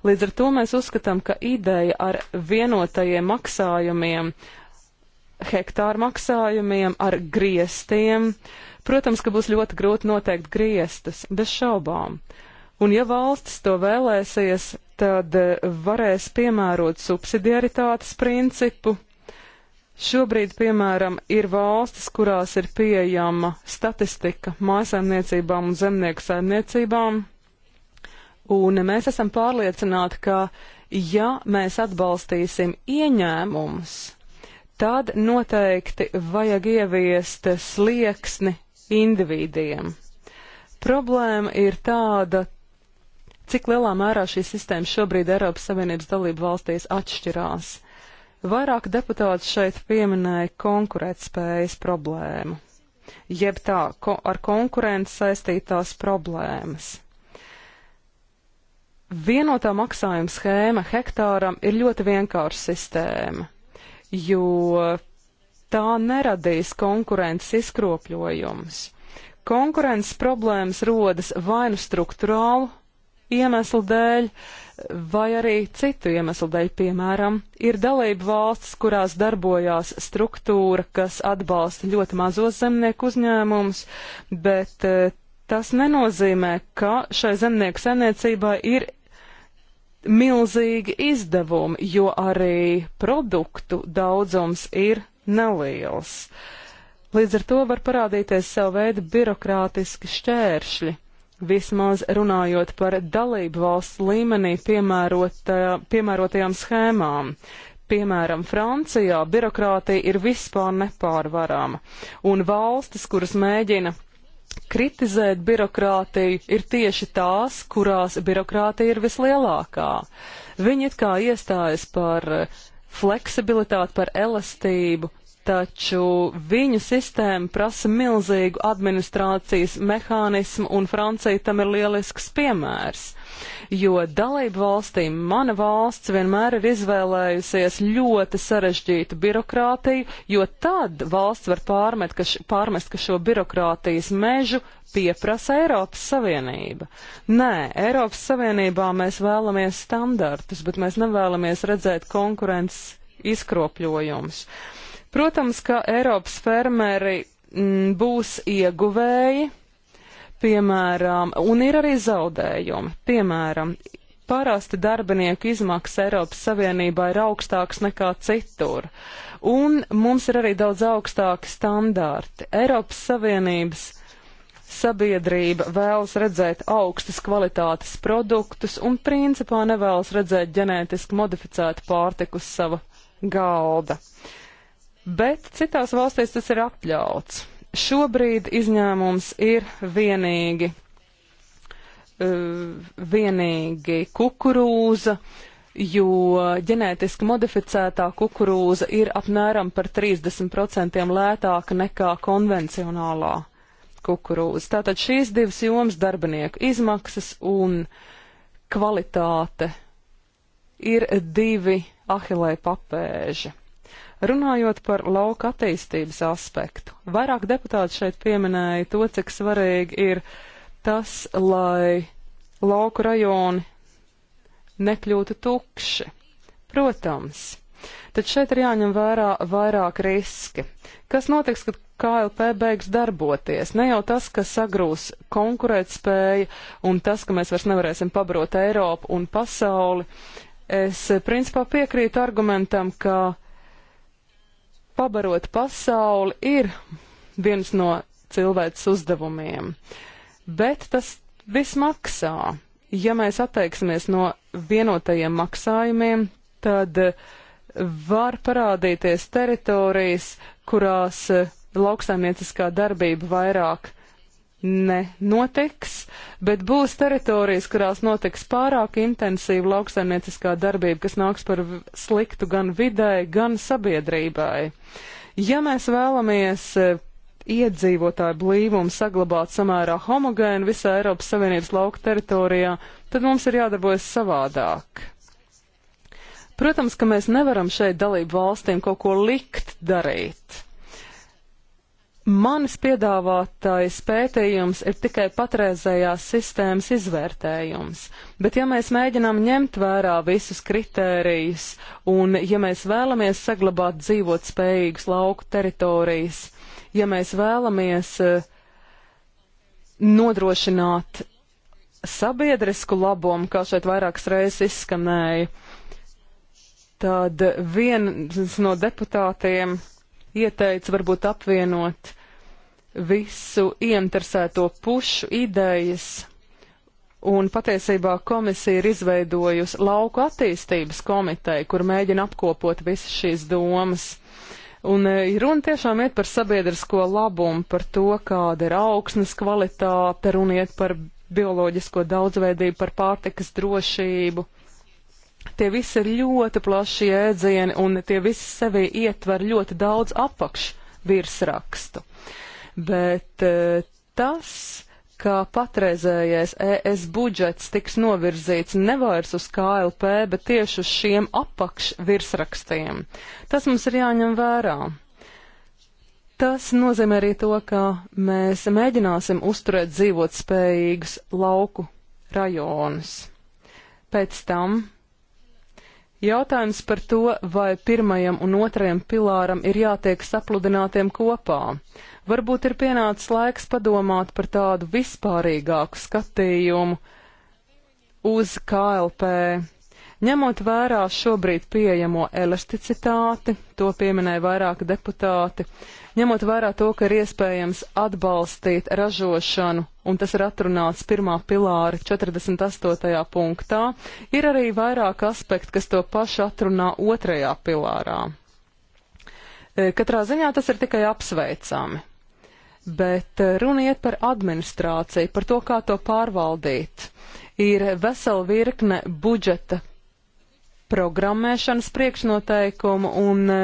Līdz ar to mēs uzskatām, ka ideja ar vienotajiem maksājumiem, hektāru maksājumiem, ar griestiem, protams, ka būs ļoti grūti noteikt griestus, bez šaubām. Un ja valstis to vēlēsies, tad varēs piemērot subsidiaritātes principu, Šobrīd, piemēram, ir valstis, kurās ir pieejama statistika mājsaimniecībām un zemnieku saimniecībām, un mēs esam pārliecināti, ka ja mēs atbalstīsim ieņēmumus, tad noteikti vajag ieviest slieksni individiem. Problēma ir tāda, cik lielā mērā šī sistēma šobrīd Eiropas Savienības dalību valstīs atšķirās. Vairāk deputāti šeit pieminēja konkurētspējas problēmu, jeb tā ko, ar konkurenci saistītās problēmas. Vienotā maksājuma schēma hektāram ir ļoti vienkārša sistēma, jo tā neradīs konkurences izkropļojumus. Konkurences problēmas rodas vainu struktūrālu iemeslu dēļ, uh, vai arī citu iemeslu dēļ, piemēram, ir dalība valsts, kurās darbojās struktūra, kas atbalsta ļoti mazos zemnieku uzņēmumus, bet eh, tas nenozīmē, ka šai zemnieku saimniecībai ir milzīgi izdevumi, jo arī produktu daudzums ir neliels. Līdz ar to var parādīties sev veidu birokrātiski šķēršļi vismaz runājot par dalību valsts līmenī piemērot, eh, piemērotajām schēmām. Piemēram, Francijā birokrātija ir vispār nepārvarama, un valstis, kuras mēģina kritizēt birokrātiju, ir tieši tās, kurās birokrātija ir vislielākā. Viņi it kā iestājas par fleksibilitāti, par elastību, taču viņu sistēma prasa milzīgu administrācijas mehānismu, un Francija tam ir lielisks piemērs. Jo dalību valstīm mana valsts vienmēr ir izvēlējusies ļoti sarežģītu birokrātiju, jo tad valsts var pārmet, ka, š, pārmest, ka šo birokrātijas mežu pieprasa Eiropas Savienība. Nē, Eiropas Savienībā mēs vēlamies standartus, bet mēs nevēlamies redzēt konkurences izkropļojumus. Uh, Protams, ka Eiropas fermeri m, mm, būs ieguvēji, piemēram, un ir arī zaudējumi. Piemēram, parasti darbinieku izmaksas Eiropas Savienībā ir augstākas nekā citur. Un mums ir arī daudz augstāki standarti. Eiropas Savienības sabiedrība vēlas redzēt augstas kvalitātes produktus un principā nevēlas redzēt ģenētiski modificētu pārtiku uz sava galda. Uh, bet citās valstīs tas ir atļauts. Šobrīd izņēmums ir vienīgi, uh, vienīgi kukurūza, jo ģenētiski modificētā kukurūza ir apmēram par 30% lētāka nekā konvencionālā kukurūza. Tātad šīs divas jomas darbinieku izmaksas un kvalitāte ir divi ahilē papēži. Runājot par lauka attīstības aspektu, vairāk deputāti šeit pieminēja to, cik svarīgi ir tas, lai lauku rajoni nekļūtu tukši. Protams, tad šeit ir jāņem vērā vairāk riski. Kas notiks, kad KLP beigs darboties? Ne jau tas, ka sagrūs konkurētspēja un tas, ka mēs vairs nevarēsim pabarot Eiropu un pasauli. Es principā piekrītu argumentam, ka pabarot pasauli ir viens no cilvēks uzdevumiem, bet tas viss maksā. Ja mēs atteiksimies no vienotajiem maksājumiem, tad var parādīties teritorijas, kurās lauksaimnieciskā darbība vairāk nenotiks, bet būs teritorijas, kurās notiks pārāk intensīva lauksaimnieciskā darbība, kas nāks par sliktu gan vidē, gan sabiedrībai. Ja mēs vēlamies e, iedzīvotāju blīvumu saglabāt samērā homogēnu visā Eiropas Savienības lauka teritorijā, tad mums ir jādarbojas savādāk. Protams, ka mēs nevaram šeit dalību valstīm kaut ko likt darīt Manis piedāvātais pētījums ir tikai patreizējās sistēmas izvērtējums, bet ja mēs mēģinām ņemt vērā visus kritērijus un ja mēs vēlamies saglabāt dzīvot spējīgas lauku teritorijas, ja mēs vēlamies eh, nodrošināt sabiedrisku labumu, kā šeit vairākas reizes izskanēja, tad viens no deputātiem ieteica varbūt apvienot visu ieinteresēto pušu idejas. Un patiesībā komisija ir izveidojusi lauku attīstības komiteju, kur mēģina apkopot visas šīs domas. Un e, runa tiešām iet par sabiedrisko labumu, par to, kāda ir augsnes kvalitāte, runa iet par bioloģisko daudzveidību, par pārtikas drošību. Tie visi ir ļoti plaši jēdzieni, un tie visi sevī ietver ļoti daudz apakš virsrakstu bet eh, tas, ka patreizējais ES budžets tiks novirzīts nevairs uz KLP, bet tieši uz šiem apakšvirsrakstiem. Tas mums ir jāņem vērā. Tas nozīmē arī to, ka mēs mēģināsim uzturēt dzīvot spējīgus lauku rajonus. Pēc tam Jautājums par to, vai pirmajam un otrajam pilāram ir jātiek sapludinātiem kopā. Varbūt ir pienācis laiks padomāt par tādu vispārīgāku skatījumu uz KLP. Ņemot vērā šobrīd pieejamo elasticitāti, to pieminēja vairāki deputāti, uh, Ņemot vērā to, ka ir iespējams atbalstīt ražošanu, un tas ir atrunāts pirmā pilāra 48. punktā, ir arī vairāk aspektu, kas to pašu atrunā otrajā pilārā. E, katrā ziņā tas ir tikai apsveicami bet e, runa iet par administrāciju, par to, kā to pārvaldīt. Ir vesela virkne budžeta programmēšanas priekšnoteikumu, un e,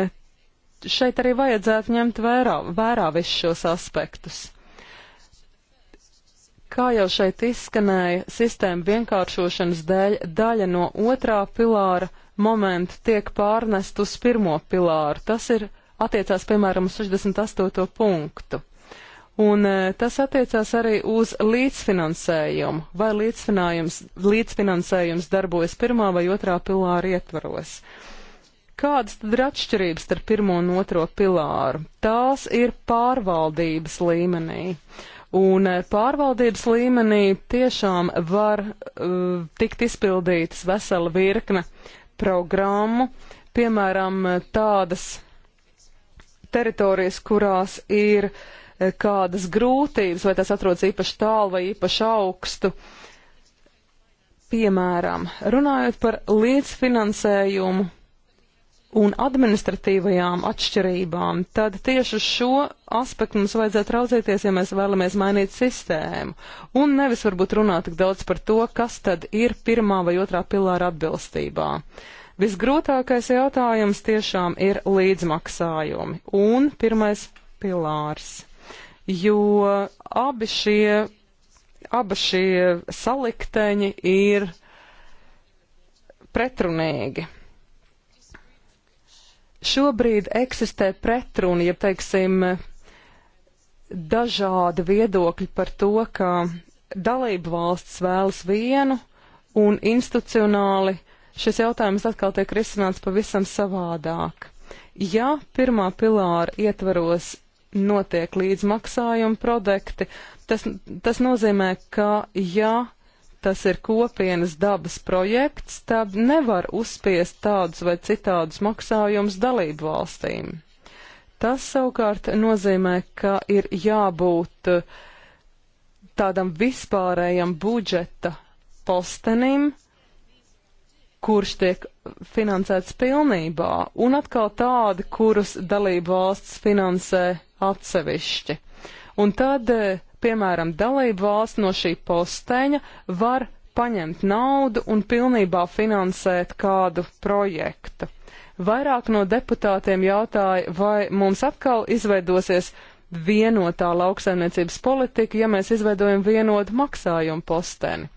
šeit arī vajadzētu ņemt vērā, vērā visus šos aspektus. Kā jau šeit izskanēja, sistēma vienkāršošanas dēļ daļa no otrā pilāra momenta tiek pārnest uz pirmo pilāru. Tas ir attiecās, piemēram, uz 68. punktu. Un e, tas attiecās arī uz līdzfinansējumu, vai līdzfinansējums, līdzfinansējums darbojas pirmā vai otrā pilāra ietvaros. Uh, Kādas tad ir atšķirības starp pirmo un otro pilāru? Tās ir pārvaldības līmenī. Un eh, pārvaldības līmenī tiešām var uh, tikt izpildītas vesela virkne programmu, piemēram, tādas teritorijas, kurās ir eh, kādas grūtības, vai tas atrodas īpaši tālu vai īpaši augstu. Piemēram, runājot par līdzfinansējumu, un administratīvajām atšķirībām, tad tieši uz šo aspektu mums vajadzētu raudzīties, ja mēs vēlamies mainīt sistēmu. Un nevis varbūt runāt tik daudz par to, kas tad ir pirmā vai otrā pilāra atbilstībā. Visgrūtākais jautājums tiešām ir līdzmaksājumi un pirmais pilārs, jo abi šie, abi šie salikteņi ir pretrunīgi. Šobrīd eksistē pretruna, ja teiksim, dažādi viedokļi par to, ka dalību valsts vēlas vienu un institucionāli šis jautājums atkal tiek risināts pavisam savādāk. Ja pirmā pilāra ietvaros notiek līdzmaksājuma produkti, tas, tas nozīmē, ka ja tas ir kopienas dabas projekts, tad nevar uzspiest tādus vai citādus maksājumus dalību valstīm. Tas savukārt nozīmē, ka ir jābūt eh, tādam vispārējam budžeta postenim, kurš tiek finansēts pilnībā, un atkal tādi, kurus dalību valsts finansē atsevišķi. Un tad eh, piemēram, dalību valsts no šī posteņa var paņemt naudu un pilnībā finansēt kādu projektu. Vairāk no deputātiem jautāja, vai mums atkal izveidosies vienotā lauksaimniecības politika, ja mēs izveidojam vienotu maksājumu posteni.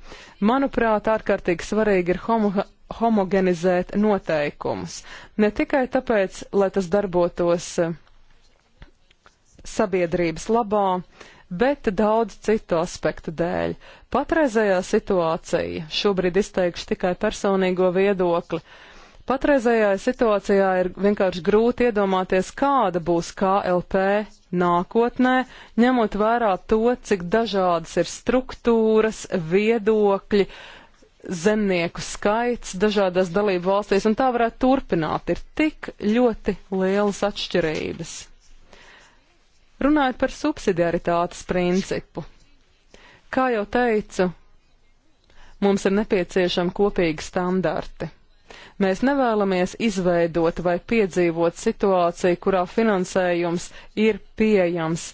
Manuprāt, ārkārtīgi svarīgi ir homo homogenizēt noteikumus. Ne tikai tāpēc, lai tas darbotos eh, sabiedrības labā, bet daudz citu aspektu dēļ. Patreizējā situācija, šobrīd izteikšu tikai personīgo viedokli, patreizējā situācijā ir vienkārši grūti iedomāties, kāda būs KLP nākotnē, ņemot vērā to, cik dažādas ir struktūras, viedokļi, zemnieku skaits dažādās dalību valstīs, un tā varētu turpināt. Ir tik ļoti lielas atšķirības. Runājot par subsidiaritātes principu, kā jau teicu, mums ir nepieciešami kopīgi standarti. Mēs nevēlamies izveidot vai piedzīvot situāciju, kurā finansējums ir pieejams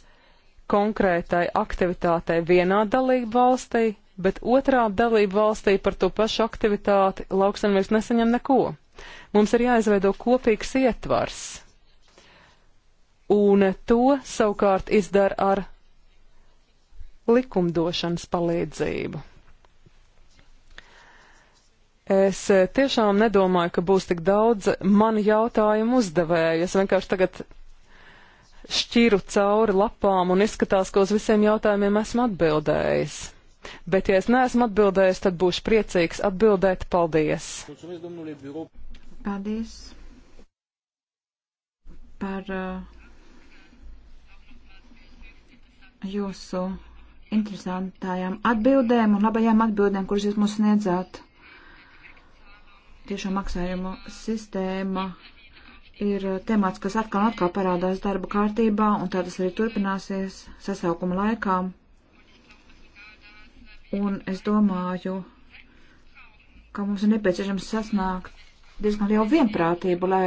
konkrētai aktivitātei vienā dalību valstī, bet otrā dalību valstī par to pašu aktivitāti lauksaimnieks nesaņem neko. Mums ir jāizveido kopīgs ietvars, un to savukārt izdara ar likumdošanas palīdzību. Es e, tiešām nedomāju, ka būs tik daudz man jautājumu uzdevēju. Es vienkārši tagad šķiru cauri lapām un izskatās, ka uz visiem jautājumiem esmu atbildējis. Bet, ja es neesmu atbildējis, tad būšu priecīgs atbildēt. Paldies! Paldies par uh, jūsu interesantajām atbildēm un labajām atbildēm, kuras jūs mums sniedzāt. Tiešām maksājumu sistēma ir temats, kas atkal un atkal parādās darba kārtībā, un tā tas arī turpināsies sasaukuma laikā. Un es domāju, ka mums ir nepieciešams sasnākt diezgan lielu vienprātību, lai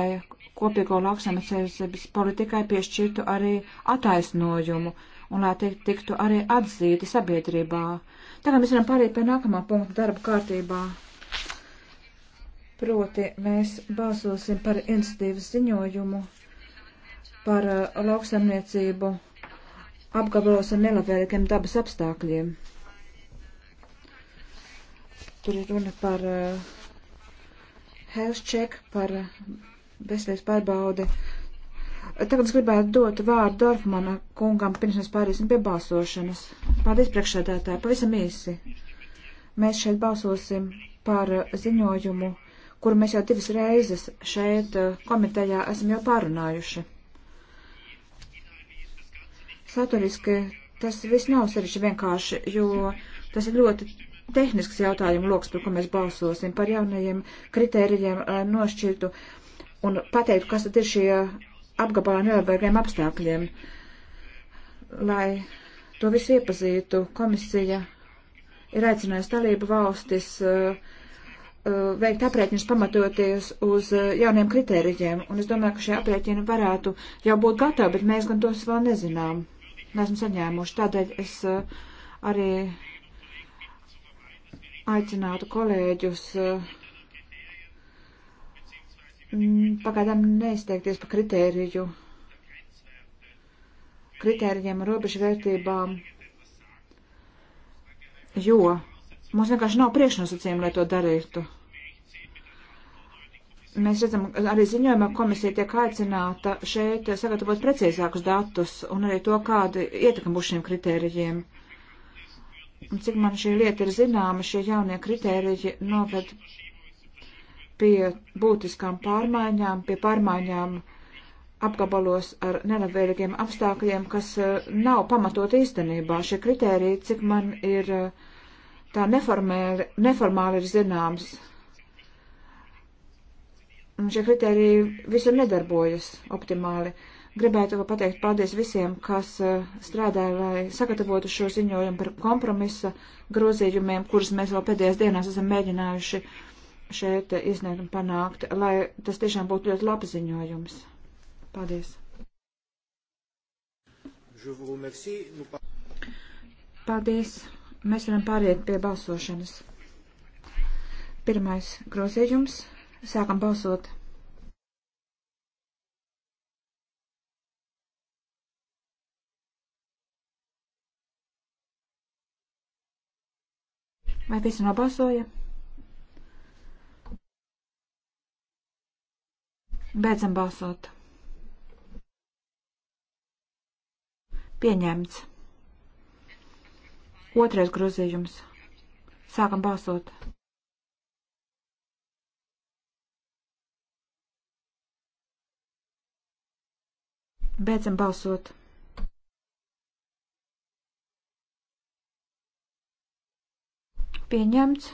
kopīgo lauksamacības politikai piešķirtu arī attaisnojumu un lai tie tiktu arī atzīti sabiedrībā. Tagad mēs varam pāriet pie nākamā punkta darba kārtībā. Proti mēs balsosim par institīvas ziņojumu par uh, lauksamniecību apgabalos ar nelabvēlīgiem dabas apstākļiem. Tur ir runa par uh, health check, par uh, veselības pārbaudi Tagad es gribētu dot vārdu Dorfmana kungam, pirms mēs pāriesim pie balsošanas. Paldies, priekšsēdētāji, pavisam īsi. Mēs šeit balsosim par ziņojumu, kuru mēs jau divas reizes šeit eh, komitejā esam jau pārunājuši. Saturiski tas viss nav sarežģīti vienkārši, jo tas ir ļoti tehnisks jautājumu loks, par ko mēs balsosim, par jaunajiem kritērijiem nošķirtu un pateiktu, kas tad ir šie apgabalā nelabvēlīgiem apstākļiem. Lai to visu iepazītu, komisija ir aicinājusi dalību valstis uh, uh veikt aprēķinus pamatoties uz uh, jauniem kritērijiem, un es domāju, ka šie aprēķini varētu jau būt gatavi, bet mēs gan tos vēl nezinām. Nesmu saņēmuši. Tādēļ es uh, arī aicinātu kolēģus uh, Mm, pagaidām neizteikties par kritēriju, kritērijiem un robežvērtībām, jo mums vienkārši nav priekšnosacījumi, lai to darītu. Mēs redzam, arī ziņojumā komisija tiek aicināta šeit sagatavot precīzākus datus un arī to, kāda ietekme būs šiem kritērijiem. Un cik man šī lieta ir zināma, šie jaunie kritēriji noved pie būtiskām pārmaiņām, pie pārmaiņām apgabalos ar nelabvēlīgiem apstākļiem, kas eh, nav pamatot īstenībā. Šie kritēriji, cik man ir eh, tā neformēli, neformāli ir zināms, un šie kritēriji visur nedarbojas optimāli. Gribētu pateikt paldies visiem, kas eh, strādāja, lai sagatavotu šo ziņojumu par kompromisa grozījumiem, kurus mēs vēl pēdējās dienās esam mēģinājuši uh, šeit izniegt un panākt, lai tas tiešām būtu ļoti labs ziņojums. Paldies! Paldies! Mēs varam pāriet pie balsošanas. Pirmais grozījums. Sākam balsot. Vai visi nobalsoja? Beidzam balsot. Pieņemts. Otrais grozījums. Sākam balsot. Beidzam balsot. Pieņemts.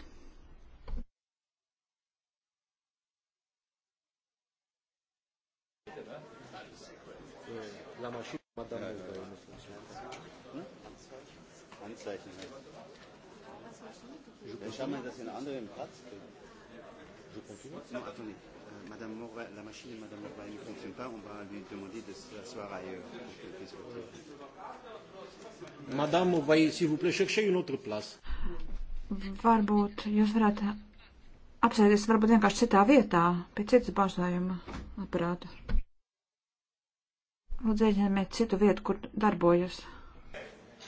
Madame äh, hm? Anzeichen. Dann schauen wir, dass ihr einen anderen Platz kriegt. Je continue Non, attendez. Euh, Madame Morva, la machine de Madame Morva ne fonctionne pas. On va lui demander de s'asseoir ailleurs pour qu'elle puisse voter. Madame, veuillez, s'il vous plaît, chercher une autre place. Varbūt jūs varētu apsēsties, varbūt vienkārši citā vietā, pie citas balsojuma aparāta. Lūdzu, ieņemiet citu vietu, kur darbojas. Thank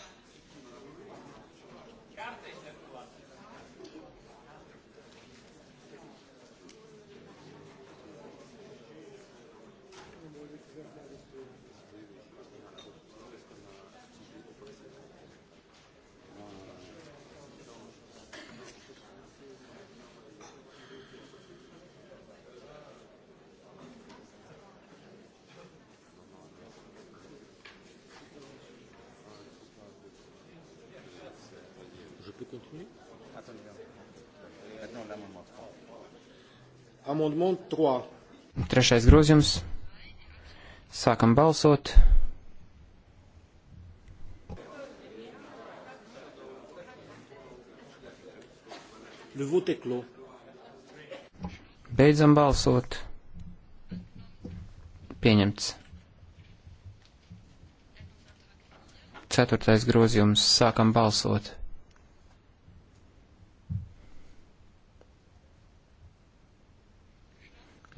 you. peut continuer Amendement 3. Trešais grozījums. Sākam balsot. Le vote est clos. Beidzam balsot. Pieņemts. Ceturtais grozījums. Sākam balsot.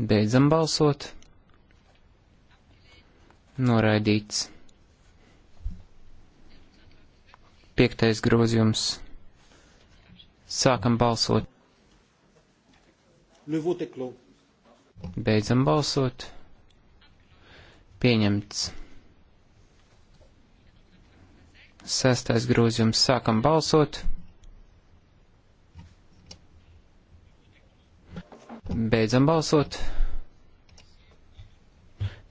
Beidzam balsot. Noraidīts. Piektais grozījums. Sākam balsot. Beidzam balsot. Pieņemts. Sestais grozījums. Sākam balsot. Beidzam balsot.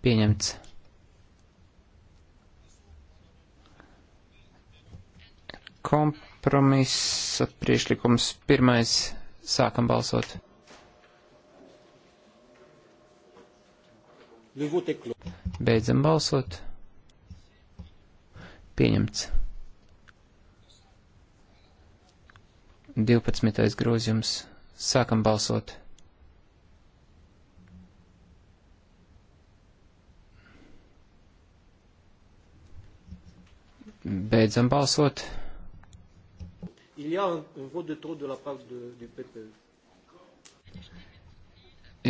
Pieņemts. Kompromisa priešlikums pirmais. Sākam balsot. Beidzam balsot. Pieņemts. 12. grozījums. Sākam balsot. Beidzam balsot. E.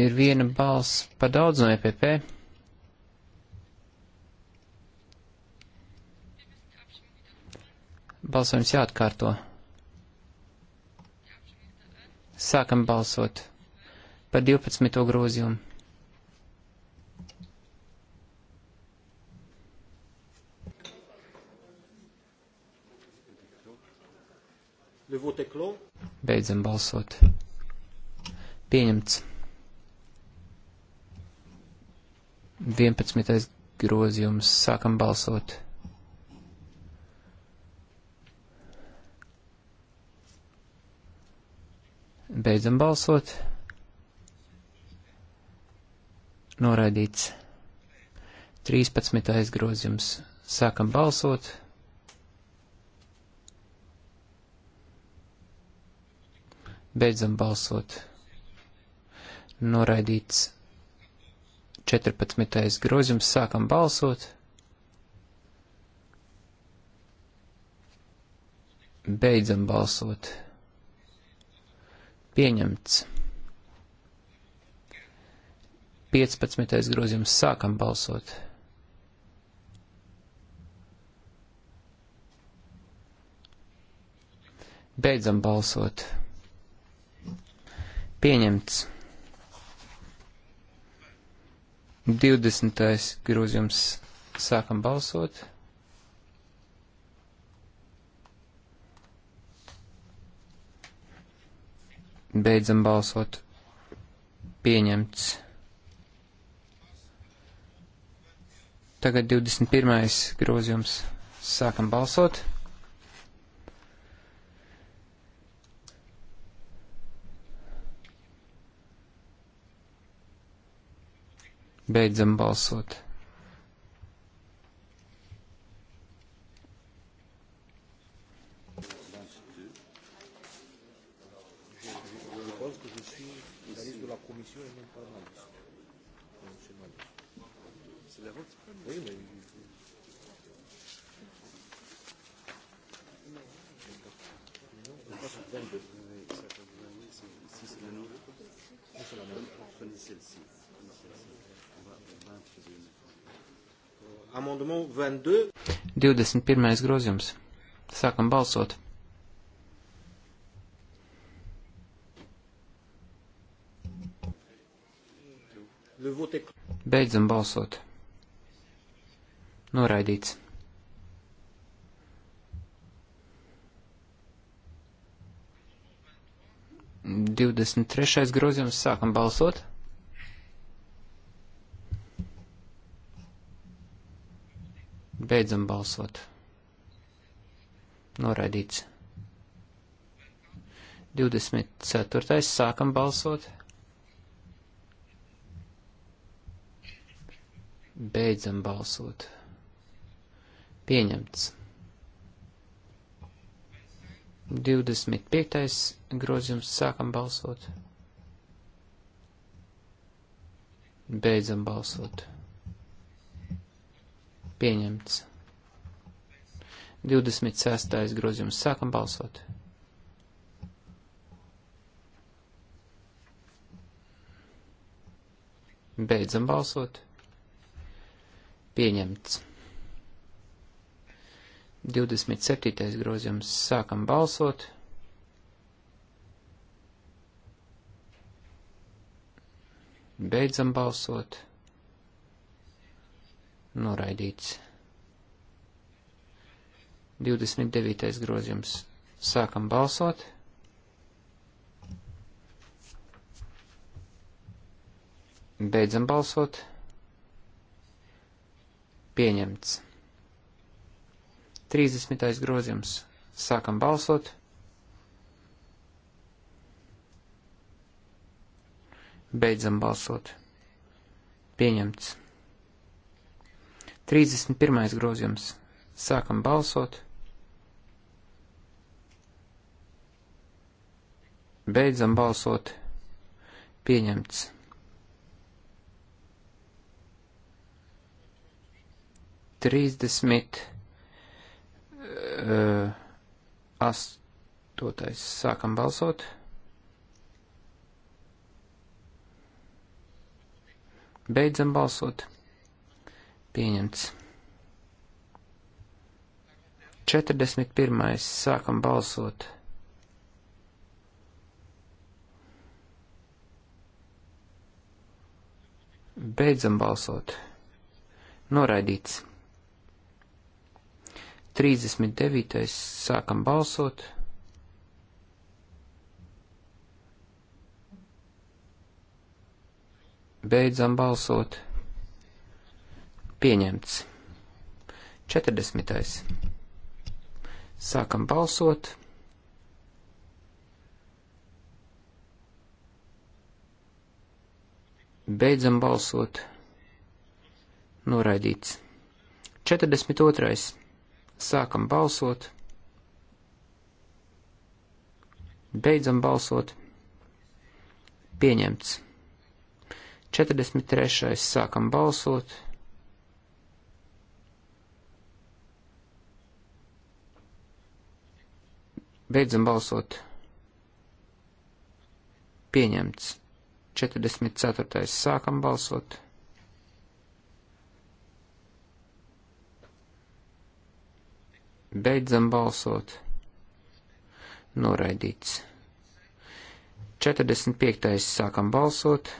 Ir viena balss par daudz no EPP. Balsojums jāatkārto. Sākam balsot par 12. grozījumu. Beidzam balsot. Pieņemts. 11. grozījums. Sākam balsot. Beidzam balsot. Noraidīts. 13. grozījums. Sākam balsot. Beidzam balsot. Noraidīts 14. grozījums. Sākam balsot. Beidzam balsot. Pieņemts. 15. grozījums sākam balsot. Beidzam balsot. Pieņemts. 20. grozījums. Sākam balsot. Beidzam balsot. Pieņemts. Tagad 21. grozījums. Sākam balsot. Beidzam balsot. Amendement 22. 21. grozījums. Sākam balsot. Beidzam balsot. Noraidīts. Divdesmit trešais grozījums sākam balsot. Beidzam balsot. Noraidīts. 24. sākam balsot. Beidzam balsot. Pieņemts. 25. grozījums sākam balsot. Beidzam balsot. Pieņemts. 26. grozījums. Sākam balsot. Beidzam balsot. Pieņemts. 27. grozījums. Sākam balsot. Beidzam balsot. Noraidīts. 29. grozījums. Sākam balsot. Beidzam balsot. Pieņemts. 30. grozījums. Sākam balsot. Beidzam balsot. Pieņemts. 31. grozījums. Sākam balsot. Beidzam balsot. Pieņemts. Trīsdesmit uh, astotais. Sākam balsot. Beidzam balsot. Pieņemts. 41. Sākam balsot. Beidzam balsot. Noraidīts. 39. Sākam balsot. Beidzam balsot. Pieņemts. 40. Sākam balsot. Beidzam balsot. Noraidīts. 42. Sākam balsot. Beidzam balsot. Pieņemts. 43. Sākam balsot. Beidzam balsot. Pieņemts. 44. Sākam balsot. Beidzam balsot. Noraidīts. 45. sākam balsot.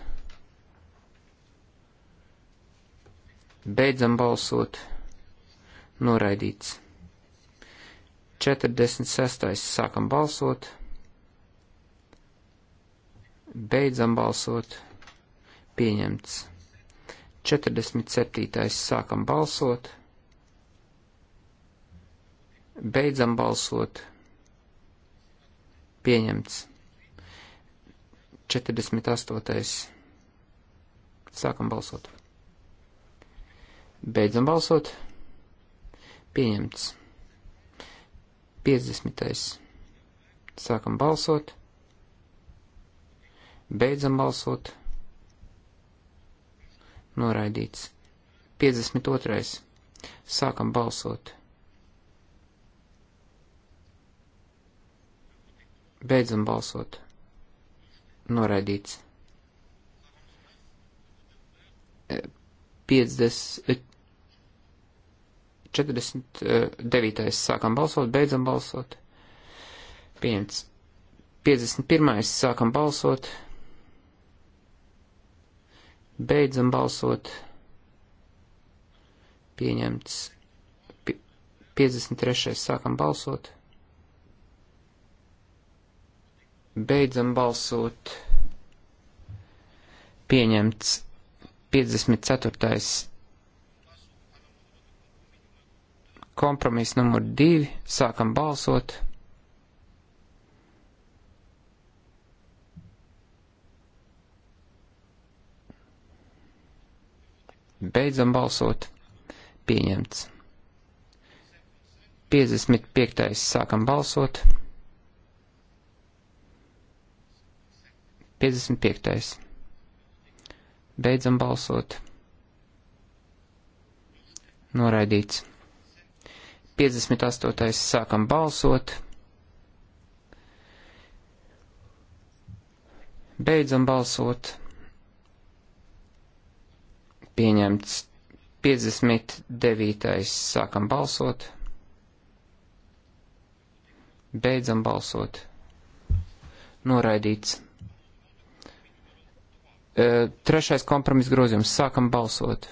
Beidzam balsot. Noraidīts. 46. sākam balsot, beidzam balsot, pieņemts. 47. sākam balsot, beidzam balsot, pieņemts. 48. sākam balsot, beidzam balsot, pieņemts. 50. Sākam balsot. Beidzam balsot. Noraidīts. 52. Sākam balsot. Beidzam balsot. Noraidīts. 50, 49. Eh, sākam balsot, beidzam balsot. Pieņemts. 51. sākam balsot. Beidzam balsot. Pieņemts. 53. sākam balsot. Beidzam balsot. Pieņemts. 54. Kompromiss numur divi. Sākam balsot. Beidzam balsot. Pieņemts. 55. sākam balsot. 55. Beidzam balsot. Noraidīts. 58. sākam balsot. Beidzam balsot. Pieņemts 59. sākam balsot. Beidzam balsot. Noraidīts. E, trešais kompromiss grozījums. Sākam balsot.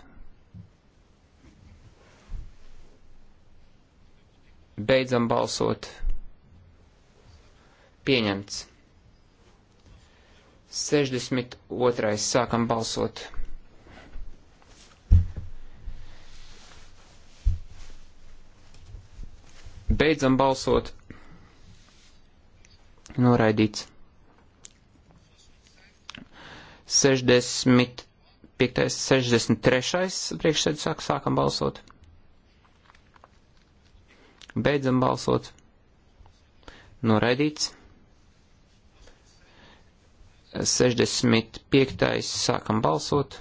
Beidzam balsot. Pieņemts. 62. Sākam balsot. Beidzam balsot. Noraidīts. 65. 63. priekšsēdus sākam balsot. Beidzam balsot. Noraidīts. 65. sākam balsot.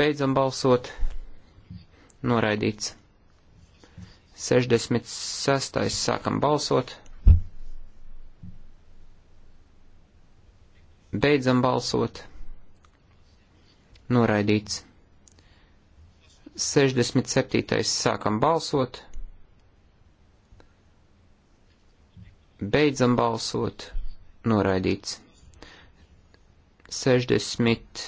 Beidzam balsot. Noraidīts. 66. sākam balsot. Beidzam balsot. Noraidīts. 67. sākam balsot. Beidzam balsot. Noraidīts. 60.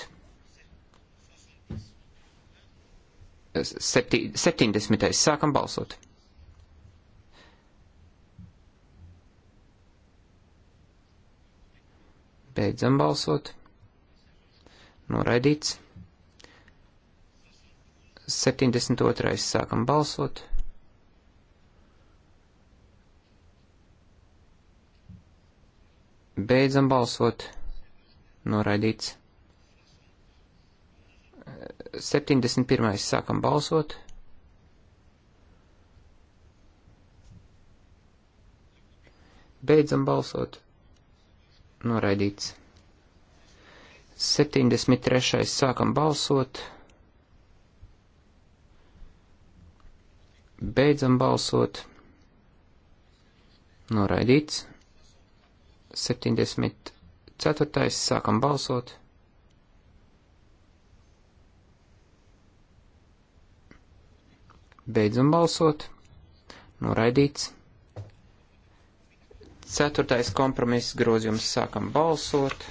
70. sākam balsot. Beidzam balsot. Noraidīts. 72. sākam balsot. Beidzam balsot. Noraidīts. 71. sākam balsot. Beidzam balsot. Noraidīts. 73. sākam balsot. Beidzam balsot. Noraidīts. 74. Sākam balsot. Beidzam balsot. Noraidīts. Ceturtais kompromiss grozījums sākam balsot.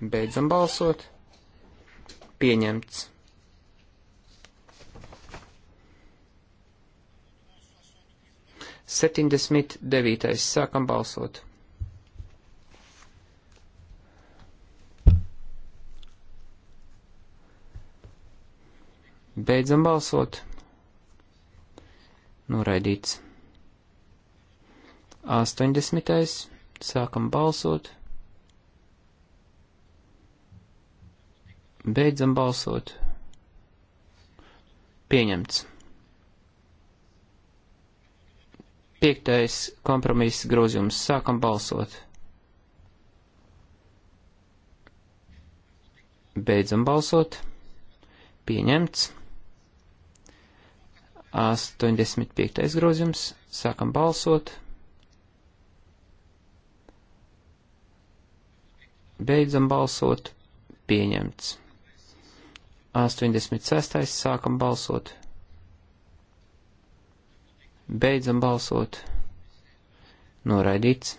Beidzam balsot pieņemts. Septiņdesmit devītais. Sākam balsot. Beidzam balsot. Noraidīts. Astoņdesmitais. Sākam balsot. Beidzam balsot. Pieņemts. Piektais kompromiss grozījums. Sākam balsot. Beidzam balsot. Pieņemts. 85. grozījums. Sākam balsot. Beidzam balsot. Pieņemts. 86. sākam balsot. Beidzam balsot. Noraidīts.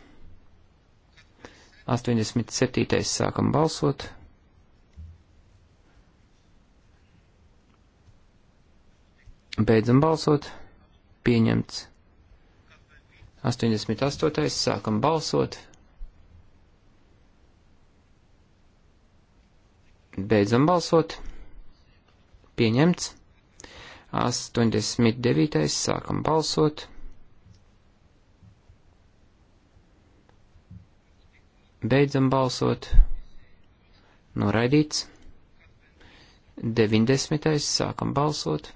87. sākam balsot. Beidzam balsot. Pieņemts. 88. sākam balsot. Beidzam balsot. Pieņemts. 89. sākam balsot. Beidzam balsot. Noraidīts. 90. sākam balsot.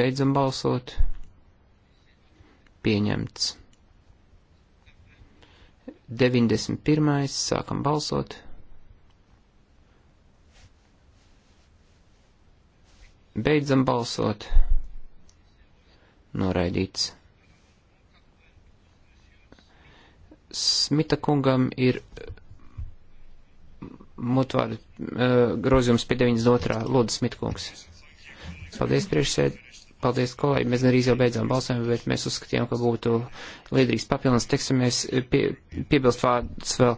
Beidzam balsot. Pieņemts. 91. sākam balsot. Beidzam balsot. Noraidīts. Smita kungam ir eh, mutvārdu uh, eh, grozījums pie 92. Lūdzu, Smitkungs. Paldies, priekšsēd. Paldies, kolēģi. Mēs arī jau beidzām balsojumu, bet mēs uzskatījām, ka būtu liederīgs papildinājums. Teiksim, mēs pie, piebilst vārds vēl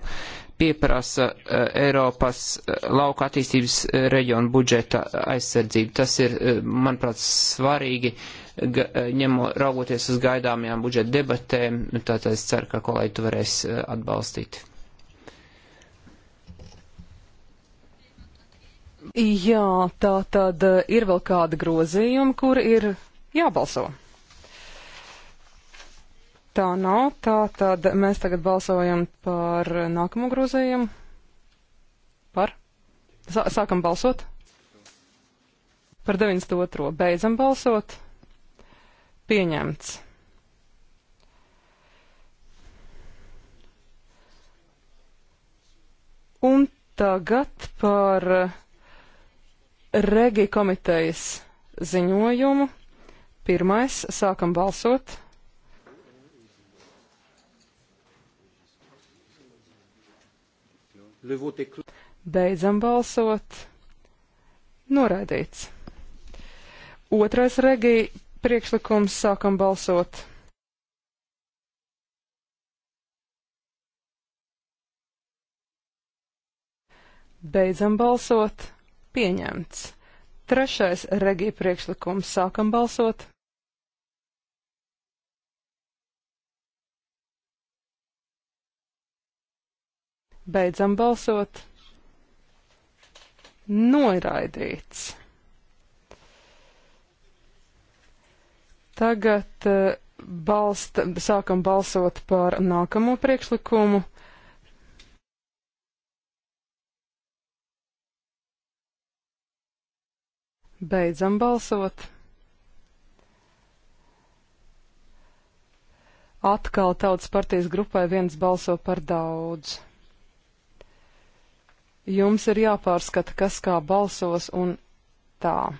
pieprasa eh, Eiropas eh, lauka attīstības eh, reģionu budžeta aizsardzību. Tas ir, manuprāt, svarīgi, ņemot raugoties uz gaidāmajām budžeta debatēm, tātad es ceru, ka kolēģi tu varēs atbalstīt. Jā, tā tad ir vēl kāda grozījuma, kur ir jābalso tā nav. Tā tad mēs tagad balsojam par nākamo grozījumu. Par? Sākam balsot. Par 92. Beidzam balsot. Pieņemts. Un tagad par Regi komitejas ziņojumu. Pirmais, sākam balsot. Beidzam balsot. Noraidīts. Otrais regija priekšlikums sākam balsot. Beidzam balsot. Pieņemts. Trešais regija priekšlikums sākam balsot. Beidzam balsot. Noiraidīts. Tagad eh, balst, sākam balsot par nākamo priekšlikumu. Beidzam balsot. Atkal tautas partijas grupai viens balso par daudz jums ir jāpārskata, kas kā balsos un tā.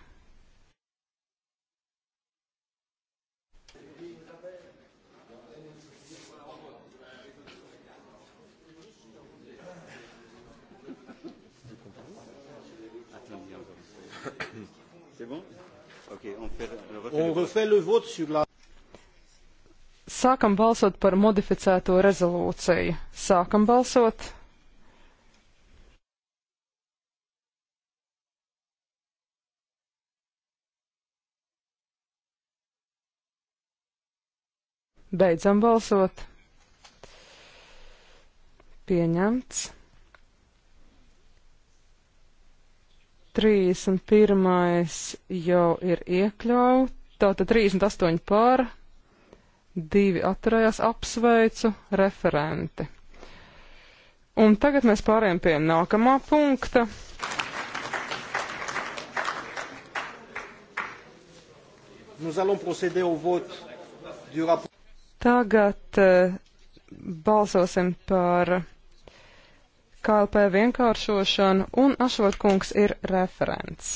On refait le vote sur la Sākam balsot par modificēto rezolūciju. Sākam balsot. Beidzam balsot. Pieņemts. 31. jau ir iekļauts, tātad 38 pār, divi atturējās apsveicu referenti. Un tagad mēs pārējām pie nākamā punkta. Nous allons procéder au vote du rapport. Tagad e, balsosim par KLP vienkāršošanu, un Ašvarkungs ir referents.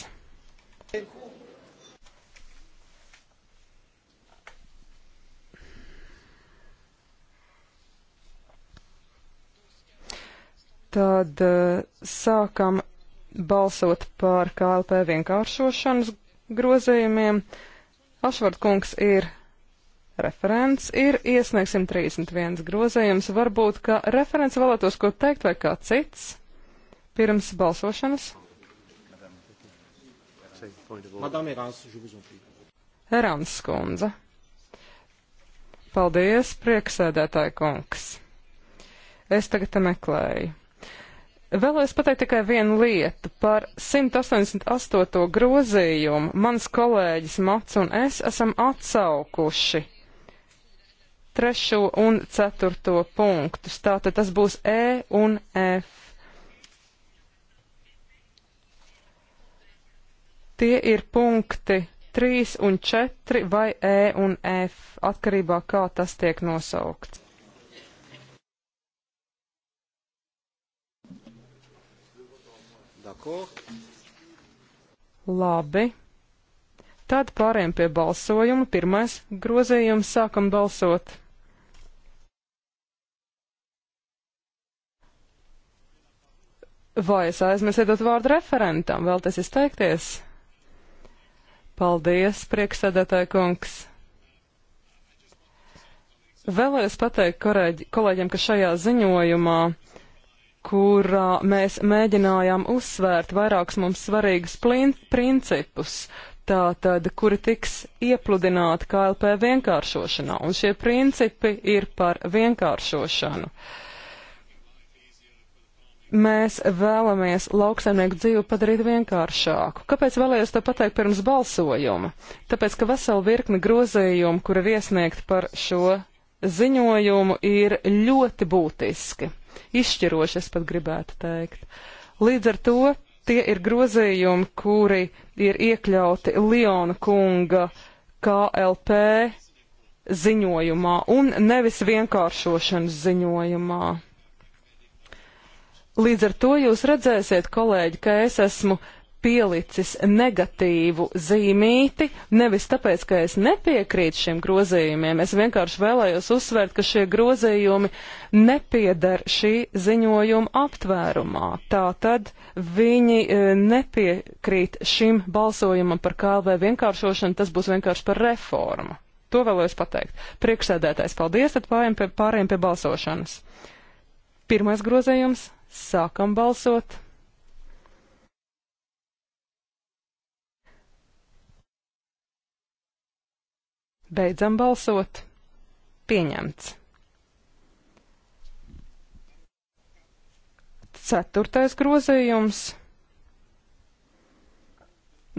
Tad e, sākam balsot par KLP vienkāršošanas grozījumiem. Ašvarkungs ir referents referents ir iesniegs 131 grozējums. Varbūt, ka referents vēlētos ko teikt vai kā cits pirms balsošanas? Erāns skundze. Paldies, prieksēdētāji kungs. Es tagad te meklēju. Vēlos pateikt tikai vienu lietu par 188. grozījumu. Mans kolēģis Mats un es esam atsaukuši trešo un ceturto punktus. Tātad tas būs E un F. Tie ir punkti 3 un 4 vai E un F, atkarībā kā tas tiek nosaukts. Labi. Tad pāriem pie balsojuma. Pirmais grozījums sākam balsot. Vai es aizmirsu dot vārdu referentam? Vēlties izteikties? Paldies, priekšsēdētāja kungs. Vēlējos pateikt kolēģi, kolēģiem, ka šajā ziņojumā, kurā mēs mēģinājām uzsvērt vairākus mums svarīgus principus, tātad, kuri tiks iepludināti KLP vienkāršošanā, un šie principi ir par vienkāršošanu. Uh, mēs vēlamies lauksaimnieku dzīvi padarīt vienkāršāku. Kāpēc vēlējos to pateikt pirms balsojuma? Tāpēc, ka vesela virkne grozījumu, kur ir iesniegt par šo ziņojumu, ir ļoti būtiski. Izšķiroši es pat gribētu teikt. Līdz ar to tie ir grozījumi, kuri ir iekļauti Liona kunga KLP ziņojumā un nevis vienkāršošanas ziņojumā. Līdz ar to jūs redzēsiet, kolēģi, ka es esmu pielicis negatīvu zīmīti, nevis tāpēc, ka es nepiekrītu šiem grozījumiem. Es vienkārši vēlējos uzsvērt, ka šie grozījumi nepiedar šī ziņojuma aptvērumā. Tātad viņi e, nepiekrīt šim balsojumam par KLV vienkāršošanu, tas būs vienkārši par reformu. To vēlējos pateikt. Priekšsēdētājs, paldies, tad pārējiem pie, pārējiem pie balsošanas. Pirmais grozījums Sākam balsot. Beidzam balsot. Pieņemts. Ceturtais grozījums.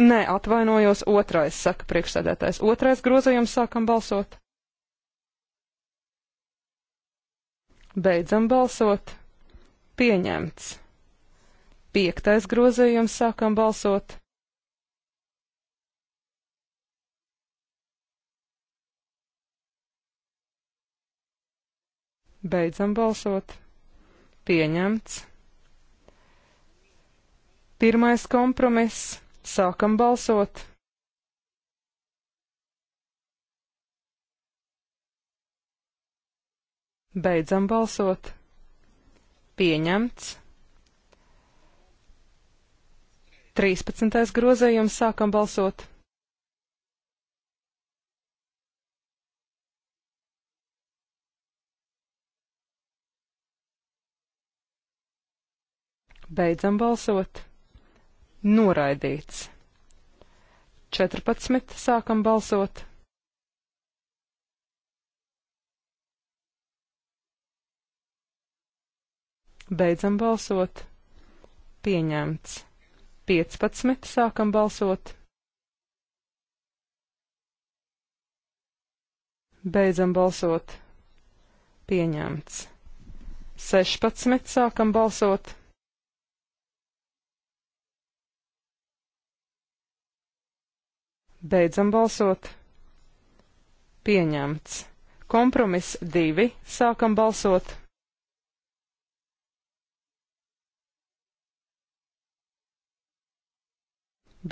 Nē, atvainojos, otrais, saka priekšsēdētājs. Otrais grozījums sākam balsot. Beidzam balsot. Pieņemts. Piektais grozījums sākam balsot. Beidzam balsot. Pieņemts. Pirmais kompromiss. Sākam balsot. Beidzam balsot pieņemts. 13. grozējums sākam balsot. Beidzam balsot. Noraidīts. 14. sākam balsot. Beidzam balsot. Pieņemts. 15. Sākam balsot. Beidzam balsot. Pieņemts. 16. Sākam balsot. Beidzam balsot. Pieņemts. Kompromiss 2. Sākam balsot.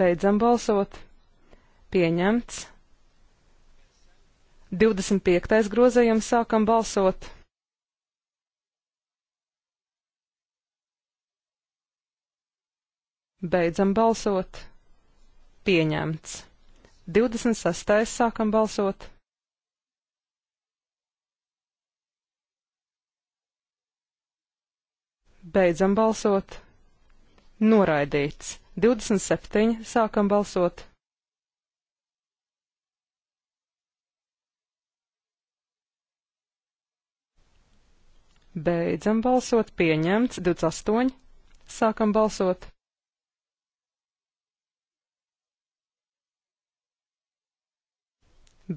Beidzam balsot. Pieņemts. 25. grozējums sākam balsot. Beidzam balsot. Pieņemts. 26. sākam balsot. Beidzam balsot. Noraidīts. 27. Sākam balsot. Beidzam balsot, pieņemts 28. Sākam balsot.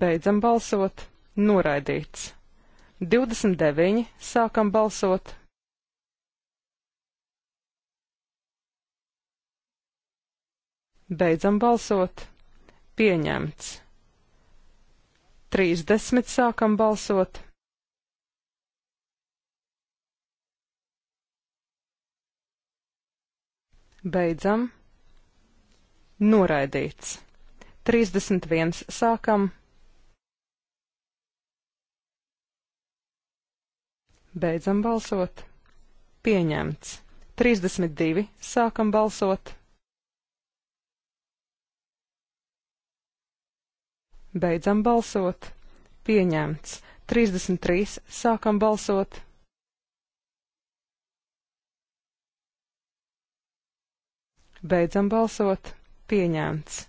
Beidzam balsot, noraidīts. 29. Sākam balsot. Beidzam balsot. Pieņemts. 30 sākam balsot. Beidzam. Noraidīts. 31 sākam. Beidzam balsot. Pieņemts. 32 sākam balsot. Beidzam balsot. Pieņemts. 33. Sākam balsot. Beidzam balsot. Pieņemts.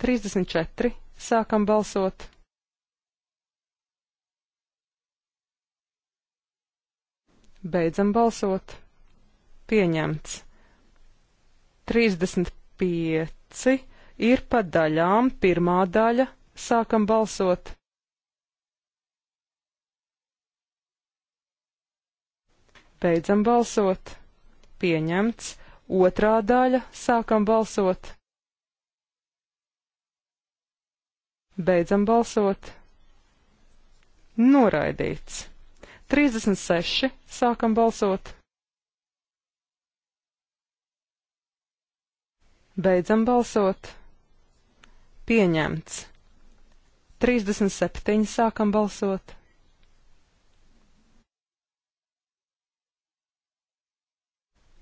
34. Sākam balsot. Beidzam balsot. Pieņemts. 35 ir pa daļām pirmā daļa Sākam balsot. Beidzam balsot. Pieņemts. Otrā daļa. Sākam balsot. Beidzam balsot. Noraidīts. 36. Sākam balsot. Beidzam balsot. Pieņemts. 37. sākam balsot.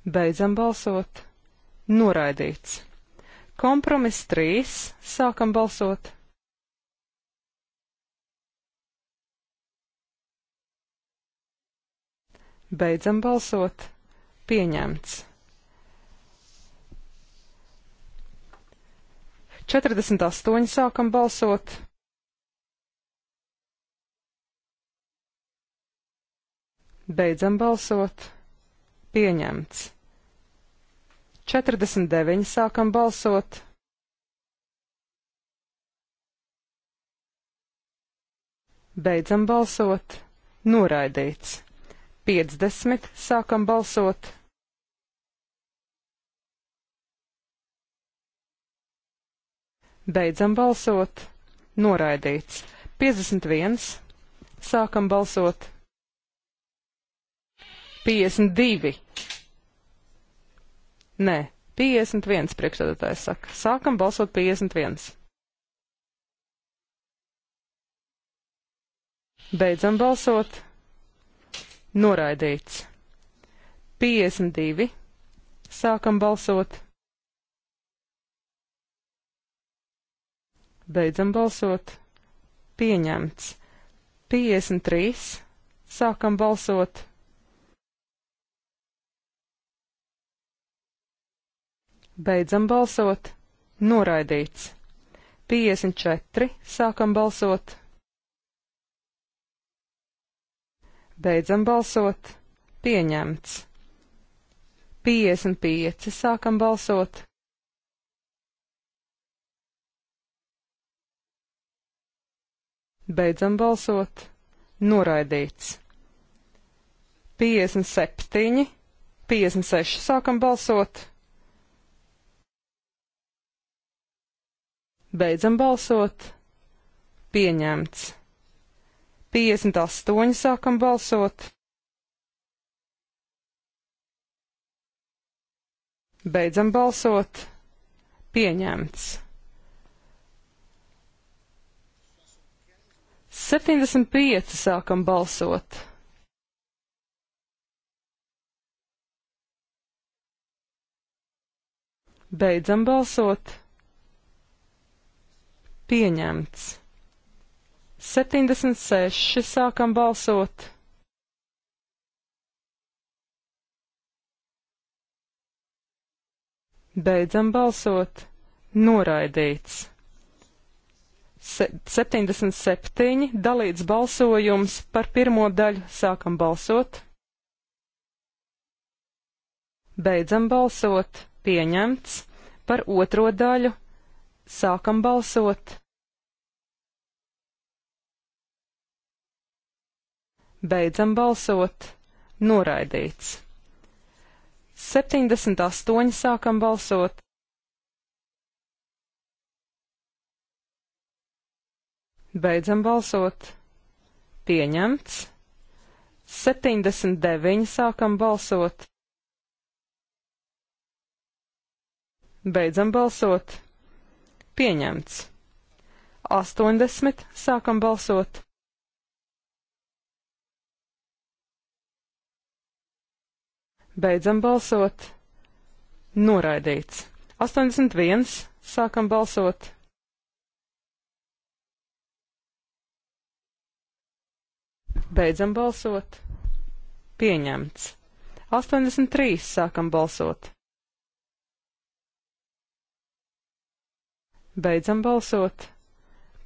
Beidzam balsot. Noraidīts. Kompromiss 3. Sākam balsot. Beidzam balsot. Pieņemts. 48. sākam balsot. Beidzam balsot. Pieņemts. 49. Sākam balsot. Beidzam balsot. Noraidīts. 50. Sākam balsot. Beidzam balsot. Noraidīts. 51. Sākam balsot. 52. Nē, 51 priekšstādātājs saka. Sākam balsot 51. Beidzam balsot. Noraidīts. 52. Sākam balsot. Beidzam balsot. Pieņemts. 53. Sākam balsot. Beidzam balsot. Noraidīts. 54. Sākam balsot. Beidzam balsot. Pieņemts. 55. Sākam balsot. Beidzam balsot. Noraidīts. 57. 56. Sākam balsot. Beidzam balsot. Pieņemts. 58. sākam balsot. Beidzam balsot. Pieņemts. 75. sākam balsot. Beidzam balsot pieņemts. 76. Sākam balsot. Beidzam balsot. Noraidīts. Se 77. Dalīts balsojums par pirmo daļu. Sākam balsot. Beidzam balsot. Pieņemts. Par otro daļu Sākam balsot. Beidzam balsot. Noraidīts. 78 sākam balsot. Beidzam balsot. Pieņemts. 79 sākam balsot. Beidzam balsot pieņemts. 80. Sākam balsot. Beidzam balsot. Noraidīts. 81. Sākam balsot. Beidzam balsot. Pieņemts. 83. Sākam balsot. Beidzam balsot.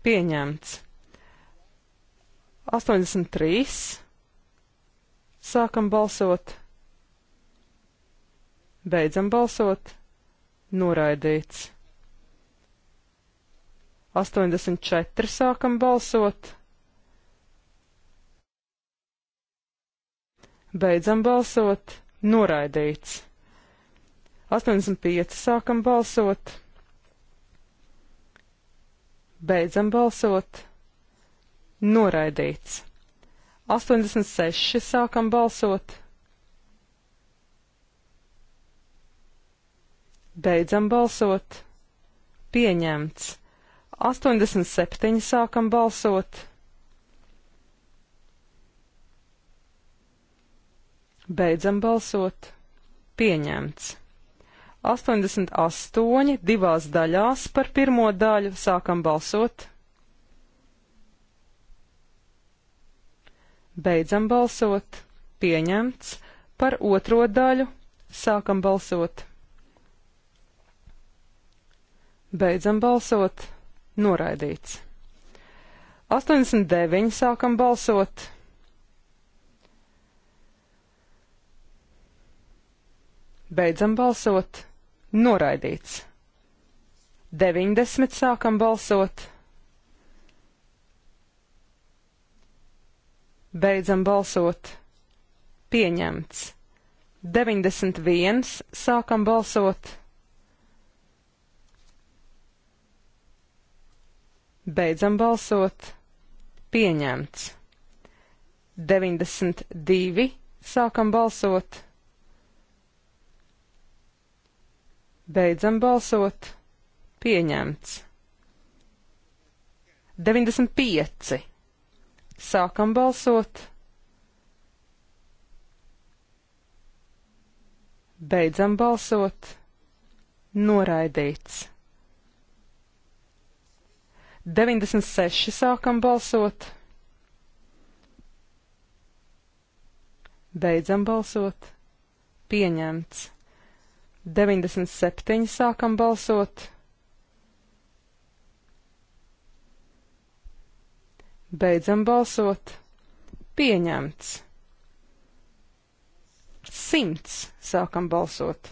Pieņemts. 83. Sākam balsot. Beidzam balsot. Noraidīts. 84. Sākam balsot. Beidzam balsot. Noraidīts. 85. Sākam balsot. Beidzam balsot. Noraidīts. 86. Sākam balsot. Beidzam balsot. Pieņemts. 87. Sākam balsot. Beidzam balsot. Pieņemts. 88 divās daļās par pirmo daļu. Sākam balsot. Beidzam balsot. Pieņemts. Par otro daļu. Sākam balsot. Beidzam balsot. Noraidīts. 89 sākam balsot. Beidzam balsot Noraidīts. 90 sākam balsot. Beidzam balsot. Pieņemts. 91 sākam balsot. Beidzam balsot. Pieņemts. 92 sākam balsot. Beidzam balsot. Pieņemts. 95. Sākam balsot. Beidzam balsot. Noraidīts. 96 sākam balsot. Beidzam balsot. Pieņemts. 97 sākam balsot. Beidzam balsot. Pieņemts. 100 sākam balsot.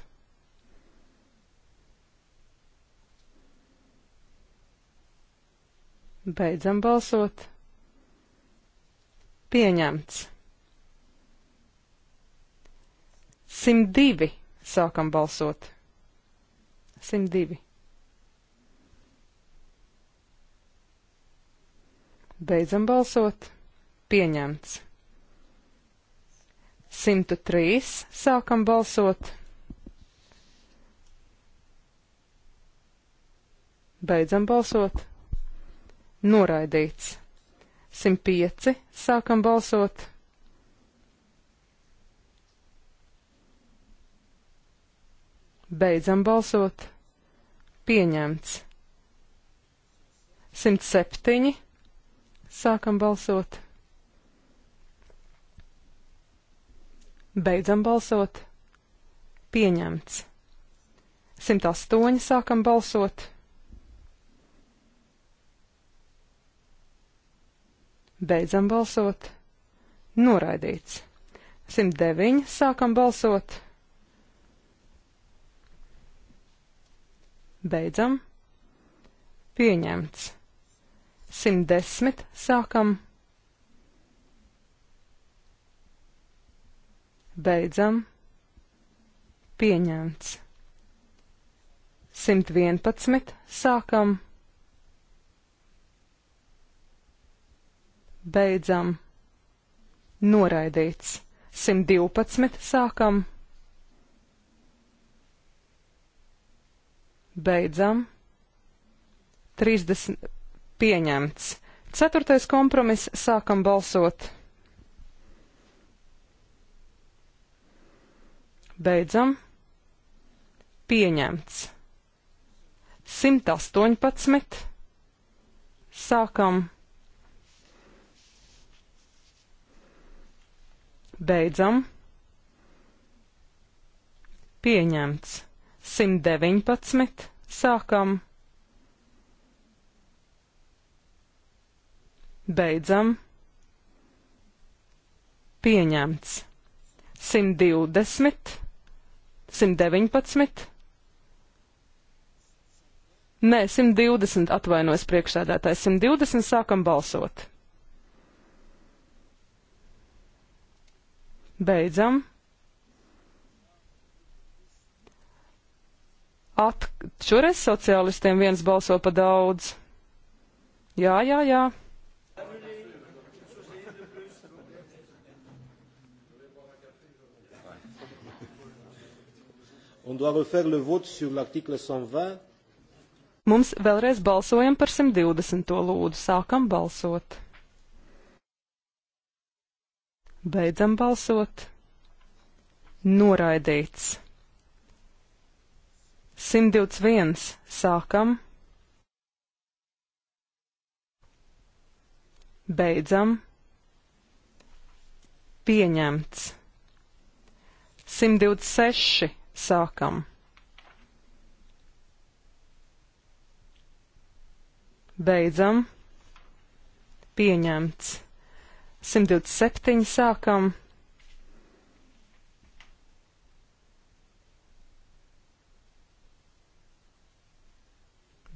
Beidzam balsot. Pieņemts. 102 Sākam balsot. 102. Beidzam balsot. Pieņemts. 103. Sākam balsot. Beidzam balsot. Noraidīts. 105. Sākam balsot. Beidzam balsot. Pieņemts. 107. Sākam balsot. Beidzam balsot. Pieņemts. 108. Sākam balsot. Beidzam balsot. Noraidīts. 109. Sākam balsot. Beidzam. Pieņemts. 110. Sākam. Beidzam. Pieņemts. 111. Sākam. Beidzam. Noraidīts. 112. Sākam. Beidzam. 30 pieņemts. Ceturtais kompromiss. Sākam balsot. Beidzam. Pieņemts. 118. Sākam. Beidzam. Pieņemts. 119. Sākam. Beidzam. Pieņemts. 120. 119. Nē, 120 atvainojas priekšsēdētājs. 120 sākam balsot. Beidzam. At, šoreiz sociālistiem viens balso pa daudz. Jā, jā, jā. Mums vēlreiz balsojam par 120. lūdzu, sākam balsot. Beidzam balsot. Noraidīts. 121. Sākam. Beidzam. Pieņemts. 126. Sākam. Beidzam. Pieņemts. 127. Sākam.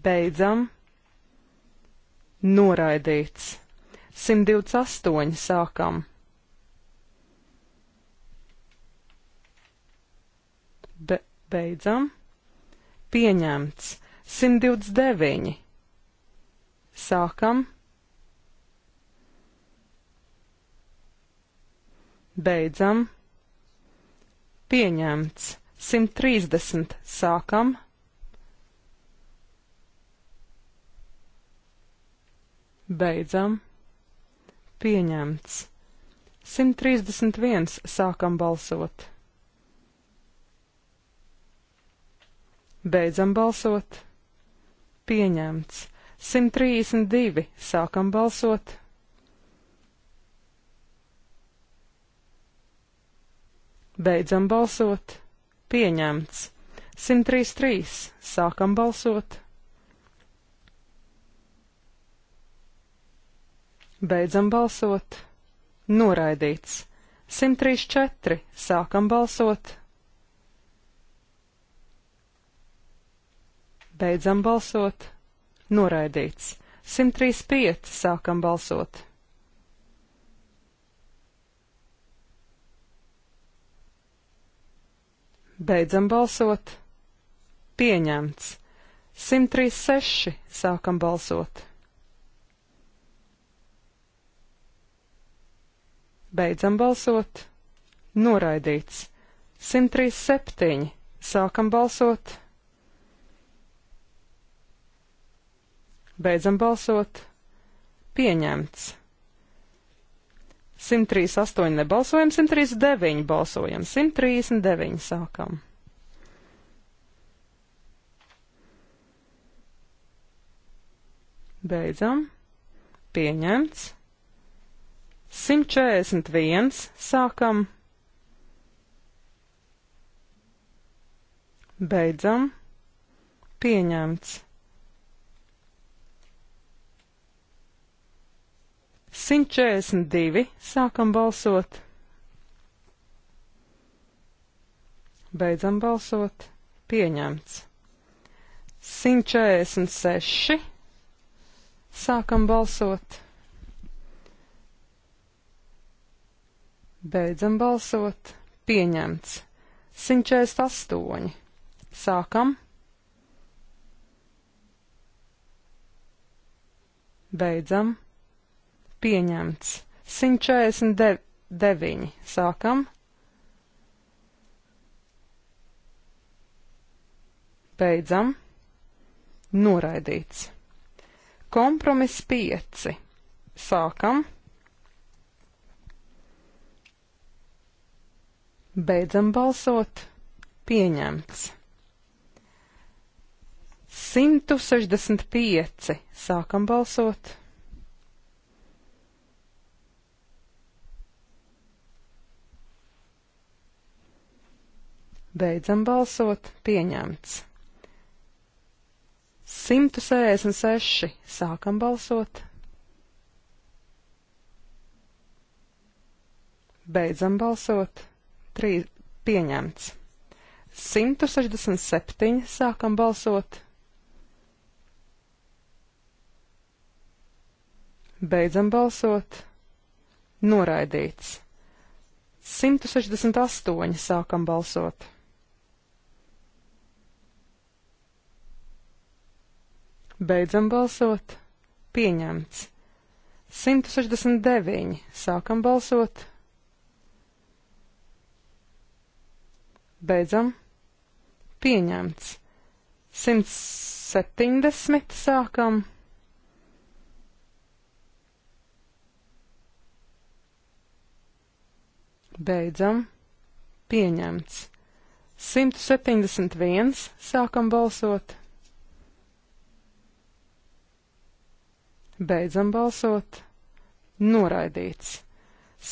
Beidzam. Noraidīts. 128 sākam. Be beidzam. Pieņemts. 129. Sākam. Beidzam. Pieņemts. 130. Sākam. Beidzam. Pieņemts. 131. Sākam balsot. Beidzam balsot. Pieņemts. 132. Sākam balsot. Beidzam balsot. Pieņemts. 133. Sākam balsot. Beidzam balsot. Noraidīts. 134. Sākam balsot. Beidzam balsot. Noraidīts. 135. Sākam balsot. Beidzam balsot. Pieņemts. 136. Sākam balsot. Beidzam balsot. Noraidīts. 137. Sākam balsot. Beidzam balsot. Pieņemts. 138 nebalsojam, 139 balsojam, 139 sākam. Beidzam. Pieņemts. 141 sākam, beidzam, pieņemts. 142 sākam balsot, beidzam balsot, pieņemts. 146 sākam balsot. Beidzam balsot. Pieņemts. 148. Sākam. Beidzam. Pieņemts. 149. Sākam. Beidzam. Noraidīts. Kompromiss 5. Sākam. Beidzam balsot. Pieņemts. 165. Sākam balsot. Beidzam balsot. Pieņemts. 166. Sākam balsot. Beidzam balsot. 3 pieņemts. 167 sākam balsot. Beidzam balsot. Noraidīts. 168 sākam balsot. Beidzam balsot. Pieņemts. 169 sākam balsot. Beidzam. Pieņemts. 170 sākam. Beidzam. Pieņemts. 171 sākam balsot. Beidzam balsot. Noraidīts.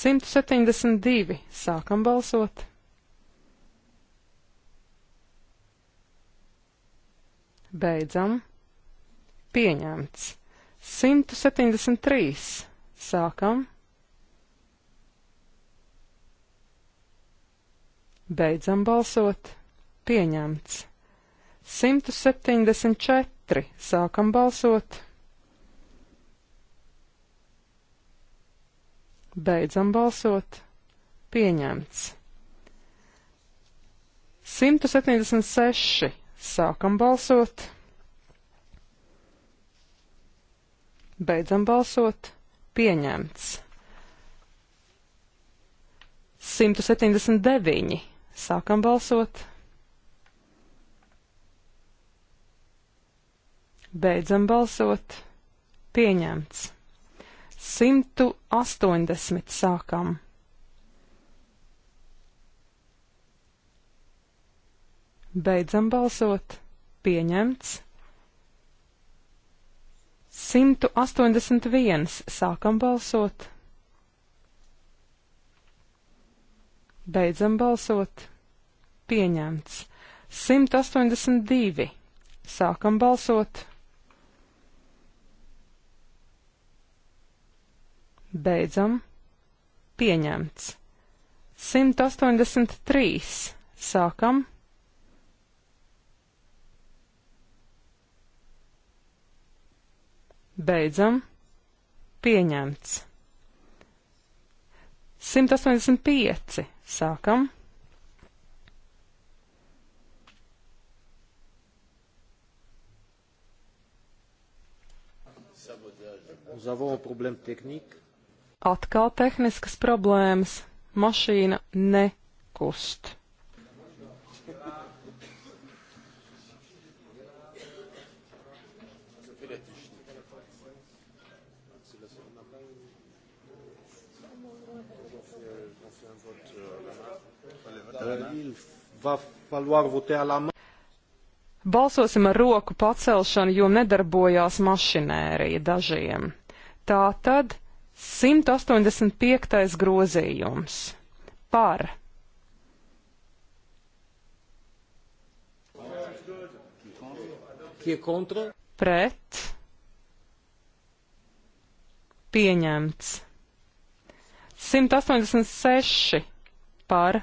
172 sākam balsot. Beidzam. Pieņemts. 173. Sākam. Beidzam balsot. Pieņemts. 174. Sākam balsot. Beidzam balsot. Pieņemts. 176. Sākam balsot. Beidzam balsot. Pieņemts. 179. Sākam balsot. Beidzam balsot. Pieņemts. 180. Sākam balsot. Beidzam balsot. Pieņemts. 181. Sākam balsot. Beidzam balsot. Pieņemts. 182. Sākam balsot. Beidzam. Pieņemts. 183. Sākam balsot. Beidzam. Pieņemts. 185. Sākam. Atkal tehniskas problēmas. Mašīna nekust. va valoir voter à la main. Balsosim ar roku pacelšanu, jo nedarbojās mašinērija dažiem. Tā tad 185. grozījums par pret pieņemts 186 par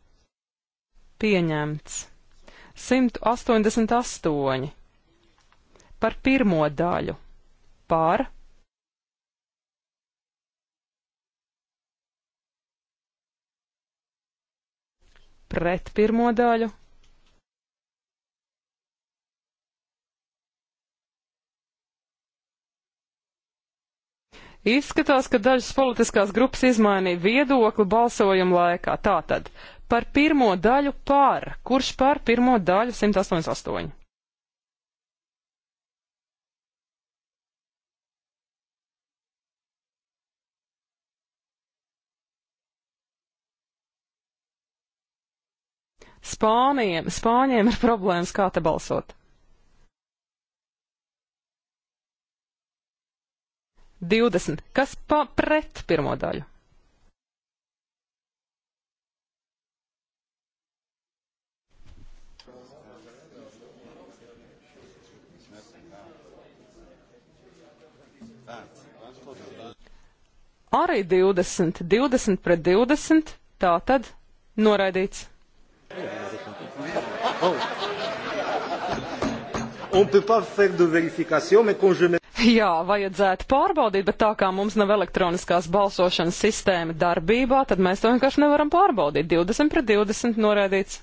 pieņemts. 188 par pirmo daļu par pret pirmo daļu Izskatās, ka dažas politiskās grupas izmainīja viedokli balsojuma laikā. Tātad Par pirmo daļu par. Kurš par pirmo daļu 188? Spāniem, Spāņiem ir problēmas, kā te balsot. 20. Kas pa pret pirmo daļu? arī 20, 20 pret 20, tā tad noraidīts. Jā, vajadzētu pārbaudīt, bet tā kā mums nav elektroniskās balsošanas sistēma darbībā, tad mēs to vienkārši nevaram pārbaudīt. 20 pret 20 noraidīts.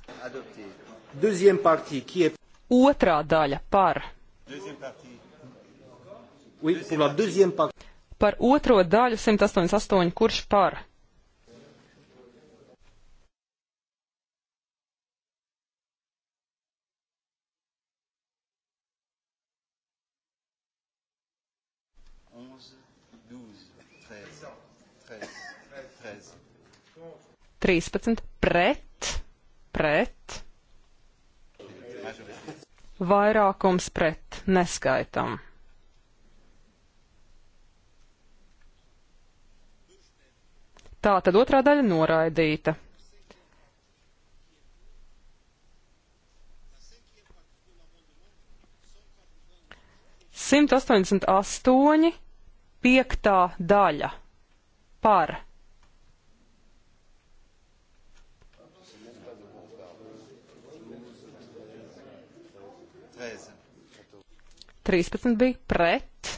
Otrā daļa par. Oui, pour la deuxième partie. Par otro daļu 188, kurš par? Trīspadsmit pret, pret, vairākums pret, neskaitam. Tā tad otrā daļa noraidīta. Simt astoņdesmit astoņi, piektā daļa par. Trīspadsmit bija pret.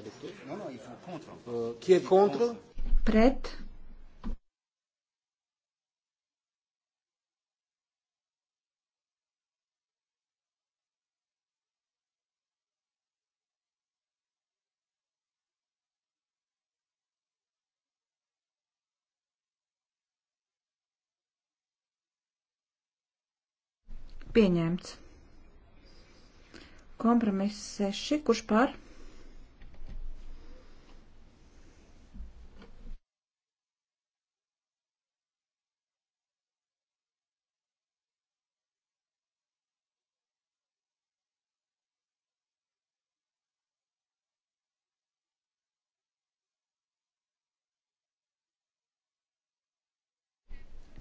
adopté. Non, non, ils font contre. Euh, qui est contre Prête. Pieņemts. Kompromiss 6, kurš par?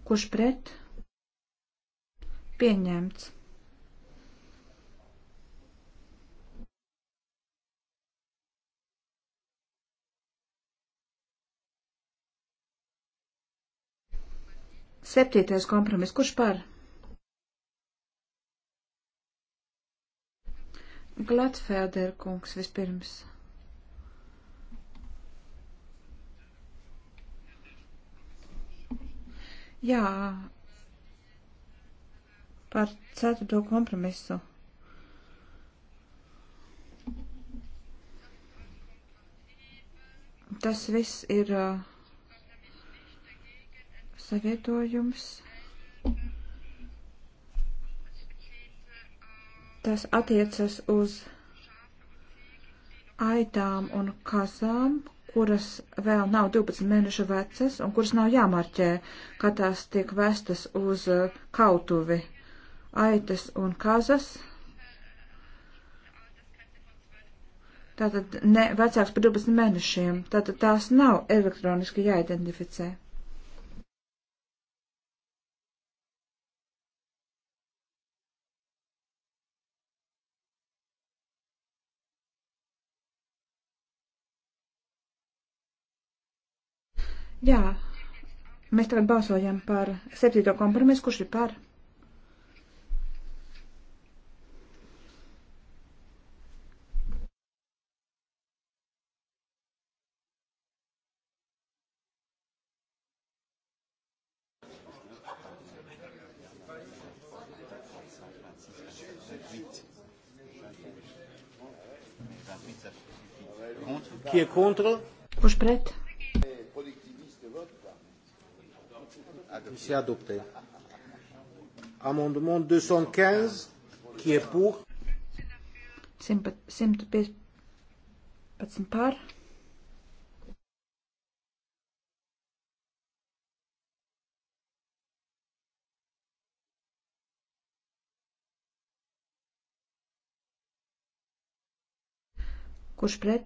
kurš pret pieņemts. Septītais kompromiss, kurš par? Glatfelder kungs vispirms. Jā, par ceturto kompromisu. Tas viss ir uh, savietojums. Tas attiecas uz aitām un kazām, kuras vēl nav 12 mēnešu vecas un kuras nav jāmarķē, kad tās tiek vestas uz uh, kautuvi. Aitas un kazas. Tātad ne vecāks par 12 mēnešiem. Tātad tās nav elektroniski jāidentificē. Jā, mēs tagad balsojam par septīto kompromisu, kurš ir par. Qui est contre Kurš pret? C'est adopté. Amendement 215, qui est pour 115 par. Kurš pret?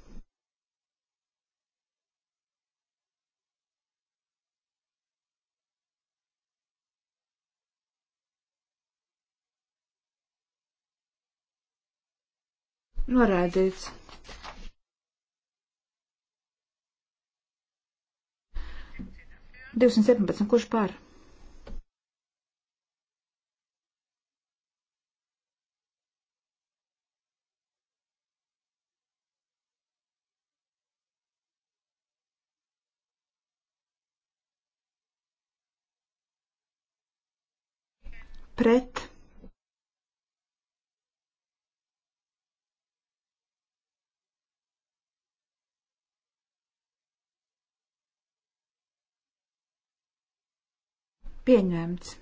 Norādīts. Divsimt septiņpadsmit, kurš pār? Pret. Pieņemts.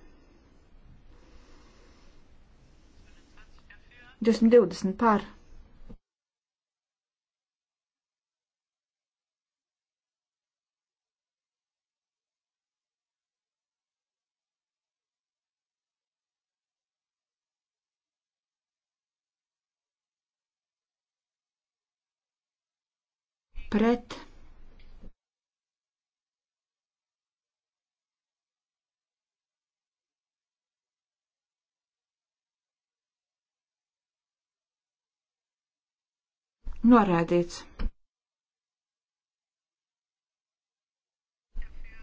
220 par. Pret. Norādīts.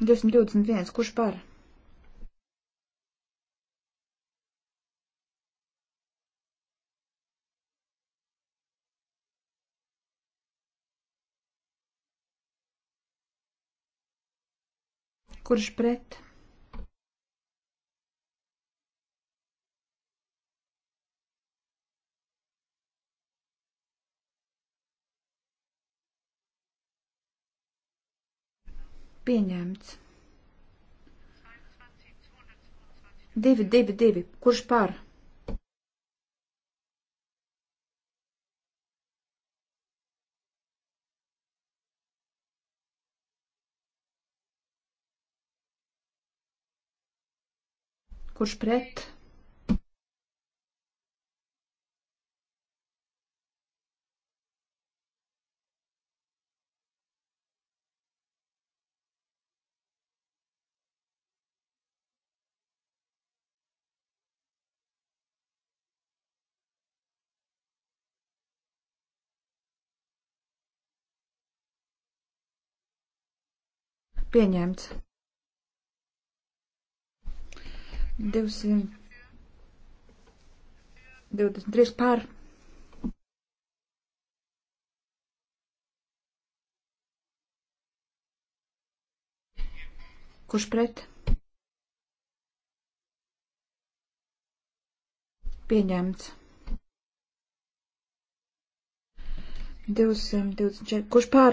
10.21. Kurš par? Kurš pret? Pieņemts. 2, 2, 2. Kurš par? Kurš pret? Pieņemts. 223 pār. Kurš pret? Pieņemts. 224. Kurš pār?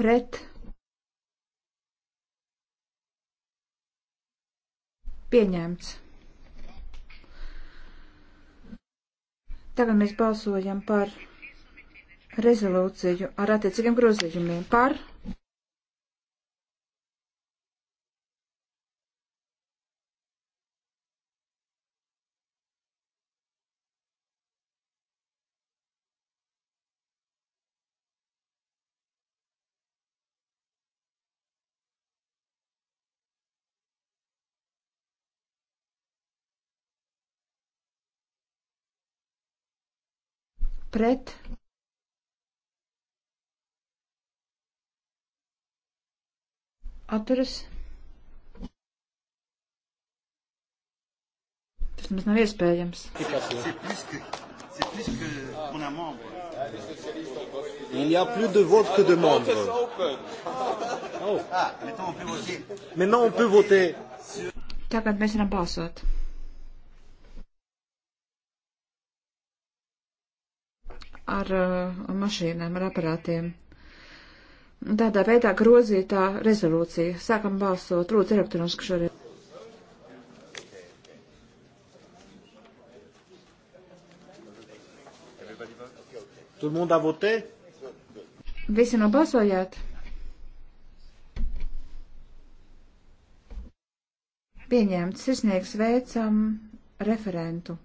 pret pieņemts. Tagad mēs balsojam par rezolūciju ar attiecīgiem grozījumiem par pret atturas. Tas mums nav iespējams. Il n'y a plus de vote que de membres. Oh. Ah, maintenant on peut voter. Tagad mēs varam balsot. ar uh, mašīnām, ar aparātiem. Tādā veidā grozītā rezolūcija. Sākam balsot, lūdzu, elektroniski šoreiz. Tout le monde a voté? Visi nobalsojāt? Pieņemts, sirsnieks veicam referentu.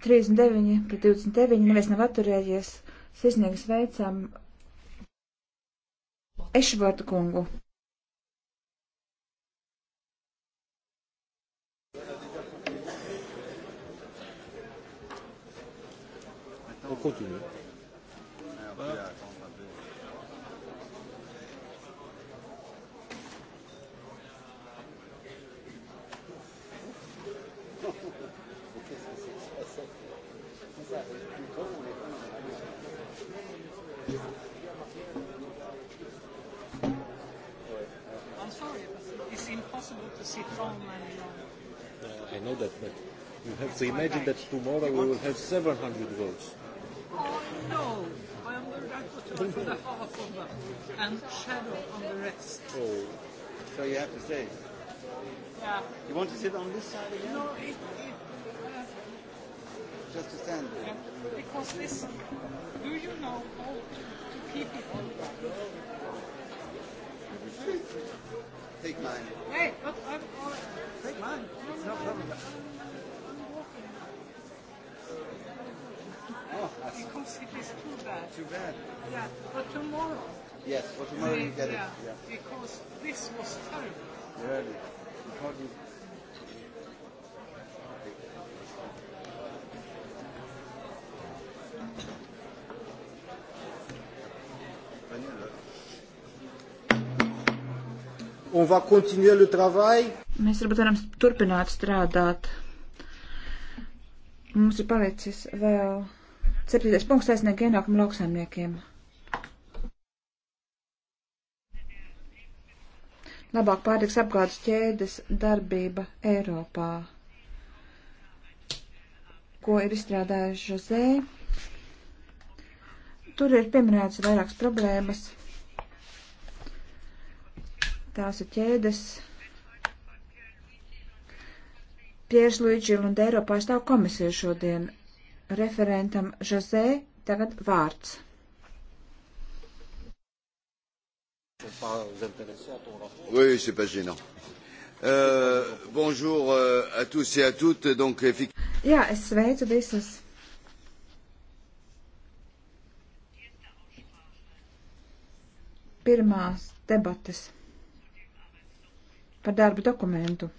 39 pret 29, neviens nav atturējies. Sirsnīgi sveicam Ešvartu kungu. On continue. Voilà. sit home and... Uh, I know that, but you have to imagine that tomorrow we will have 700 votes. Oh, no. I am the rapporteur for the half of them and shadow on the rest. Oh. So you have to say. Yeah. You want to sit on this side again? No, it... it uh, Just to stand there. Yeah. Because this... Do you know how to, to keep it? Take mine. Hey, look, look, look. Take mine. It's no problem. Oh, that's because it is too bad. Too bad. Yeah, but tomorrow. Yes, for tomorrow we, you get yeah, it. Yeah. Because this was terrible. Really. You hardly on va continuer le travail. Mēs varbūt varam turpināt strādāt. Mums ir palicis vēl septītais punkts aiznieku ienākumu lauksaimniekiem. Labāk pārtiks apgādes ķēdes darbība Eiropā, ko ir izstrādājuši Žozē. Tur ir pieminēts vairākas problēmas tās ir ķēdes. Piežluģi un Eiro pārstāv komisiju šodien. Referentam Žazē tagad vārds. Oui, c'est pas gênant. Euh, bonjour euh, à tous et à toutes. Donc, Jā, es sveicu visus. Pirmās debates par darba dokumentu.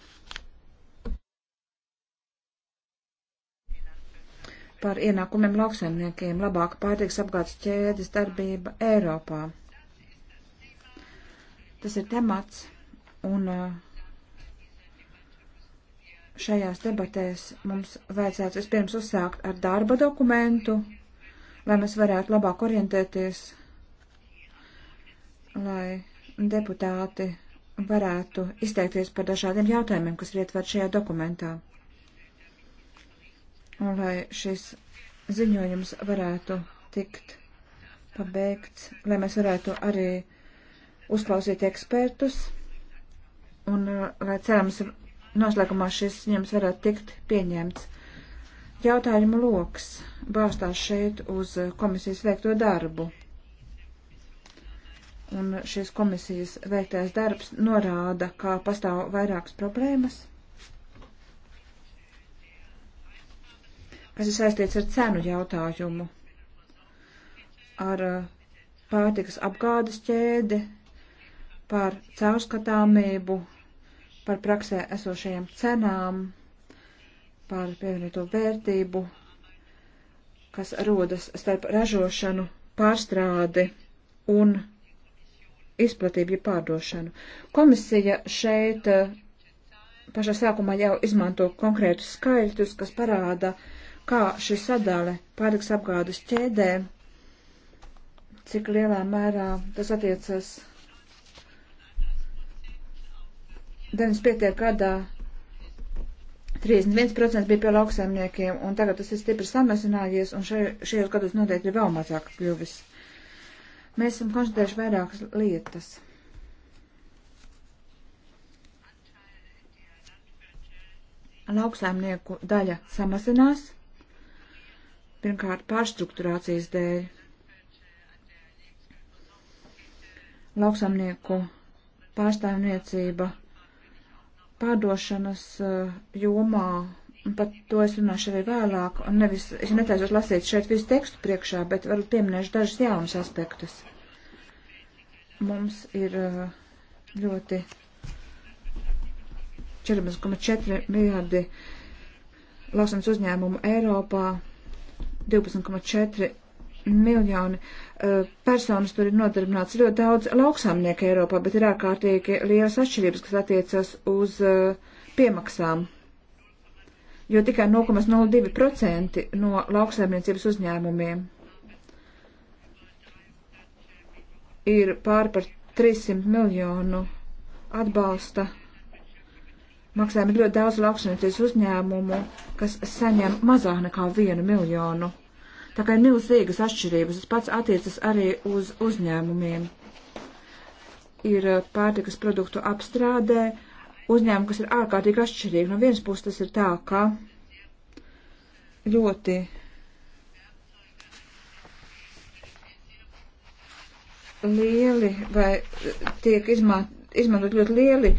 par ienākumiem lauksaimniekiem, labāka pārtiks apgādes ķēdes darbība Eiropā. Tas ir temats, un eh, šajās debatēs mums vajadzētu vispirms uzsākt ar darba dokumentu, lai mēs varētu labāk orientēties, lai deputāti varētu izteikties par dažādiem jautājumiem, kas ir ietverti šajā dokumentā. Un lai šis ziņojums varētu tikt pabeigts, lai mēs varētu arī uzklausīt ekspertus, un uh, lai cerams noslēgumā šis ziņojums varētu tikt pieņemts. Jautājumu loks bāstās šeit uz komisijas veikto darbu un šīs komisijas veiktais darbs norāda, kā pastāv vairākas problēmas, kas ir saistīts ar cenu jautājumu, ar uh, pārtikas apgādes ķēdi, par caurskatāmību, par praksē esošajām cenām, par pievienoto vērtību, kas rodas starp ražošanu, pārstrādi un izplatību, ja pārdošanu. Komisija šeit eh, pašā sākumā jau izmanto konkrētus skaidrus, kas parāda, kā šī sadale pārtiks apgādes ķēdē, cik lielā mērā tas attiecas 95. gadā 31% bija pie lauksaimniekiem, un tagad tas ir stipri samazinājies, un šajos gados noteikti ir vēl mazāk kļuvis. Mēs esam konstatējuši vairākas lietas. Lauksaimnieku daļa samazinās, pirmkārt pārstrukturācijas dēļ. Lauksaimnieku pārstāvniecība pārdošanas eh, jomā Pat to es runāšu arī vēlāk, un nevis, es netaisos lasīt šeit visu tekstu priekšā, bet varu pieminēšu dažus jaunus aspektus. Mums ir uh, ļoti 14,4 miljardi lasums uzņēmumu Eiropā, 12,4 miljoni uh, personas tur ir nodarbināts ļoti daudz lauksaimnieku Eiropā, bet ir ārkārtīgi lielas atšķirības, kas attiecas uz uh, piemaksām jo tikai 0,02% no lauksaimniecības uzņēmumiem ir pār par 300 miljonu atbalsta. Maksājam ļoti daudz lauksaimniecības uzņēmumu, kas saņem mazāk nekā 1 miljonu. Tā kā ir milzīgas atšķirības, tas pats attiecas arī uz uzņēmumiem. Ir pārtikas produktu apstrādē, uh, uzņēmumi, kas ir ārkārtīgi atšķirīgi. No vienas puses tas ir tā, ka ļoti lieli vai tiek izmantot ļoti lieli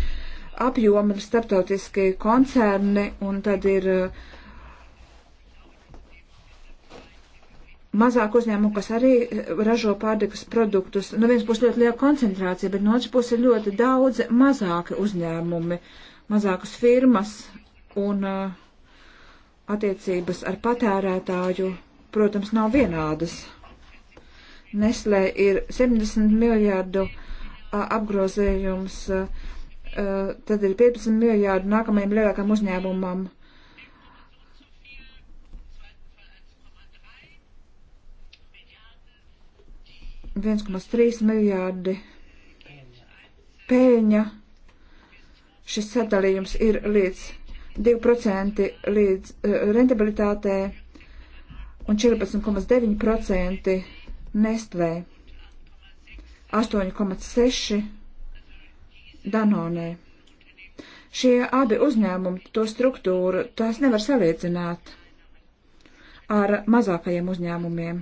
apjomi starptautiskie koncerni un tad ir uh, mazāk uzņēmumu, kas arī eh, ražo pārtikas produktus. No nu, vienas puses ļoti liela koncentrācija, bet no otras puses ir ļoti daudz mazāki uzņēmumi, mazākas firmas un uh, attiecības ar patērētāju, protams, nav vienādas. Neslē ir 70 miljārdu uh, apgrozējums, uh, tad ir 15 miljārdu nākamajam lielākam uzņēmumam. Uh, 1,3 miljārdi pēļņa. Šis sadalījums ir līdz 2% līdz eh, rentabilitātē un 14,9% Nestlē, 8,6% Danonē. Šie abi uzņēmumi, to struktūru, tās nevar salīdzināt ar mazākajiem uzņēmumiem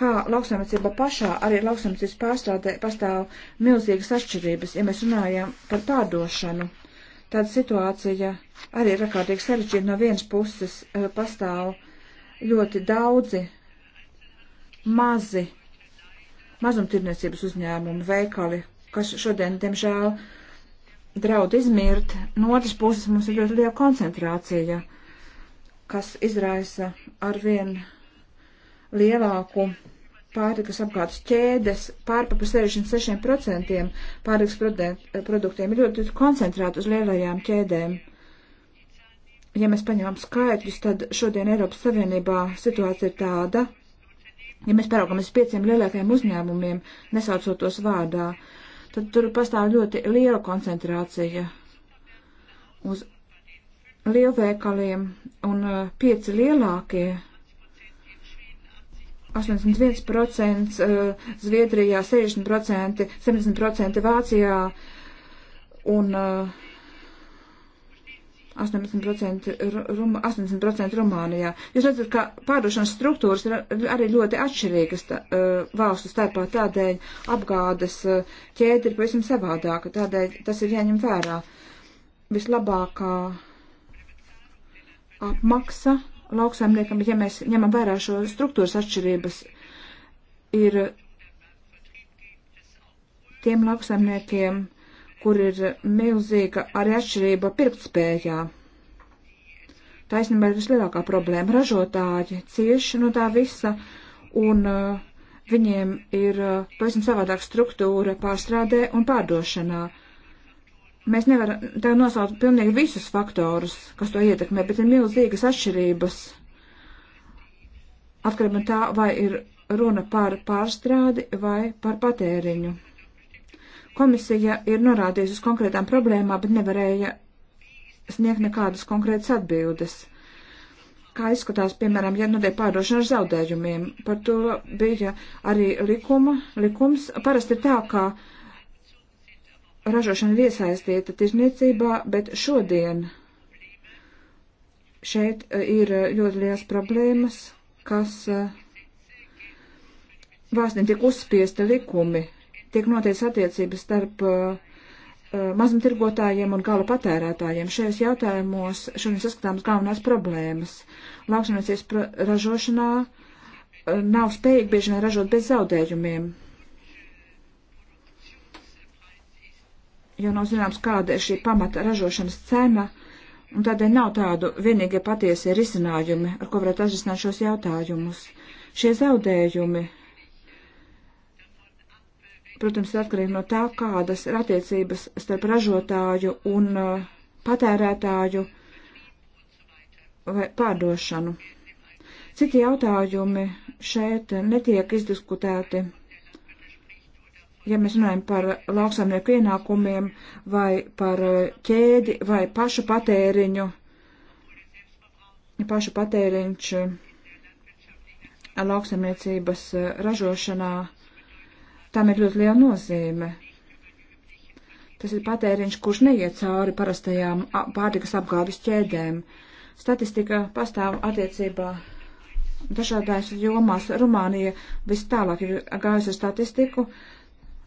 kā lauksaimniecība pašā, arī lauksaimniecības pārstrādē pastāv milzīgas atšķirības, ja mēs runājam par pārdošanu. Tāda situācija arī ir ārkārtīgi sarežģīta. No vienas puses eh, pastāv ļoti daudzi mazi mazumtirniecības uzņēmumi, veikali, kas šodien, diemžēl, draud izmirt. No otras puses mums ir ļoti liela koncentrācija, kas izraisa arvien lielāku pārtikas apgādes ķēdes pārpa par 66% pārtikas produktiem ir ļoti koncentrēti uz lielajām ķēdēm. Ja mēs paņemam skaitļus, tad šodien Eiropas Savienībā situācija ir tāda, ja mēs paraugamies pieciem lielākajiem uzņēmumiem, nesaucot tos vārdā, tad tur pastāv ļoti liela koncentrācija uz lielveikaliem un eh, pieci lielākie 85%, eh, Zviedrijā 60%, 70% Vācijā un 18%, eh, Rum, 80% Rumānijā. Jūs redzat, ka pārdošanas struktūras ir arī ļoti atšķirīgas tā, eh, valstu starpā, tādēļ apgādes ķēde ir pavisam savādāka, tādēļ tas ir jāņem vērā. Vislabākā apmaksa lauksaimniekam, ja mēs ņemam vērā šo struktūras atšķirības, ir tiem lauksaimniekiem, kur ir milzīga arī atšķirība pirktspējā. Tā īstenībā ir vislielākā problēma. Ražotāji cieši no tā visa, un uh, viņiem ir uh, pavisam savādāk struktūra pārstrādē un pārdošanā. Uh, Mēs nevaram tev nosaukt pilnīgi visus faktorus, kas to ietekmē, bet ir milzīgas atšķirības. Atkarībā no tā, vai ir runa par pārstrādi vai par patēriņu. Komisija ir norādījusi uz konkrētām problēmām, bet nevarēja sniegt nekādas konkrētas atbildes. Kā izskatās, piemēram, ja notiek pārdošana ar zaudējumiem, par to bija arī likuma, likums. Parasti tā, ka ražošana ir iesaistīta tirzniecībā, bet šodien šeit e, ir e, ļoti liels problēmas, kas e, valstīm tiek uzspiesta likumi, tiek noties attiecības starp mazumtirgotājiem un gala patērētājiem. Šajos jautājumos šodien saskatāmas galvenās problēmas. Lauksaimniecības ražošanā nav spējīgi bieži vien ražot bez zaudējumiem. jo nav zināms, kāda ir šī pamata ražošanas cena, un tādēļ nav tādu vienīgie patiesie risinājumi, ar ko varētu atrisināt šos jautājumus. Šie zaudējumi, protams, ir atkarīgi no tā, kādas ir attiecības starp ražotāju un uh, patērētāju vai pārdošanu. Citi jautājumi šeit netiek izdiskutēti ja mēs runājam par lauksaimnieku ienākumiem vai par eh, ķēdi vai pašu patēriņu, pašu patēriņš eh, lauksaimniecības eh, ražošanā, tam ir ļoti liela nozīme. Tas ir patēriņš, kurš neiet cauri parastajām pārtikas apgādes ķēdēm. Statistika pastāv attiecībā dažādās jomās. Rumānija vis tālāk ir gājusi ar statistiku. Uh,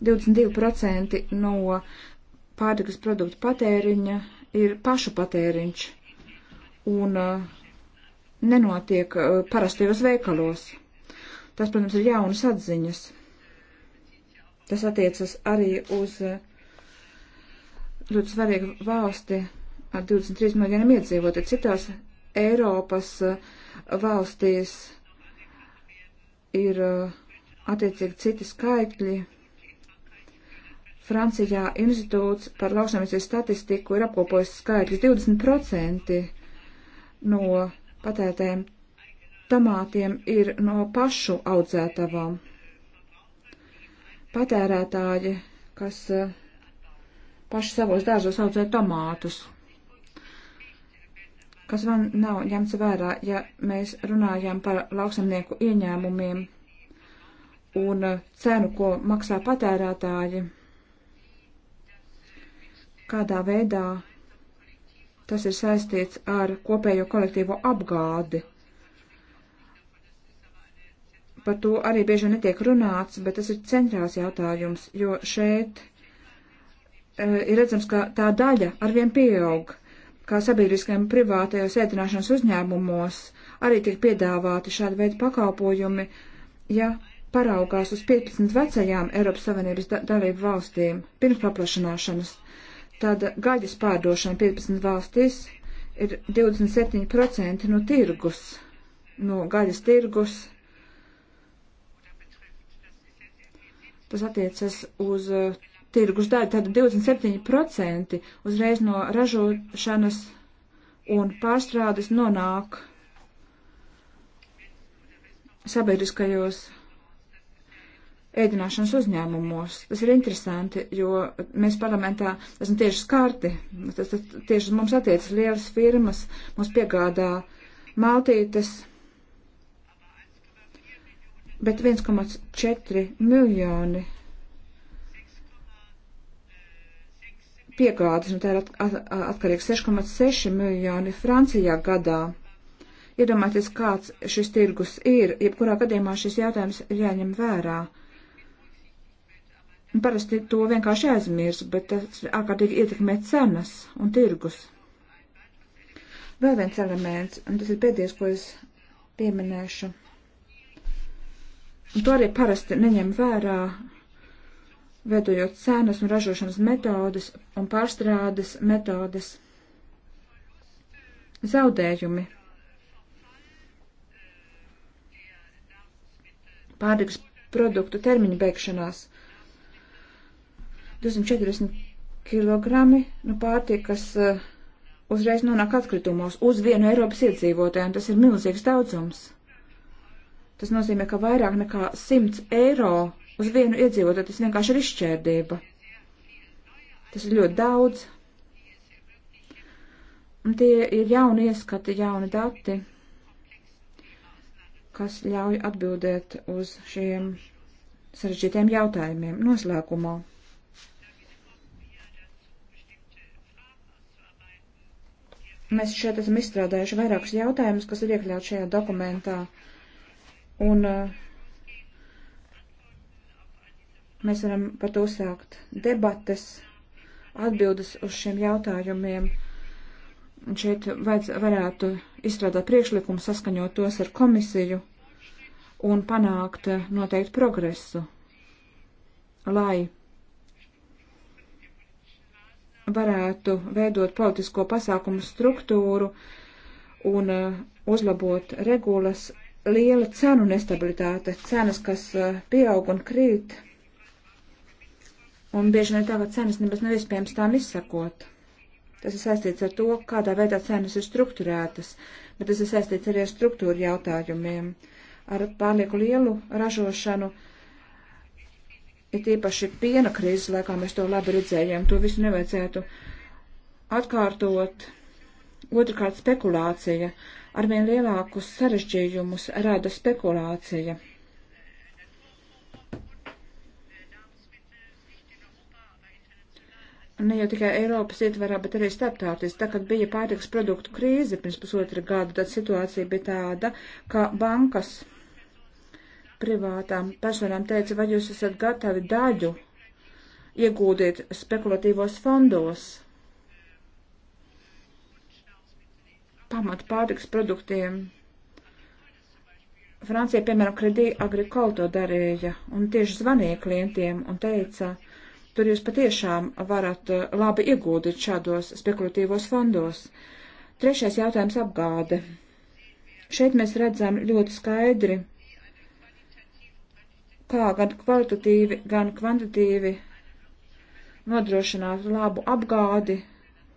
22% no pārtikas produktu patēriņa ir pašu patēriņš un uh, nenotiek uh, parastajos veikalos. Tas, protams, ir jaunas atziņas. Tas attiecas arī uz uh, ļoti svarīgu valsti ar 23 miljoniem iedzīvotāju. Citās Eiropas valstīs ir attiecīgi citi skaitļi Francijā institūts par lauksaimniecības statistiku ir apkopojis skaitļus 20% no patērētēm tomātiem ir no pašu audzētavām. Patērētāji, kas eh, paši savos dārzos audzē tomātus, kas man nav ņemts vērā, ja mēs runājam par lauksamnieku ieņēmumiem un eh, cenu, ko maksā patērētāji kādā veidā tas ir saistīts ar kopējo kolektīvo apgādi. Par to arī bieži netiek runāts, bet tas ir centrāls jautājums, jo šeit e, ir redzams, ka tā daļa arvien pieaug, kā sabiedriskajiem privātajos ēdināšanas uzņēmumos arī tiek piedāvāti šādi veidi pakalpojumi, ja paraugās uz 15 vecajām Eiropas Savienības da dalību valstīm pirms paplašanāšanas Tad gaļas pārdošana 15 valstīs ir 27% no tirgus, no gaļas tirgus. Tas attiecas uz uh, tirgus daļu, tad 27% uzreiz no ražošanas un pārstrādes nonāk sabiedriskajos ēdināšanas uzņēmumos. Tas ir interesanti, jo mēs parlamentā esam tieši skarti. Tas, tas tieši uz mums attiecas lielas firmas, mums piegādā maltītes. Bet 1,4 miljoni piegādes, un tā ir at, at, atkarīgs 6,6 miljoni Francijā gadā iedomāties, kāds šis tirgus ir, jebkurā gadījumā šis jautājums ir jāņem vērā. Nu, parasti to vienkārši aizmirst, bet tas ārkārtīgi ietekmē cenas un tirgus. Vēl viens elements, un tas ir pēdējais, ko es pieminēšu. Un to arī parasti neņem vērā, veidojot cenas un ražošanas metodes un pārstrādes metodes. Zaudējumi. Pārtiks produktu termiņu beigšanās 240 kg no pārtikas uzreiz nonāk atkritumos uz vienu Eiropas iedzīvotāju, un tas ir milzīgs daudzums. Tas nozīmē, ka vairāk nekā 100 eiro uz vienu iedzīvotāju tas vienkārši ir izšķērdība. Tas ir ļoti daudz. Un tie ir jauni ieskati, jauni dati, kas ļauj atbildēt uz šiem sarežģītiem jautājumiem noslēgumā. Mēs šeit esam izstrādājuši vairākus jautājumus, kas ir iekļauts šajā dokumentā. Un uh, mēs varam par to uzsākt debates, atbildes uz šiem jautājumiem. Un šeit vajadz, varētu izstrādāt priekšlikumu, saskaņot tos ar komisiju un panākt uh, noteikti progresu, lai varētu veidot politisko pasākumu struktūru un uh, uzlabot regulas liela cenu nestabilitāte, cenas, kas uh, pieaug un krīt, un bieži vien tā, ka cenas nemaz nav iespējams tām izsakot. Tas ir saistīts ar to, kādā veidā cenas ir strukturētas, bet tas ir saistīts arī ar struktūru jautājumiem, ar pārlieku lielu ražošanu, uh, It īpaši piena krīzes laikā mēs to labi redzējām. To visu nevajadzētu atkārtot. Otrakārt spekulācija. Arvien lielākus sarežģījumus rada spekulācija. ne jau tikai Eiropas ietverā, bet arī starptautiski. Tā, kad bija pārtiks produktu krīze pirms pusotra gada, tad situācija bija tāda, ka bankas privātām personām teica, vai jūs esat gatavi daļu iegūdīt spekulatīvos fondos, pamat pārtiks produktiem. Francija, piemēram, kredī agrikol to darīja un tieši zvanīja klientiem un teica, tur jūs patiešām varat eh, labi iegūdīt šādos spekulatīvos fondos. Trešais jautājums apgāde. Šeit mēs redzam ļoti skaidri kā gan kvalitatīvi, gan kvantitīvi nodrošināt labu apgādi,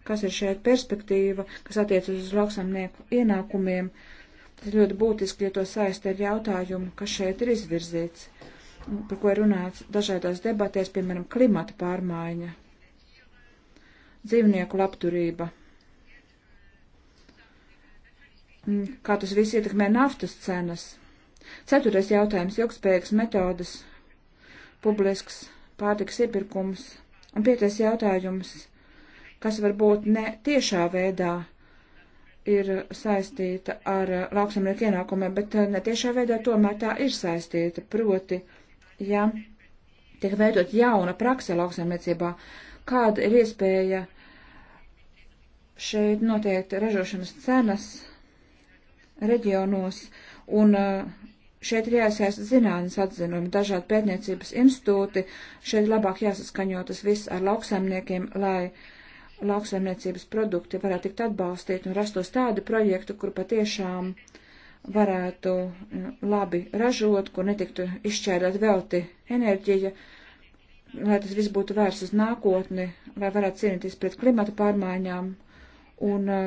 kas ir šeit perspektīva, kas attiecas uz lauksamnieku ienākumiem. Tas ļoti būtiski, ja to saist ar jautājumu, kas šeit ir izvirzīts, par ko ir runāts dažādās debatēs, piemēram, klimata pārmaiņa, dzīvnieku labturība, kā tas viss ietekmē naftas cenas. Ceturtais jautājums - ilgspējīgas metodas, publisks pārtiks iepirkums. Un piektais jautājums, kas varbūt ne tiešā veidā ir saistīta ar lauksamnieku ienākumiem, bet netiešā veidā tomēr tā ir saistīta. Proti, ja tiek veidot jauna praksa lauksamniecībā, kāda ir iespēja šeit noteikt ražošanas cenas reģionos un uh, šeit ir jāiesaista zinātnes atzinumi, dažādi pētniecības institūti, šeit labāk jāsaskaņo tas viss ar lauksaimniekiem, lai lauksaimniecības produkti varētu tikt atbalstīti un rastos tādi projekti, kur patiešām varētu eh, labi ražot, kur netiktu izšķērēt velti enerģija, lai tas viss būtu vērsts uz nākotni, lai varētu cīnīties pret klimata pārmaiņām un uh,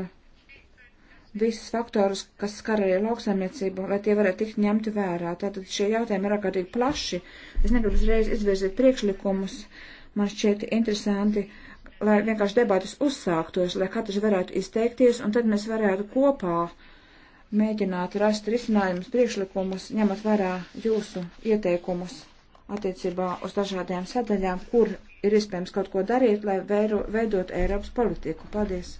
visus faktorus, kas skar arī lauksaimniecību, lai tie varētu tikt ņemti vērā. Tātad šie jautājumi ir ārkārtīgi plaši. Es negribu uzreiz izvirzīt priekšlikumus. Man šķiet interesanti, lai vienkārši debatas uzsāktos, lai katrs varētu izteikties, un tad mēs varētu kopā mēģināt rast risinājumus, priekšlikumus, ņemot vērā jūsu ieteikumus attiecībā uz dažādajām sadaļām, kur ir iespējams kaut ko darīt, lai vēro, veidot Eiropas politiku. Paldies!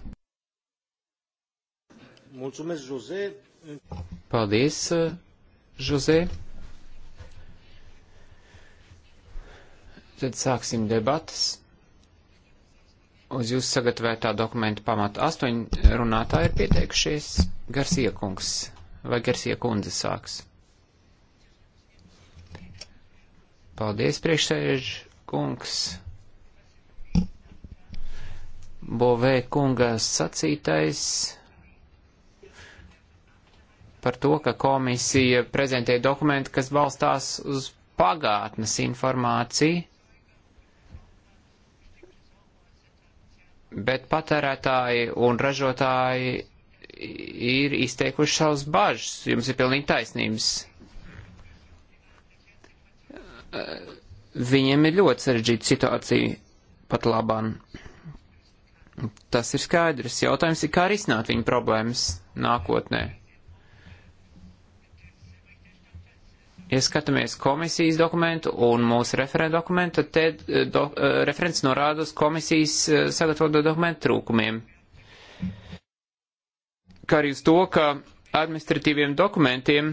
Mulțumesc, Jose. Paldies, uh, Jose. Tad sāksim debatas. Uz jūsu sagatavotā dokumenta pamata astoņi runātāji ir pieteikušies. Garsiekungs vai Garsiekundze sāks. Paldies, priekšsēž kungs. Bovē kungas sacītais par to, ka komisija prezentē dokumentu, kas balstās uz pagātnes informāciju, bet patērētāji un ražotāji ir izteikuši savus bažas. Jums ir pilnīgi taisnības. Viņiem ir ļoti sarežģīta situācija pat labāk. Tas ir skaidrs. Jautājums ir, kā risināt viņu problēmas nākotnē. Ja skatāmies komisijas dokumentu un mūsu referenta dokumentu, tad te eh, do, eh, referents norāda uz komisijas eh, sagatavoto dokumentu trūkumiem. Kā arī uz to, ka administratīviem dokumentiem,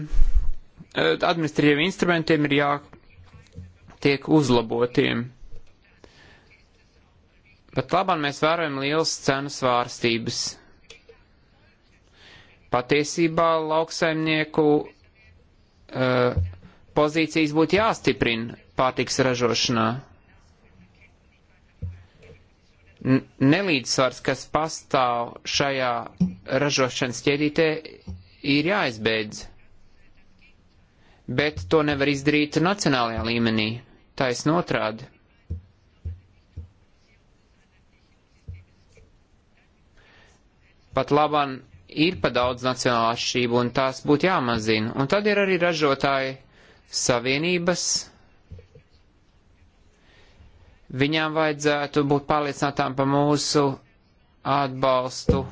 administratīviem instrumentiem ir jātiek uzlabotiem. Pat labāk mēs vērojam lielas cenu svārstības. Patiesībā lauksaimnieku uh, pozīcijas būtu jāstiprina pārtiks ražošanā. N nelīdzsvars, kas pastāv šajā ražošanas ķēdītē, ir jāizbeidz. Bet to nevar izdarīt nacionālajā līmenī. Taisn otrādi. Pat labam ir pa daudz nacionālā šķību, un tās būtu jāmazina. Un tad ir arī ražotāji, Savienības, viņām vajadzētu būt pārliecinātām par mūsu atbalstu.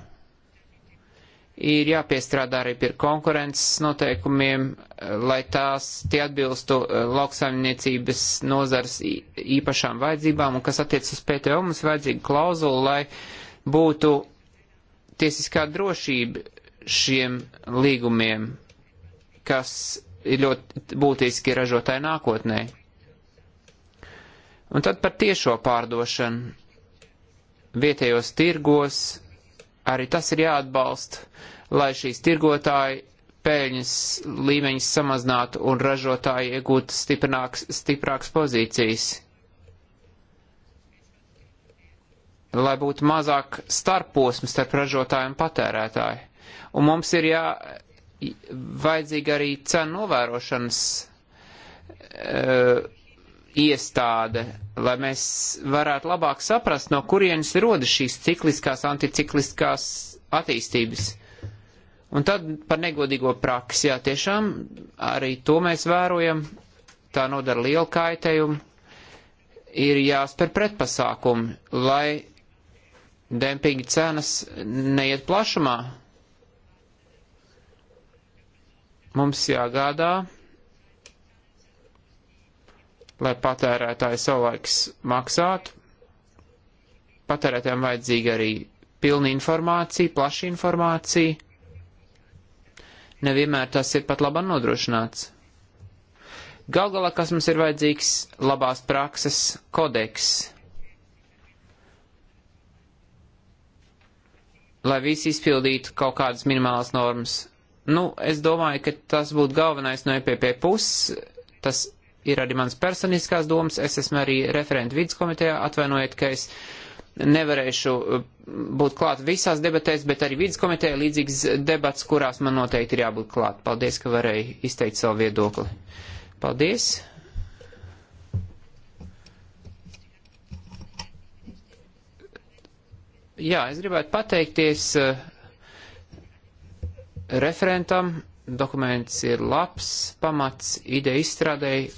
Ir jāpiestrādā arī pie konkurences noteikumiem, lai tās tie atbilstu eh, lauksaimniecības nozars īpašām vajadzībām, un kas attiec uz PTO, mums vajadzīga klauzula, lai būtu tiesiskā drošība šiem līgumiem, kas ir ļoti būtiski ražotāji nākotnē. Un tad par tiešo pārdošanu vietējos tirgos, arī tas ir jāatbalsta, lai šīs tirgotāji peļņas līmeņus samazinātu un ražotāji iegūtu stiprākas pozīcijas. Lai būtu mazāk starposms starp ražotāju un patērētāju. Un mums ir jā, vajadzīga arī cenu novērošanas uh, iestāde, lai mēs varētu labāk saprast, no kurienes rodas šīs cikliskās, anticikliskās attīstības. Un tad par negodīgo praksi, jā, tiešām arī to mēs vērojam, tā nodara lielu kaitējumu, ir jāspēr pretpasākumi, lai dempinga cenas neiet plašumā. Mums jāgādā, lai patērētāji savulaiks maksātu. Patērētājiem vajadzīga arī pilna informācija, plaša informācija. Nevienmēr tas ir pat labam nodrošināts. Gal galā, kas mums ir vajadzīgs, labās prakses kodeks. Lai visi izpildītu kaut kādas minimālas normas, Nu, es domāju, ka tas būtu galvenais no EPP puses. Tas ir arī mans personiskās domas. Es esmu arī referentu vidskomitejā. Atvainojiet, ka es nevarēšu uh, būt klāt visās debatēs, bet arī vidskomitejā līdzīgas debats, kurās man noteikti ir jābūt klāt. Paldies, ka varēju izteikt savu viedokli. Paldies! Jā, es gribētu pateikties uh, referentam. Dokuments ir labs pamats ideja izstrādēji,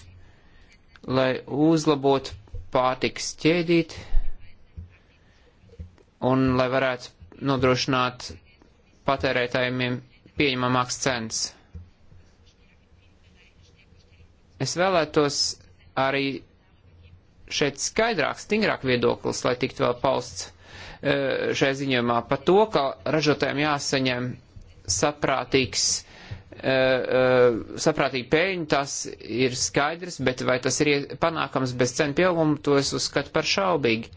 lai uzlabotu pārtiks ķēdīt un lai varētu nodrošināt patērētājiem pieņemamāks cenas. Es vēlētos arī šeit skaidrāk, stingrāk viedoklis, lai tiktu vēl pausts eh, šai ziņojumā par to, ka ražotājiem jāsaņem saprātīgs, eh, eh, saprātīgi pēļņi, tas ir skaidrs, bet vai tas ir panākams bez cenu pieauguma, to es uzskatu par šaubīgi.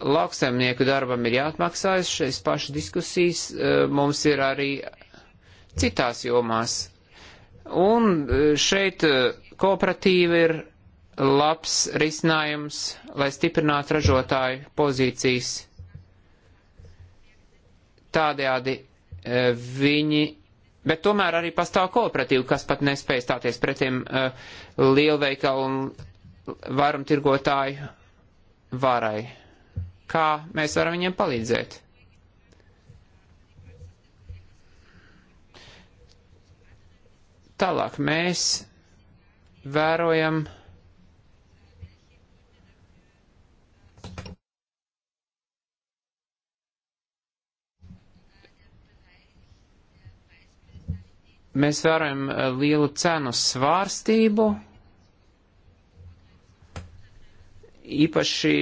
Lauksaimnieku darbam ir jāatmaksājas, šīs pašas diskusijas eh, mums ir arī citās jomās. Un šeit kooperatīva ir labs risinājums, lai stiprinātu ražotāju pozīcijas. Tādējādi Eh, viņi, bet tomēr arī pastāv kooperatīvi, kas pat nespēj stāties pretiem eh, lielveikalu un varumtirgotāju varai. Kā mēs varam viņiem palīdzēt? Tālāk mēs vērojam Mēs vērojam eh, lielu cenu svārstību, īpaši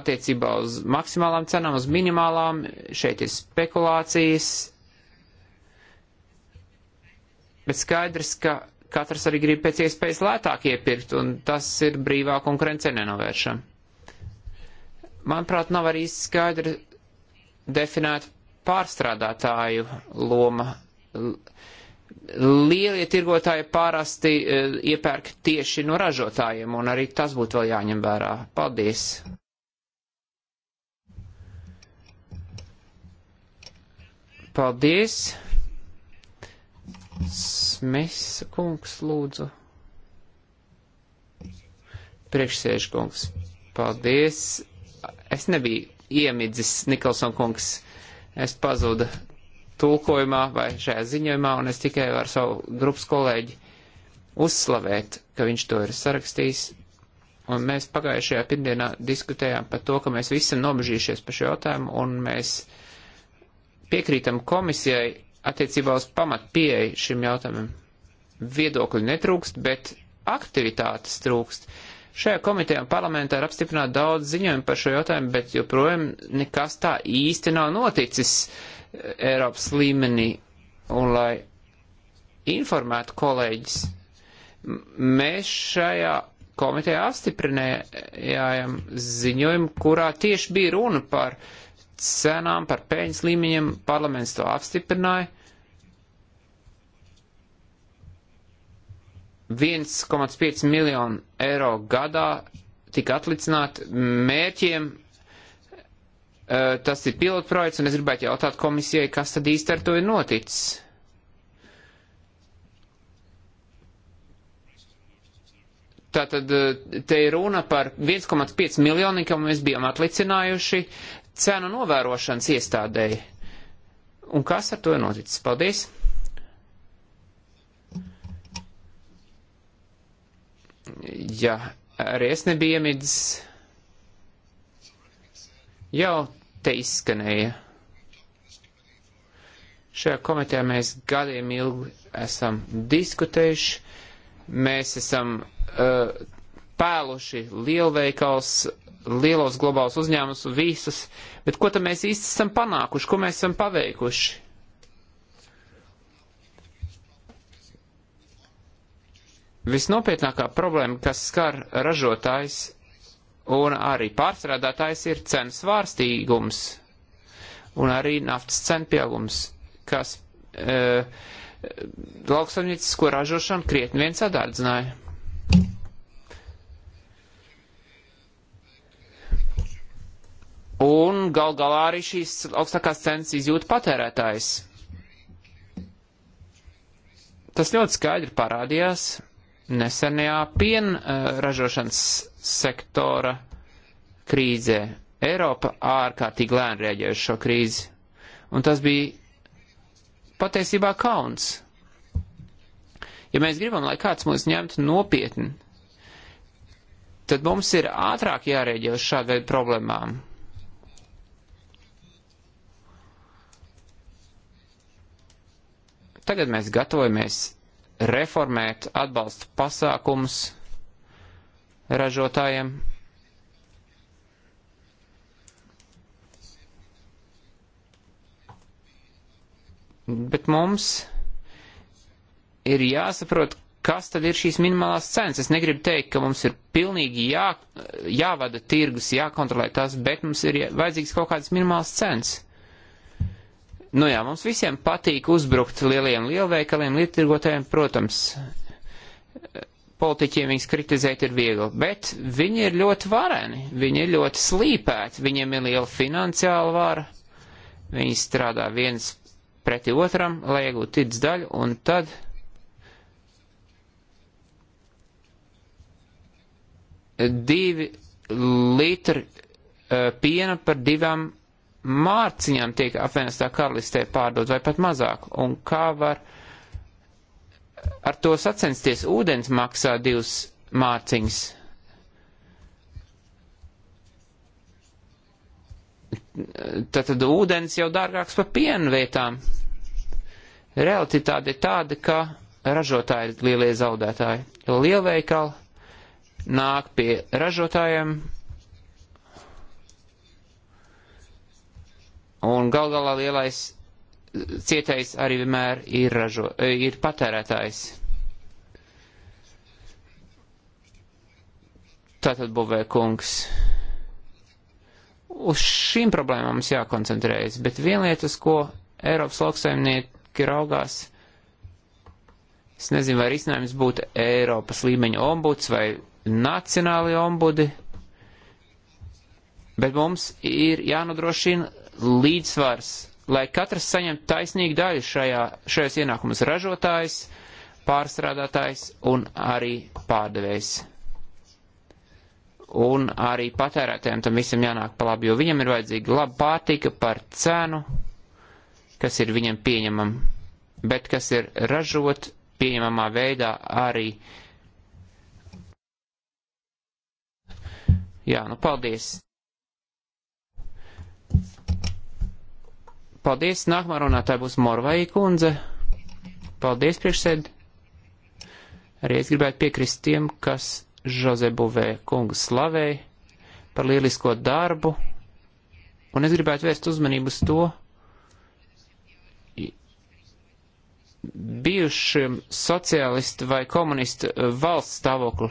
attiecībā uz maksimālām cenām, uz minimālām, šeit ir spekulācijas, bet skaidrs, ka katrs arī grib pēc iespējas lētāk iepirkt, un tas ir brīvā konkurence nenovēršama. Manuprāt, nav arī skaidri definēta pārstrādātāju loma. Lielie tirgotāji parasti uh, iepērk tieši no ražotājiem, un arī tas būtu vēl jāņem vērā. Paldies! Paldies! Smiths kungs, lūdzu. Priekšsēž kungs, paldies. Es nebiju iemidzis Nikolson kungs es pazudu tulkojumā vai šajā ziņojumā, un es tikai varu savu grupas kolēģi uzslavēt, ka viņš to ir sarakstījis. Un mēs pagājušajā pirmdienā diskutējām par to, ka mēs visi nobežījušies par šo jautājumu, un mēs piekrītam komisijai attiecībā uz pamat pieeju šim jautājumam. Viedokļu netrūkst, bet aktivitātes trūkst. Uh, Šajā komitejā un parlamentā ir apstiprināti daudz ziņojumu par šo jautājumu, bet joprojām nekas tā īsti nav noticis eh, Eiropas līmenī. Un lai informētu kolēģis, mēs šajā komitejā apstiprinājām ziņojumu, kurā tieši bija runa par cenām, par peļņas līmeņiem, parlaments to apstiprināja 1,5 miljonu eiro gadā tika atlicināt mērķiem. Tas ir pilotprojekts, un es gribētu jautāt komisijai, kas tad īsti ar to ir noticis. Tātad te ir runa par 1,5 miljoniem, kam mēs bijām atlicinājuši cenu novērošanas iestādēji. Un kas ar to ir noticis? Paldies! ja arī es nebiju iemidzis, jau te izskanēja. Šajā komitejā mēs gadiem ilgi esam diskutējuši, mēs esam uh, pēluši lielveikals, lielos globālus uzņēmumus, visus, bet ko tad mēs īsti esam panākuši, ko mēs esam paveikuši? Visnopietnākā problēma, kas skar ražotājs un arī pārstrādātājs, ir cenu svārstīgums un arī naftas cenu pieaugums, kas e, lauksaimniecisko ražošanu krietni viens sadārdzināja. Un gal galā arī šīs augstākās cenas izjūta patērētājs. Tas ļoti skaidri parādījās nesenajā pienražošanas eh, sektora krīzē. Eiropa ārkārtīgi lēni rēģēja uz šo krīzi. Un tas bija patiesībā kauns. Ja mēs gribam, lai kāds mūs ņemtu nopietni, tad mums ir ātrāk jārēģē uz šādu veidu problēmām. Tagad mēs gatavojamies reformēt atbalsta pasākums ražotājiem. Bet mums ir jāsaprot, kas tad ir šīs minimālās cenas. Es negribu teikt, ka mums ir pilnīgi jā, jāvada tirgus, jākontrolē tas, bet mums ir vajadzīgs kaut kādas minimālas cenas. Nu jā, mums visiem patīk uzbrukt lieliem lielveikaliem, lietotājiem, protams, politiķiem viņus kritizēt ir viegli, bet viņi ir ļoti vareni, viņi ir ļoti slīpēti, viņiem ir liela finansiāla vara, viņi strādā viens preti otram, lai iegūtu tic daļu, un tad. Divi litri uh, piena par divām mārciņām tiek apvienotā karalistē pārdod, vai pat mazāk, un kā var ar to sacensties, ūdens maksā divas mārciņas. Tātad ūdens jau dārgāks par pienu vietām. Realitāte ir tāda, ka ražotāji ir lielie zaudētāji. Lielveikali nāk pie ražotājiem Un gal galā lielais eh, cietais arī vienmēr ir, ražo, eh, ir patērētājs. Tātad buvē kungs. Uz šīm problēmām mums jākoncentrējas, bet viena lieta, uz ko Eiropas lauksaimnieki raugās, es nezinu, vai risinājums būtu Eiropas līmeņa ombuds vai nacionāli ombudi, bet mums ir jānodrošina līdzsvars, lai katrs saņemtu taisnīgu daļu šajā, šajos ienākumus ražotājs, pārstrādātājs un arī pārdevējs. Un arī patērētājiem tam visam jānāk pa labi, jo viņam ir vajadzīga laba pārtika par cenu, kas ir viņam pieņemam, bet kas ir ražot pieņemamā veidā arī. Jā, nu paldies! Paldies, nākamā runātāja būs Morvai kundze. Paldies, priekšsēd. Arī es gribētu piekrist tiem, kas Žoze Buvē kungu slavēja par lielisko darbu. Un es gribētu vērst uzmanību uz to bijušiem sociālistu vai komunistu valsts stāvokli,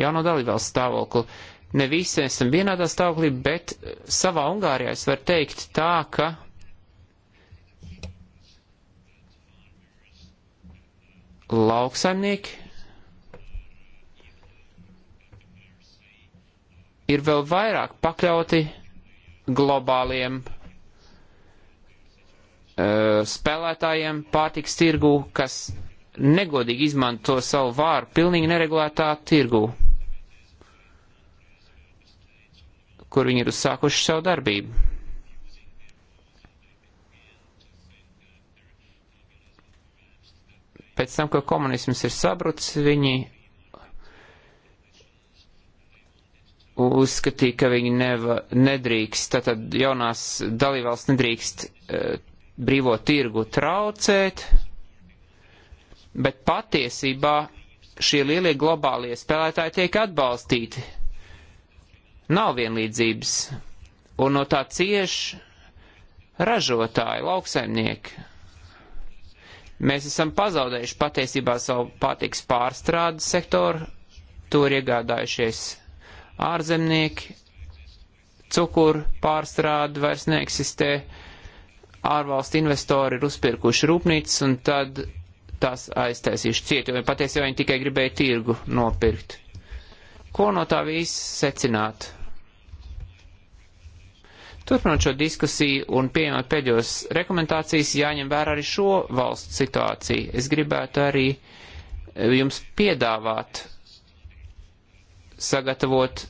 jauno dalībvalsts stāvokli. Ne visi esam vienādā stāvoklī, bet savā Ungārijā es varu teikt tā, ka lauksaimnieki ir vēl vairāk pakļauti globāliem uh, spēlētājiem pārtiks tirgu, kas negodīgi izmanto savu vāru pilnīgi neregulētā tirgu, kur viņi ir uzsākuši savu darbību. pēc tam, ka komunisms ir sabrucis, viņi uzskatīja, ka viņi neva, nedrīkst, tātad jaunās dalībvalsts nedrīkst e, brīvo tirgu traucēt, bet patiesībā šie lielie globālie spēlētāji tiek atbalstīti. Nav vienlīdzības, un no tā cieš ražotāji, lauksaimnieki. Mēs esam pazaudējuši patiesībā savu pārtiks pārstrādes sektoru, to ir iegādājušies ārzemnieki, cukuru pārstrāde vairs neeksistē, ārvalstu investori ir uzpirkuši rūpnīcas un tad tās aiztaisījuši ciet, jo patiesībā viņi tikai gribēja tirgu nopirkt. Ko no tā viss secināt? Turpinot šo diskusiju un pieņemot pēdējos rekomendācijas, jāņem vērā arī šo valstu situāciju. Es gribētu arī eh, jums piedāvāt sagatavot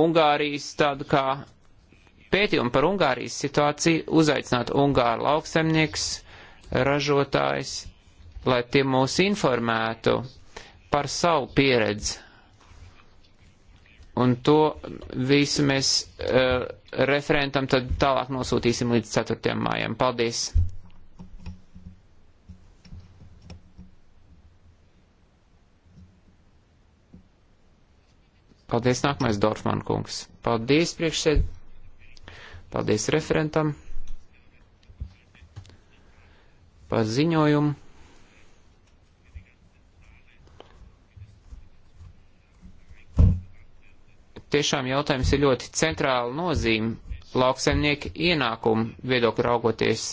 Ungārijas tādu kā pētījumu par Ungārijas situāciju, uzaicināt Ungāru lauksemnieks, ražotājs, lai tie mūs informētu par savu pieredzi. Un to visu mēs. Uh, referentam, tad tālāk nosūtīsim līdz 4. mājām. Paldies! Paldies, nākamais Dorfman kungs. Paldies, priekšsēd. Paldies referentam par ziņojumu. tiešām jautājums ir ļoti centrāla nozīme lauksaimnieku ienākumu viedokļu raugoties.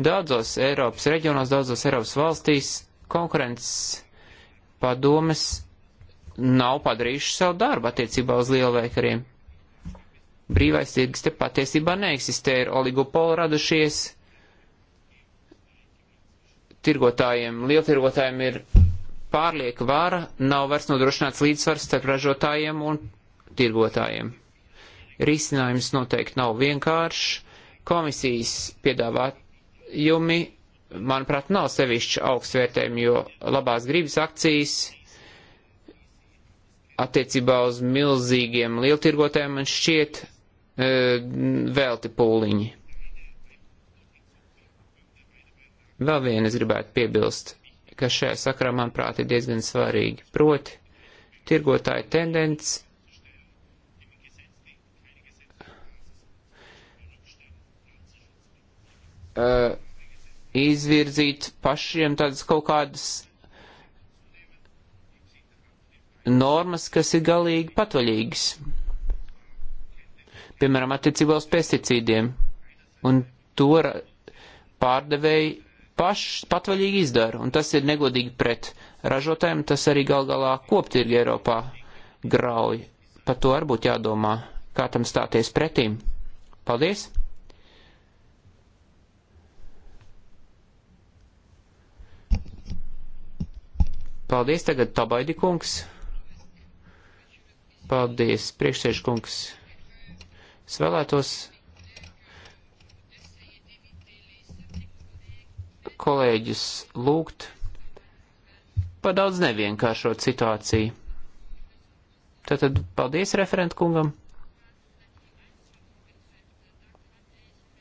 Daudzos Eiropas reģionos, daudzos Eiropas valstīs konkurences padomes nav padarījuši savu darbu attiecībā uz lielveikariem. Brīvais tirgus te patiesībā neeksistē, ir oligopoli radušies, tirgotājiem, lieltirgotājiem ir pārlieka vara, nav vairs nodrošināts līdzsvars starp ražotājiem un tirgotājiem. Risinājums noteikti nav vienkāršs. Komisijas piedāvājumi, manuprāt, nav sevišķi augstvērtējumi, jo labās gribas akcijas attiecībā uz milzīgiem lieltirgotājiem man šķiet e, velti pūliņi. Vēl vienu es gribētu piebilst, kas šajā sakarā, manuprāt, ir diezgan svarīgi. Proti, tirgotāja tendence uh, izvirzīt pašiem tādas kaut kādas normas, kas ir galīgi patvaļīgas. Piemēram, attiecībā uz pesticīdiem. Un to pārdevēji paši patvaļīgi izdara, un tas ir negodīgi pret ražotājiem, tas arī gal galā koptirgi Eiropā grauj. Par to arī būtu jādomā, kā tam stāties pretīm. Paldies! Paldies tagad Tabaidi kungs. Paldies, priekšsēž kungs. Es vēlētos kolēģis lūgt pa daudz nevienkāršot situāciju. Tātad paldies referent kungam.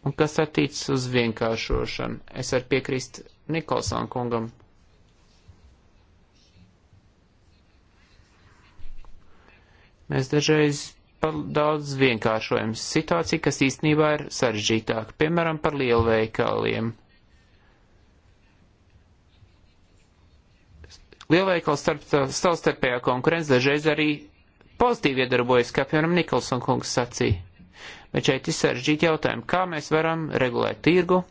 Un kas attīts uz vienkāršošanu? Es varu piekrist Nikolson kungam. Mēs dažreiz par daudz vienkāršojam situāciju, kas īstenībā ir sarežģītāka, piemēram, par lielveikaliem. Lielveikals starp, savstarpējā konkurence dažreiz arī pozitīvi iedarbojas, kā piemēram Nikolson kungs sacīja. Bet šeit ir sarežģīti jautājumi, kā mēs varam regulēt tirgu,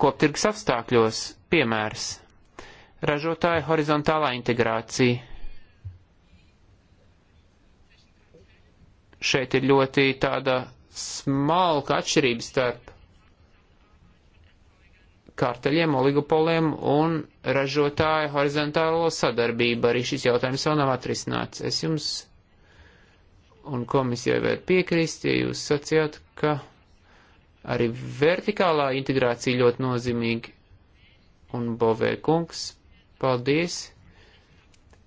koptirgs apstākļos, piemērs, ražotāja horizontālā integrācija. Šeit ir ļoti tāda smalka atšķirība starp kārteļiem, oligopoliem un ražotāja horizontālo sadarbību. Arī šis jautājums vēl nav atrisināts. Es jums un komisijai vēl piekrīst, ja jūs sacījāt, ka Arī vertikālā integrācija ļoti nozīmīga. Un Bovē kungs, paldies,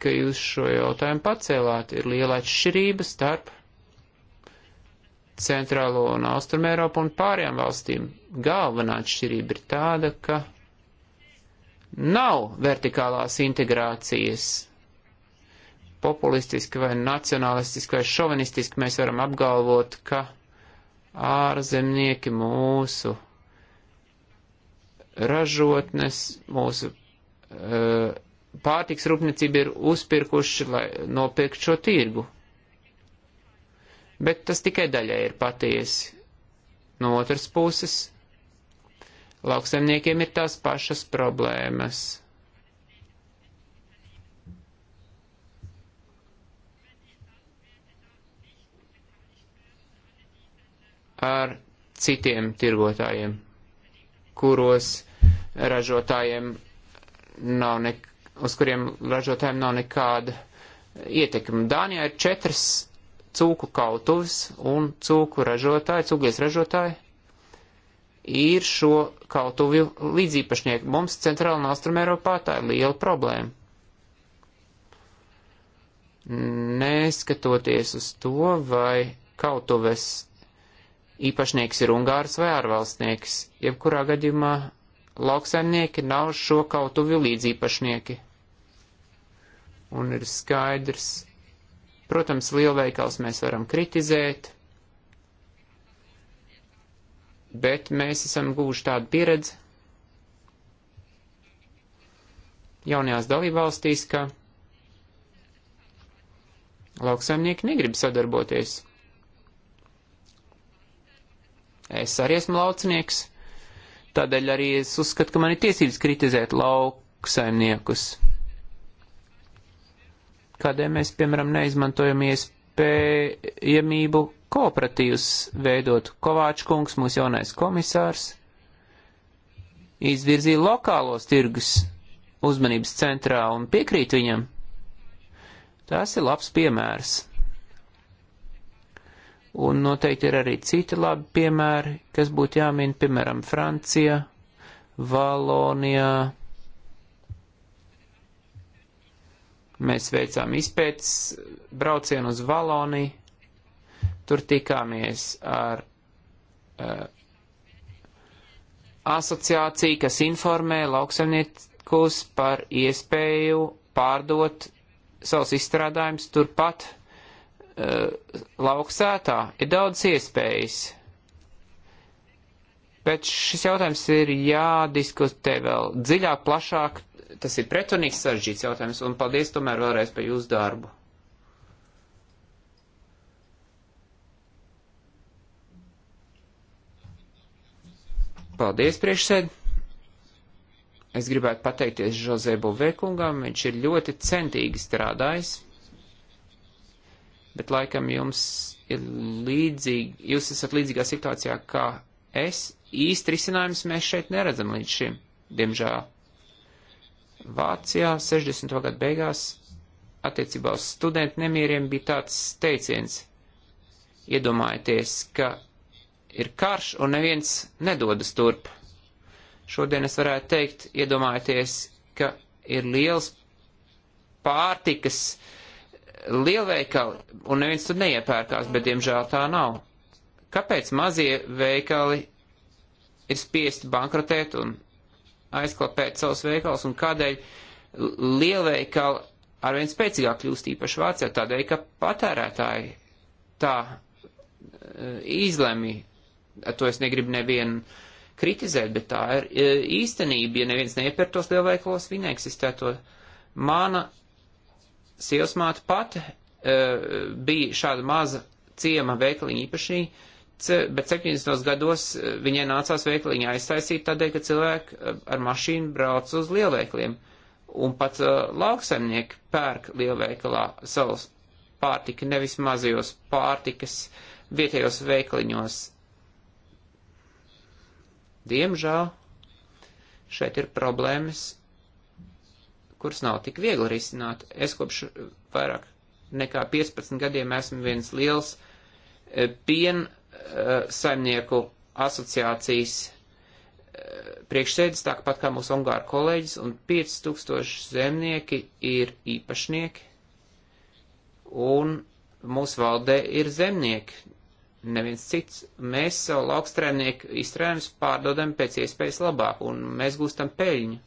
ka jūs šo jautājumu pacēlāt. Ir liela atšķirība starp centrālo un austrumu Eiropu un pārējām valstīm. Galvenā atšķirība ir tāda, ka nav vertikālās integrācijas. Populistiski vai nacionalistiski vai šovinistiski mēs varam apgalvot, ka ārzemnieki, mūsu ražotnes, mūsu uh, pārtiks rūpniecība ir uzpirkuši, lai nopirkt šo tirgu. Bet tas tikai daļai ir patiesi. No otras puses, lauksaimniekiem ir tās pašas problēmas. ar citiem tirgotājiem, kuros ražotājiem nav nek, uz kuriem ražotājiem nav nekāda ietekme. Dānijā ir četras cūku kautuves un cūku ražotāji, cūglies ražotāji ir šo kautuvju līdzīpašnieki. Mums centrāla un austruma Eiropā tā ir liela problēma. Neskatoties uz to, vai kautuves īpašnieks ir Ungārs vai ārvalstnieks. Jebkurā gadījumā lauksaimnieki nav šo kautuvju līdziepašnieki. Un ir skaidrs. Protams, lielveikals mēs varam kritizēt, bet mēs esam gūši tādu pieredzi jaunajās dalībvalstīs, ka lauksaimnieki negrib sadarboties Es arī esmu laucinieks, tādēļ arī es uzskatu, ka man ir tiesības kritizēt lauksaimniekus. Kādēļ mēs, piemēram, neizmantojam iespējamību kooperatīvus veidot? Kovāčkungs, mūsu jaunais komisārs, izvirzīja lokālos tirgus uzmanības centrā un piekrīt viņam. Tas ir labs piemērs. Un noteikti ir arī citi labi piemēri, kas būtu jāmin, piemēram, Francija, Valonijā. Mēs veicām izpētes braucienu uz Valoniju. Tur tikāmies ar uh, asociāciju, kas informē lauksaimniekus par iespēju pārdot savus izstrādājumus turpat Uh, lauksētā ir daudz iespējas. Bet šis jautājums ir jādiskutē vēl dziļāk, plašāk. Tas ir pretrunīgs sarežģīts jautājums, un paldies tomēr vēlreiz par jūsu darbu. Paldies, priekšsēd. Es gribētu pateikties Žozē Bovekungam, viņš ir ļoti centīgi strādājis bet laikam jums ir līdzīgi, jūs esat līdzīgā situācijā kā es. Īsti risinājums mēs šeit neredzam līdz šim, diemžēl. Vācijā 60. gadu beigās attiecībā uz studentu nemieriem bija tāds teiciens. Iedomājieties, ka ir karš un neviens nedodas turp. Šodien es varētu teikt, iedomājieties, ka ir liels pārtikas uh, lielveikali, un neviens tur neiepērkās, bet diemžēl tā nav. Kāpēc mazie veikali ir spiesti bankrotēt un aizklapēt savus veikalus, un kādēļ lielveikali arvien spēcīgāk kļūst īpaši Vācijā? Tādēļ, ka patērētāji tā eh, izlemj, to es negribu nevienu kritizēt, bet tā ir eh, īstenība, ja neviens neiepērtos lielveikalos, viņi neeksistēto. Mana sievas māte pat e, bija šāda maza ciema veikaliņa īpašība, bet 70. gados e, viņai nācās veikaliņu aiztaisīt tādēļ, ka cilvēki e, ar mašīnu brauc uz lielveikliem. Un pat uh, lauksaimnieki pērk lielveikalā savus pārtika, nevis mazajos pārtikas vietējos veikaliņos. Diemžēl šeit ir problēmas kuras nav tik viegli risināt. Es kopš vairāk nekā 15 gadiem esmu viens liels eh, piena eh, saimnieku asociācijas eh, priekšsēdis, tāpat kā mūsu ungāru kolēģis, un 5000 zemnieki ir īpašnieki, un mūsu valdē ir zemnieki, neviens cits. Mēs savu laukstrēmnieku izstrēmus pārdodam pēc iespējas labāk, un mēs gūstam peļņu.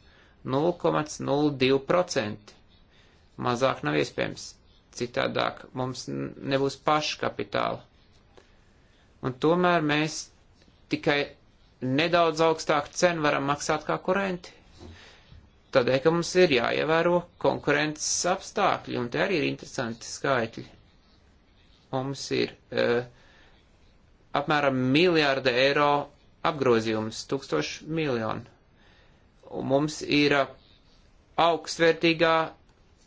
0,02%. Mazāk nav iespējams. Citādāk mums nebūs paškapitāla. Un tomēr mēs tikai nedaudz augstāku cenu varam maksāt kā kurenti. Tādēļ, ka mums ir jāievēro konkurences apstākļi, un te arī ir interesanti skaitļi. Mums ir uh, apmēram miljārda eiro apgrozījums, tūkstoši miljonu Un mums ir uh, augstvērtīgā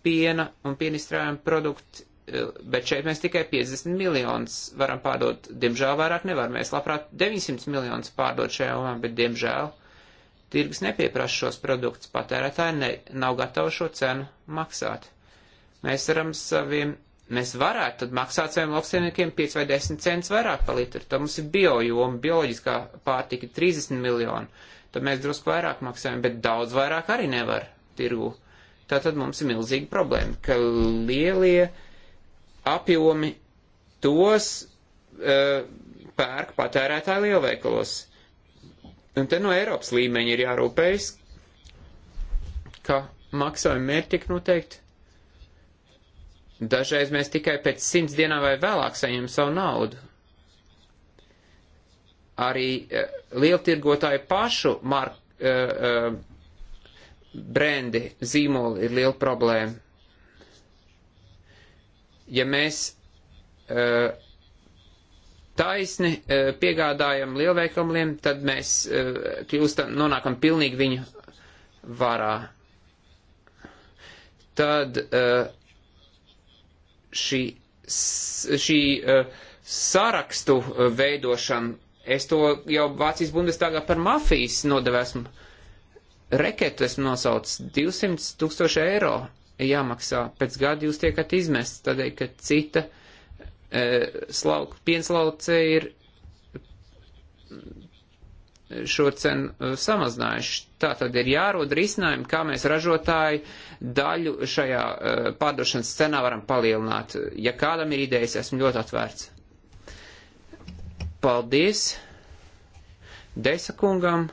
piena un pienistrājuma produkti, uh, bet šeit mēs tikai 50 miljonus varam pārdot. Diemžēl vairāk nevar. Mēs labprāt 900 miljonus pārdot šajā jomā, bet diemžēl tirgus nepieprasa šos produktus. Patērētāji ne, nav gatavi šo cenu maksāt. Mēs varam saviem, mēs varētu tad maksāt saviem lauksainiekiem 5 vai 10 centus vairāk par litru. Tā mums ir biojoma, bioloģiskā pārtika 30 miljonu tad mēs drusku vairāk maksājam, bet daudz vairāk arī nevar tirgu. Tātad mums ir milzīga problēma, ka lielie apjomi tos uh, pērk patērētāji lielveikalos. Un te no Eiropas līmeņa ir jārūpējas, ka maksājumi mērķi tik noteikti. Dažreiz mēs tikai pēc simts dienām vai vēlāk saņemam savu naudu arī e, lieltirgotāju pašu mark, e, e, brendi, zīmoli ir liela problēma. Ja mēs taisni piegādājam lielveikaliem, tad mēs kļūstam, nonākam pilnīgi viņu varā. Tad šī, šī sarakstu veidošana Es to jau Vācijas Bundestagā par mafijas nodevu esmu. Reketu esmu nosaucis 200 tūkstoši eiro jāmaksā. Pēc gada jūs tiekat izmests, tādēļ, ka cita e, slauk, pienslauce ir šo cenu e, samazinājuši. Tā tad ir jārod risinājumi, kā mēs ražotāju daļu šajā e, pārdošanas cenā varam palielināt. Ja kādam ir idejas, esmu ļoti atvērts paldies Desa kungam.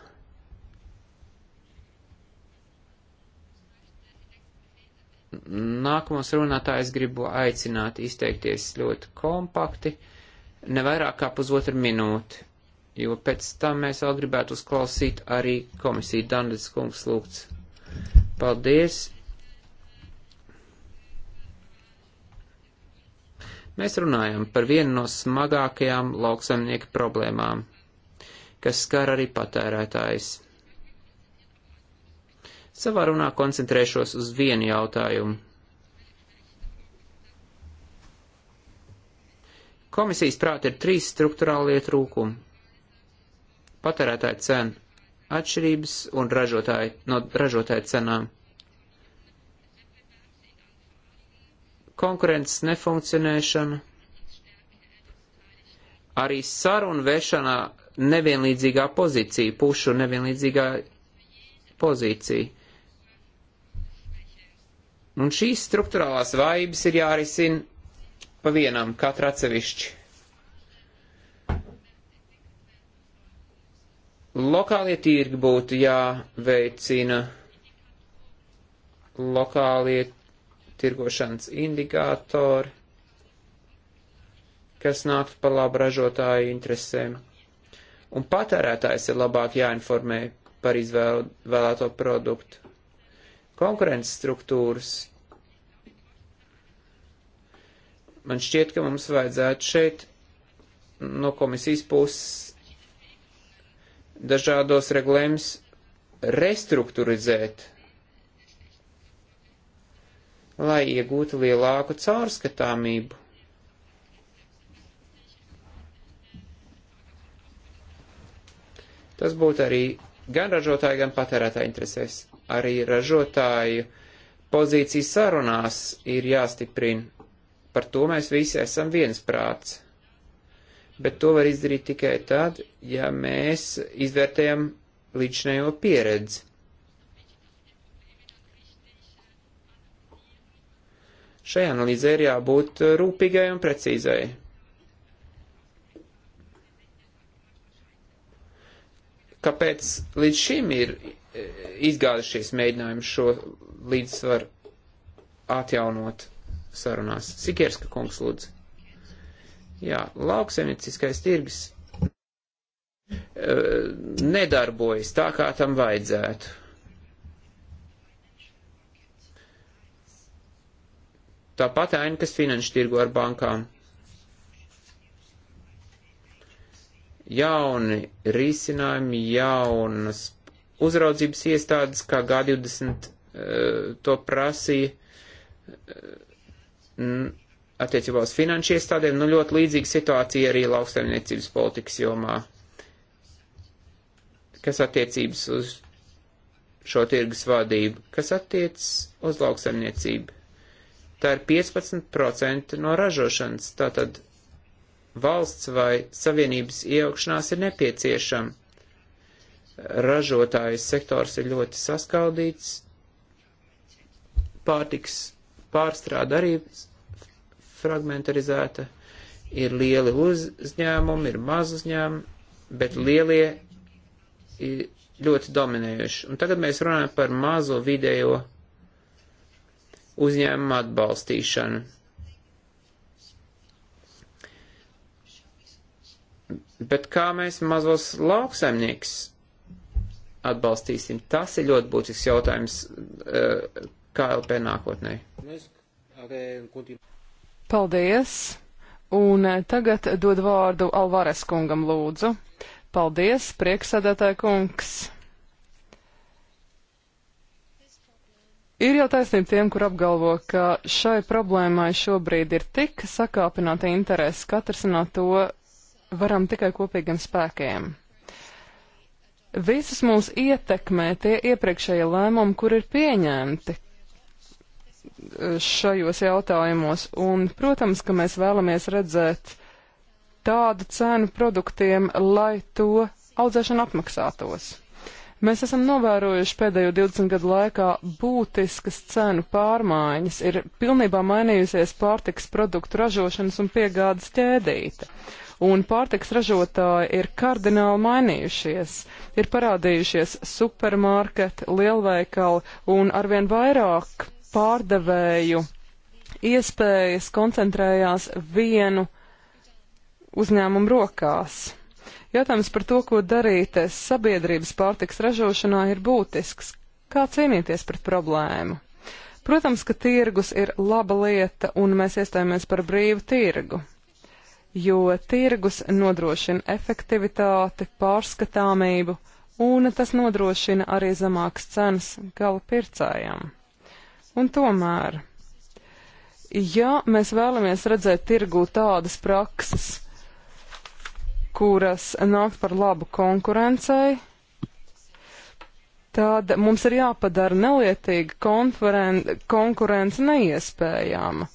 Nākamos runātājs gribu aicināt izteikties ļoti kompakti, nevairāk kā pusotru minūti, jo pēc tam mēs vēl gribētu uzklausīt arī komisiju Dandes kungs lūgts. Paldies! Mēs runājam par vienu no smagākajām lauksaimnieku problēmām, kas skar arī patērētājs. Savā runā koncentrēšos uz vienu jautājumu. Komisijas prāti ir trīs struktūrālie trūkumi - patērētāja cena, atšķirības un ražotāja, no ražotāja cenām. konkurences nefunkcionēšana, arī sarunu vešanā nevienlīdzīgā pozīcija, pušu nevienlīdzīgā pozīcija. Un šīs struktūrālās vājības ir jārisina pa vienam, katra atsevišķi. Lokālie tirgi būtu jāveicina, lokālie tirgošanas indikātori, kas nāktu par labu ražotāju interesēm. Un patērētājs ir labāk jāinformē par izvēlēto produktu. Konkurences struktūras. Man šķiet, ka mums vajadzētu šeit no komisijas puses dažādos regulējums restruktūrizēt lai iegūtu lielāku caurskatāmību. Tas būtu arī gan ražotāju, gan patērētāju interesēs. Arī ražotāju pozīcijas sarunās ir jāstiprina. Par to mēs visi esam viensprāts. Bet to var izdarīt tikai tad, ja mēs izvērtējam līdzinējo pieredzi. Šai analīzē ir jābūt eh, rūpīgai un precīzai. Kāpēc līdz šim ir eh, izgājušies mēģinājumi šo līdzsvaru atjaunot sarunās? Sikerska kungs lūdzu. Jā, lauksemnieciskais tirgs eh, nedarbojas tā, kā tam vajadzētu Tāpat ēna, kas finanšu tirgu ar bankām. Jauni risinājumi, jaunas uzraudzības iestādes, kā G20 eh, to prasīja eh, attiecībā uz finanšu iestādēm, nu ļoti līdzīga situācija arī lauksaimniecības politikas jomā, kas attiecības uz šo tirgus vadību, kas attiecas uz lauksaimniecību. Tā ir 15% no ražošanas, tātad valsts vai savienības iejaukšanās ir nepieciešama. Ražotājs sektors ir ļoti saskaldīts, pārtiks pārstrāda arī fragmentarizēta, ir lieli uzņēmumi, ir maz uzņēmumi, bet lielie ir ļoti dominējuši. Un tagad mēs runājam par mazo vidējo uzņēmumu atbalstīšanu. Bet kā mēs mazos lauksaimnieks atbalstīsim? Tas ir ļoti būtisks jautājums eh, KLP nākotnē. Paldies! Un eh, tagad dod vārdu Alvares kungam lūdzu. Paldies, prieksēdētāja kungs! Ir jau taisnība tiem, kur apgalvo, ka šai problēmai šobrīd ir tik sakāpināta interese, ka atrasināt to varam tikai kopīgiem spēkiem. Visus mūs ietekmē tie iepriekšējie lēmumi, kur ir pieņemti šajos jautājumos, un, protams, ka mēs vēlamies redzēt tādu cenu produktiem, lai to audzēšana apmaksātos. Mēs esam novērojuši pēdējo 20 gadu laikā būtiskas cenu pārmaiņas, ir pilnībā mainījusies pārtiks produktu ražošanas un piegādes ķēdīte. Un pārtiks ražotāji ir kardināli mainījušies, ir parādījušies supermarketi, lielveikali un arvien vairāk pārdevēju iespējas koncentrējās vienu uzņēmumu rokās. Jautājums par to, ko darīt sabiedrības pārtiks ražošanā, ir būtisks. Kā cīnīties pret problēmu? Protams, ka tirgus ir laba lieta, un mēs iestājāmies par brīvu tirgu, jo tirgus nodrošina efektivitāti, pārskatāmību, un tas nodrošina arī zemākas cenas gala pircējām. Un tomēr, ja mēs vēlamies redzēt tirgū tādas prakses, kuras nāk par labu konkurencei, tad mums ir jāpadara nelietīga konkurence neiespējama.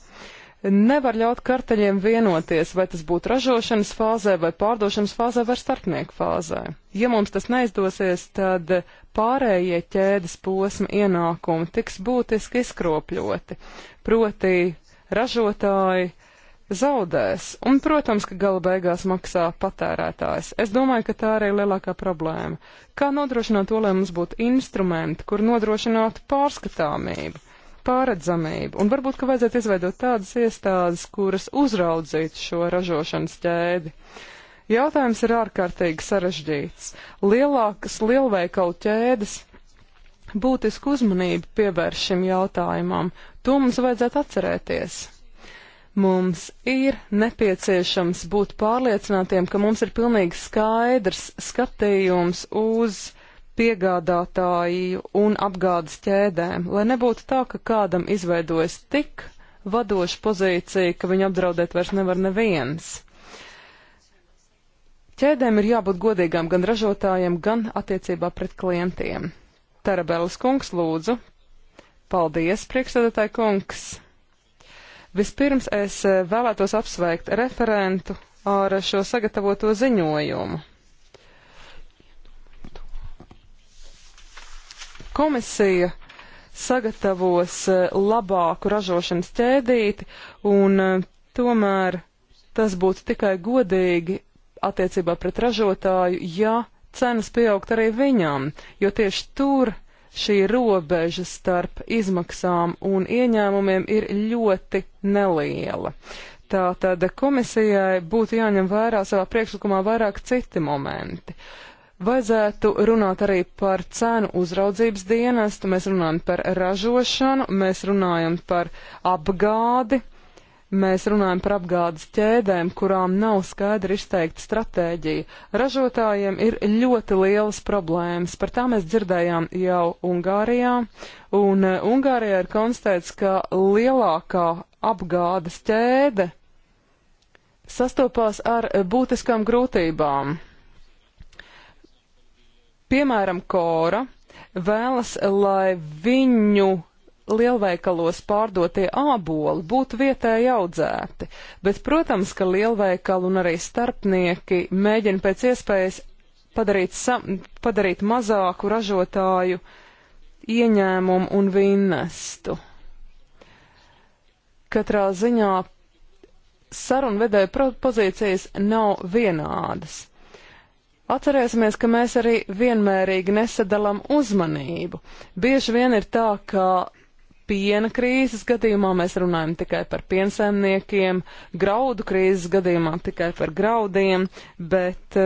Nevar ļaut karteļiem vienoties, vai tas būtu ražošanas fāzē, vai pārdošanas fāzē, vai starpnieku fāzē. Ja mums tas neizdosies, tad pārējie ķēdes posma ienākumi tiks būtiski izkropļoti, proti ražotāji, uh, zaudēs, un, protams, ka gala beigās maksā patērētājs. Es domāju, ka tā arī ir lielākā problēma. Kā nodrošināt to, lai mums būtu instrumenti, kur nodrošinātu pārskatāmību, pāredzamību, un varbūt, ka vajadzētu izveidot tādas iestādes, kuras uzraudzītu šo ražošanas ķēdi. Jautājums ir ārkārtīgi sarežģīts. Lielākas lielveikalu ķēdes būtisku uzmanību pievērš šim jautājumam. To mums vajadzētu atcerēties. Mums ir nepieciešams būt pārliecinātiem, ka mums ir pilnīgi skaidrs skatījums uz piegādātāju un apgādes ķēdēm, lai nebūtu tā, ka kādam izveidojas tik vadoša pozīcija, ka viņu apdraudēt vairs nevar neviens. Ķēdēm ir jābūt godīgām gan ražotājiem, gan attiecībā pret klientiem. Tarabēlis kungs lūdzu. Paldies, priekšsēdētāji kungs! Vispirms es eh, vēlētos apsveikt referentu ar šo sagatavoto ziņojumu. Komisija sagatavos eh, labāku ražošanas ķēdīti, un eh, tomēr tas būtu tikai godīgi attiecībā pret ražotāju, ja cenas pieaugt arī viņam, jo tieši tur šī robeža starp izmaksām un ieņēmumiem ir ļoti neliela. Tātad komisijai būtu jāņem vērā savā priekšlikumā vairāk citi momenti. Vajadzētu runāt arī par cenu uzraudzības dienestu, mēs runājam par ražošanu, mēs runājam par apgādi, uh, Mēs runājam par apgādes ķēdēm, kurām nav skaidri izteikta stratēģija. Ražotājiem ir ļoti lielas problēmas. Par tām mēs dzirdējām jau Ungārijā. Un eh, Ungārijā ir konstatēts, ka lielākā apgādes ķēde sastopās ar eh, būtiskām grūtībām. Piemēram, Kora vēlas, lai viņu lielveikalos pārdotie āboli būtu vietēji audzēti, bet, protams, ka lielveikali un arī starpnieki mēģina pēc iespējas padarīt, sam, padarīt mazāku ražotāju ieņēmumu un vinnestu. Katrā ziņā sarunvedēju pozīcijas nav vienādas. Atcerēsimies, ka mēs arī vienmērīgi nesadalām uzmanību. Bieži vien ir tā, ka piena krīzes gadījumā mēs runājam tikai par piensaimniekiem, graudu krīzes gadījumā tikai par graudiem, bet e,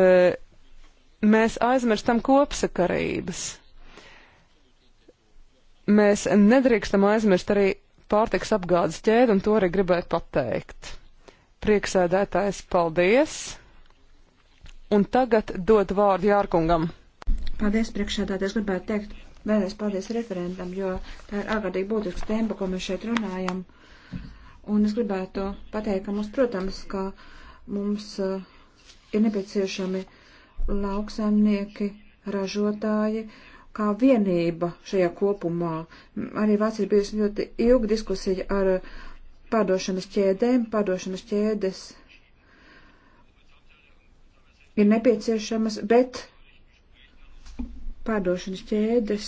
mēs aizmirstam kopsakarības. Mēs nedrīkstam aizmirst arī pārtiks apgādes ķēdi, un to arī gribētu pateikt. Prieksēdētājs, paldies! Un tagad dod vārdu Jārkungam. Paldies, priekšsēdētājs, gribētu teikt Vēlreiz paldies referentam, jo tā ir ārkārtīgi būtisks tempa, ko mēs šeit runājam. Un es gribētu pateikt, ka mums, protams, ka mums uh, ir nepieciešami lauksaimnieki, ražotāji, kā vienība šajā kopumā. Arī Vācija ir bijusi ļoti ilga diskusija ar pārdošanas ķēdēm, pārdošanas ķēdes ir nepieciešamas, bet pārdošanas ķēdes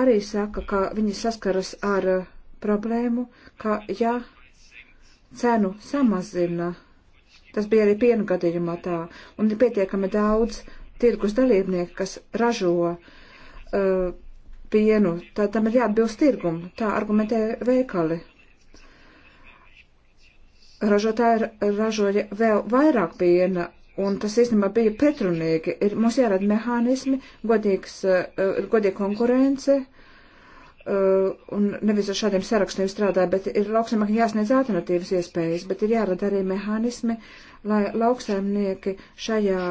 arī saka, ka viņi saskaras ar uh, problēmu, ka ja cenu samazina, tas bija arī piena gadījumā tā, un ir pietiekami daudz tirgus dalībnieku, kas ražo uh, pienu, tad tam ir jāatbilst tirgumu, tā argumentē veikali. Ražotāji ražoja vēl vairāk piena, Un tas īstenībā bija pretrunīgi. Ir, mums jārada mehānismi, godīgs, uh, godīga konkurence, uh, un nevis ar šādiem sarakstiem strādā, bet ir lauksaimnieki jāsniedz alternatīvas iespējas, bet ir jārada arī mehānismi, lai lauksaimnieki šajā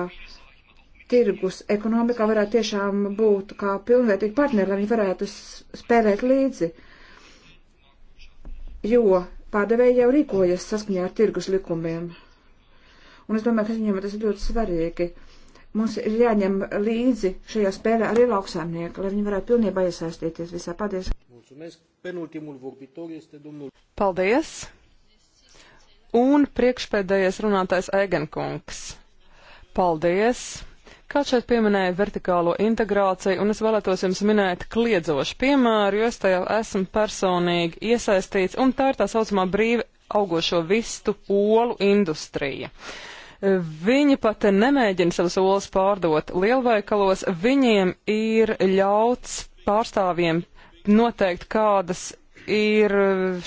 tirgus ekonomikā varētu tiešām būt kā pilnvērtīgi partneri, lai viņi varētu spēlēt līdzi. Jo pārdevēji jau rīkojas saskaņā ar tirgus likumiem un es domāju, ka viņiem tas ir ļoti svarīgi. Mums ir jāņem līdzi šajā spēlē arī lauksaimnieki, lai viņi varētu pilnībā iesaistīties visā. Paldies! Paldies! Un priekšpēdējais runātājs Egenkungs. Paldies! Kā šeit pieminēja vertikālo integrāciju, un es vēlētos jums minēt kliedzošu piemēru, jo es tajā esmu personīgi iesaistīts, un tā ir tā saucamā brīva augošo vistu olu industrija. Uh, Viņi pat nemēģina savus olas pārdot lielveikalos, viņiem ir ļauts pārstāvjiem noteikt, kādas ir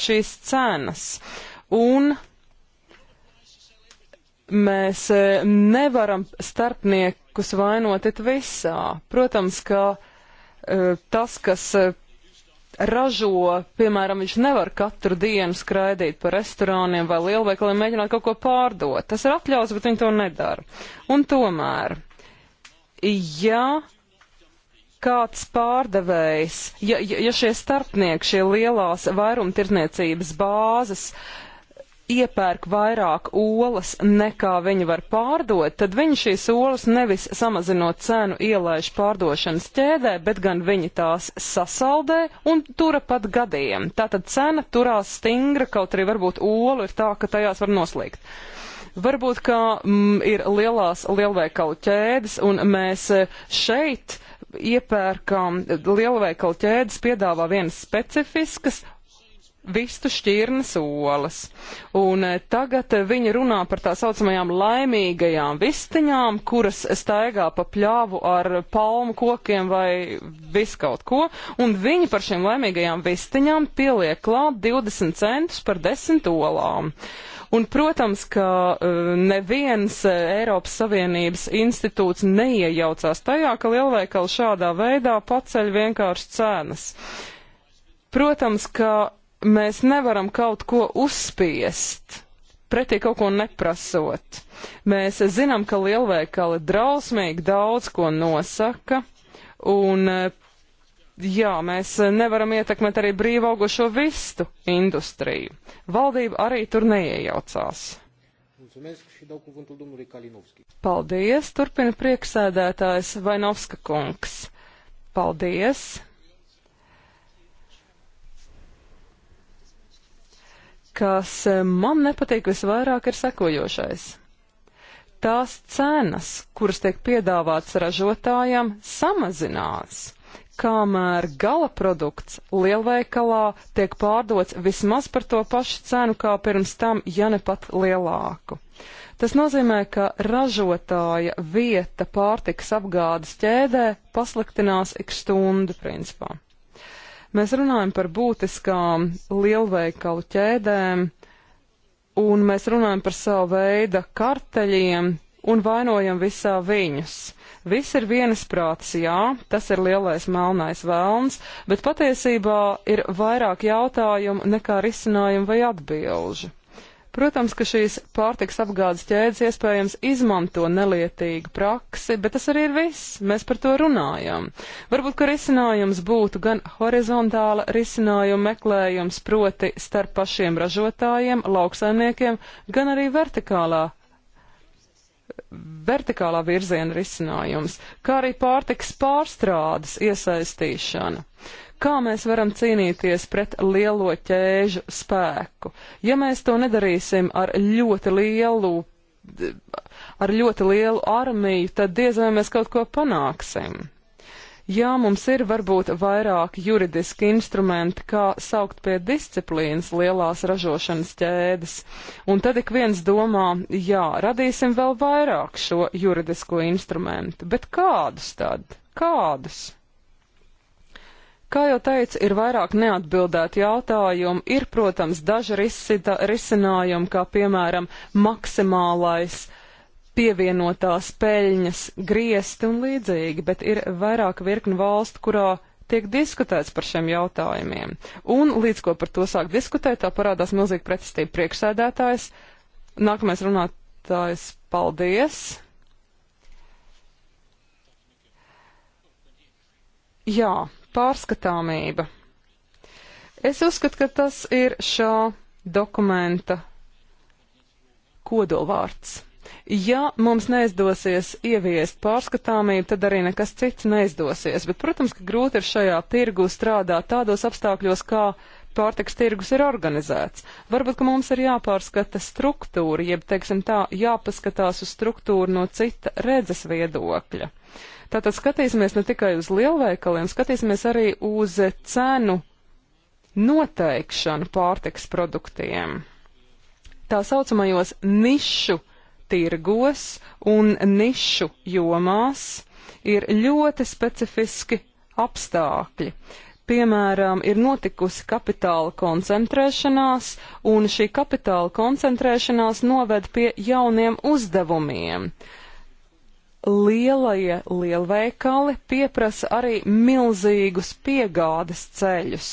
šīs cenas. Un mēs e, nevaram starpniekus vainot it visā. Protams, ka e, tas, kas e, ražo, piemēram, viņš nevar katru dienu skraidīt pa restorāniem vai lielveikaliem, mēģināt kaut ko pārdot. Tas ir atļauts, bet viņi to nedara. Un tomēr, ja kāds pārdevējs, ja, ja, ja šie starpnieki, šie lielās vairumtirniecības bāzes, uh, iepērk vairāk olas nekā viņi var pārdot, tad viņi šīs olas nevis samazinot cenu ielaiž pārdošanas ķēdē, bet gan viņi tās sasaldē un tura pat gadiem. Tātad cena turās stingra, kaut arī varbūt ola ir tā, ka tajās var noslīgt. Varbūt, ka mm, ir lielās lielveikalu ķēdes un mēs e, šeit iepērkam e, lielveikalu ķēdes piedāvā vienas specifiskas vistu šķirnes olas. Un eh, tagad eh, viņa runā par tā saucamajām laimīgajām vistiņām, kuras staigā pa pļāvu ar palmu kokiem vai viskaut ko, un viņi par šīm laimīgajām vistiņām pieliek klāt 20 centus par 10 olām. Un, protams, ka eh, neviens Eiropas Savienības institūts neiejaucās tajā, ka lielveikali šādā veidā paceļ vienkārši cenas. Protams, ka mēs nevaram kaut ko uzspiest pretī kaut ko neprasot. Mēs zinām, ka lielveikali drausmīgi daudz ko nosaka, un eh, jā, mēs nevaram ietekmēt arī brīvaugošo vistu industriju. Valdība arī tur neiejaucās. Paldies, turpina prieksēdētājs Vainovska kungs. Paldies! kas eh, man nepatīk visvairāk, ir sekojošais. Tās cenas, kuras tiek piedāvāts ražotājam, samazinās, kamēr gala produkts lielveikalā tiek pārdots vismaz par to pašu cenu kā pirms tam, ja ne pat lielāku. Tas nozīmē, ka ražotāja vieta pārtikas apgādes ķēdē pasliktinās ik stundu principā. Mēs runājam par būtiskām lielveikalu ķēdēm, un mēs runājam par savu veidu karteļiem un vainojam visā viņus. Viss ir vienasprāts, jā, tas ir lielais melnais vēlns, bet patiesībā ir vairāk jautājumu nekā risinājumu vai atbilžu. Protams, ka šīs pārtiks apgādes ķēdes iespējams izmanto nelietīgu praksi, bet tas arī ir viss. Mēs par to runājam. Varbūt, ka risinājums būtu gan horizontāla risinājuma meklējums, proti starp pašiem ražotājiem, lauksaimniekiem, gan arī vertikālā vertikālā virziena risinājums, kā arī pārtiks pārstrādes iesaistīšana. Kā mēs varam cīnīties pret lielo ķēžu spēku? Ja mēs to nedarīsim ar ļoti lielu, ar ļoti lielu armiju, tad diez vai mēs kaut ko panāksim. Jā, mums ir varbūt vairāk juridiski instrumenti, kā saukt pie disciplīnas lielās ražošanas ķēdes. Un tad ik viens domā, jā, radīsim vēl vairāk šo juridisko instrumentu, bet kādus tad? Kādus? Kā jau teicu, ir vairāk neatbildētu jautājumu, ir, protams, daži risita, risinājumi, kā piemēram maksimālais pievienotās peļņas griesti un līdzīgi, bet ir vairāk virkni valstu, kurā tiek diskutēts par šiem jautājumiem. Un līdz ko par to sāk diskutēt, tā parādās milzīga pretestība priekšsēdētājs. Nākamais runātājs, paldies! Jā, Pārskatāmība. Es uzskatu, ka tas ir šā dokumenta kodolvārds. Ja mums neizdosies ieviest pārskatāmību, tad arī nekas cits neizdosies, bet, protams, ka grūti ir šajā tirgu strādāt tādos apstākļos, kā pārtiks tirgus ir organizēts. Varbūt, ka mums ir jāpārskata struktūra, jeb, teiksim tā, jāpaskatās uz struktūru no cita redzes viedokļa. Uh, Tātad skatīsimies ne tikai uz lielveikaliem, skatīsimies arī uz cenu noteikšanu pārtiks produktiem. Tā saucamajos nišu tirgos un nišu jomās ir ļoti specifiski apstākļi piemēram, ir notikusi kapitāla koncentrēšanās, un šī kapitāla koncentrēšanās noved pie jauniem uzdevumiem lielie lielveikali pieprasa arī milzīgus piegādes ceļus.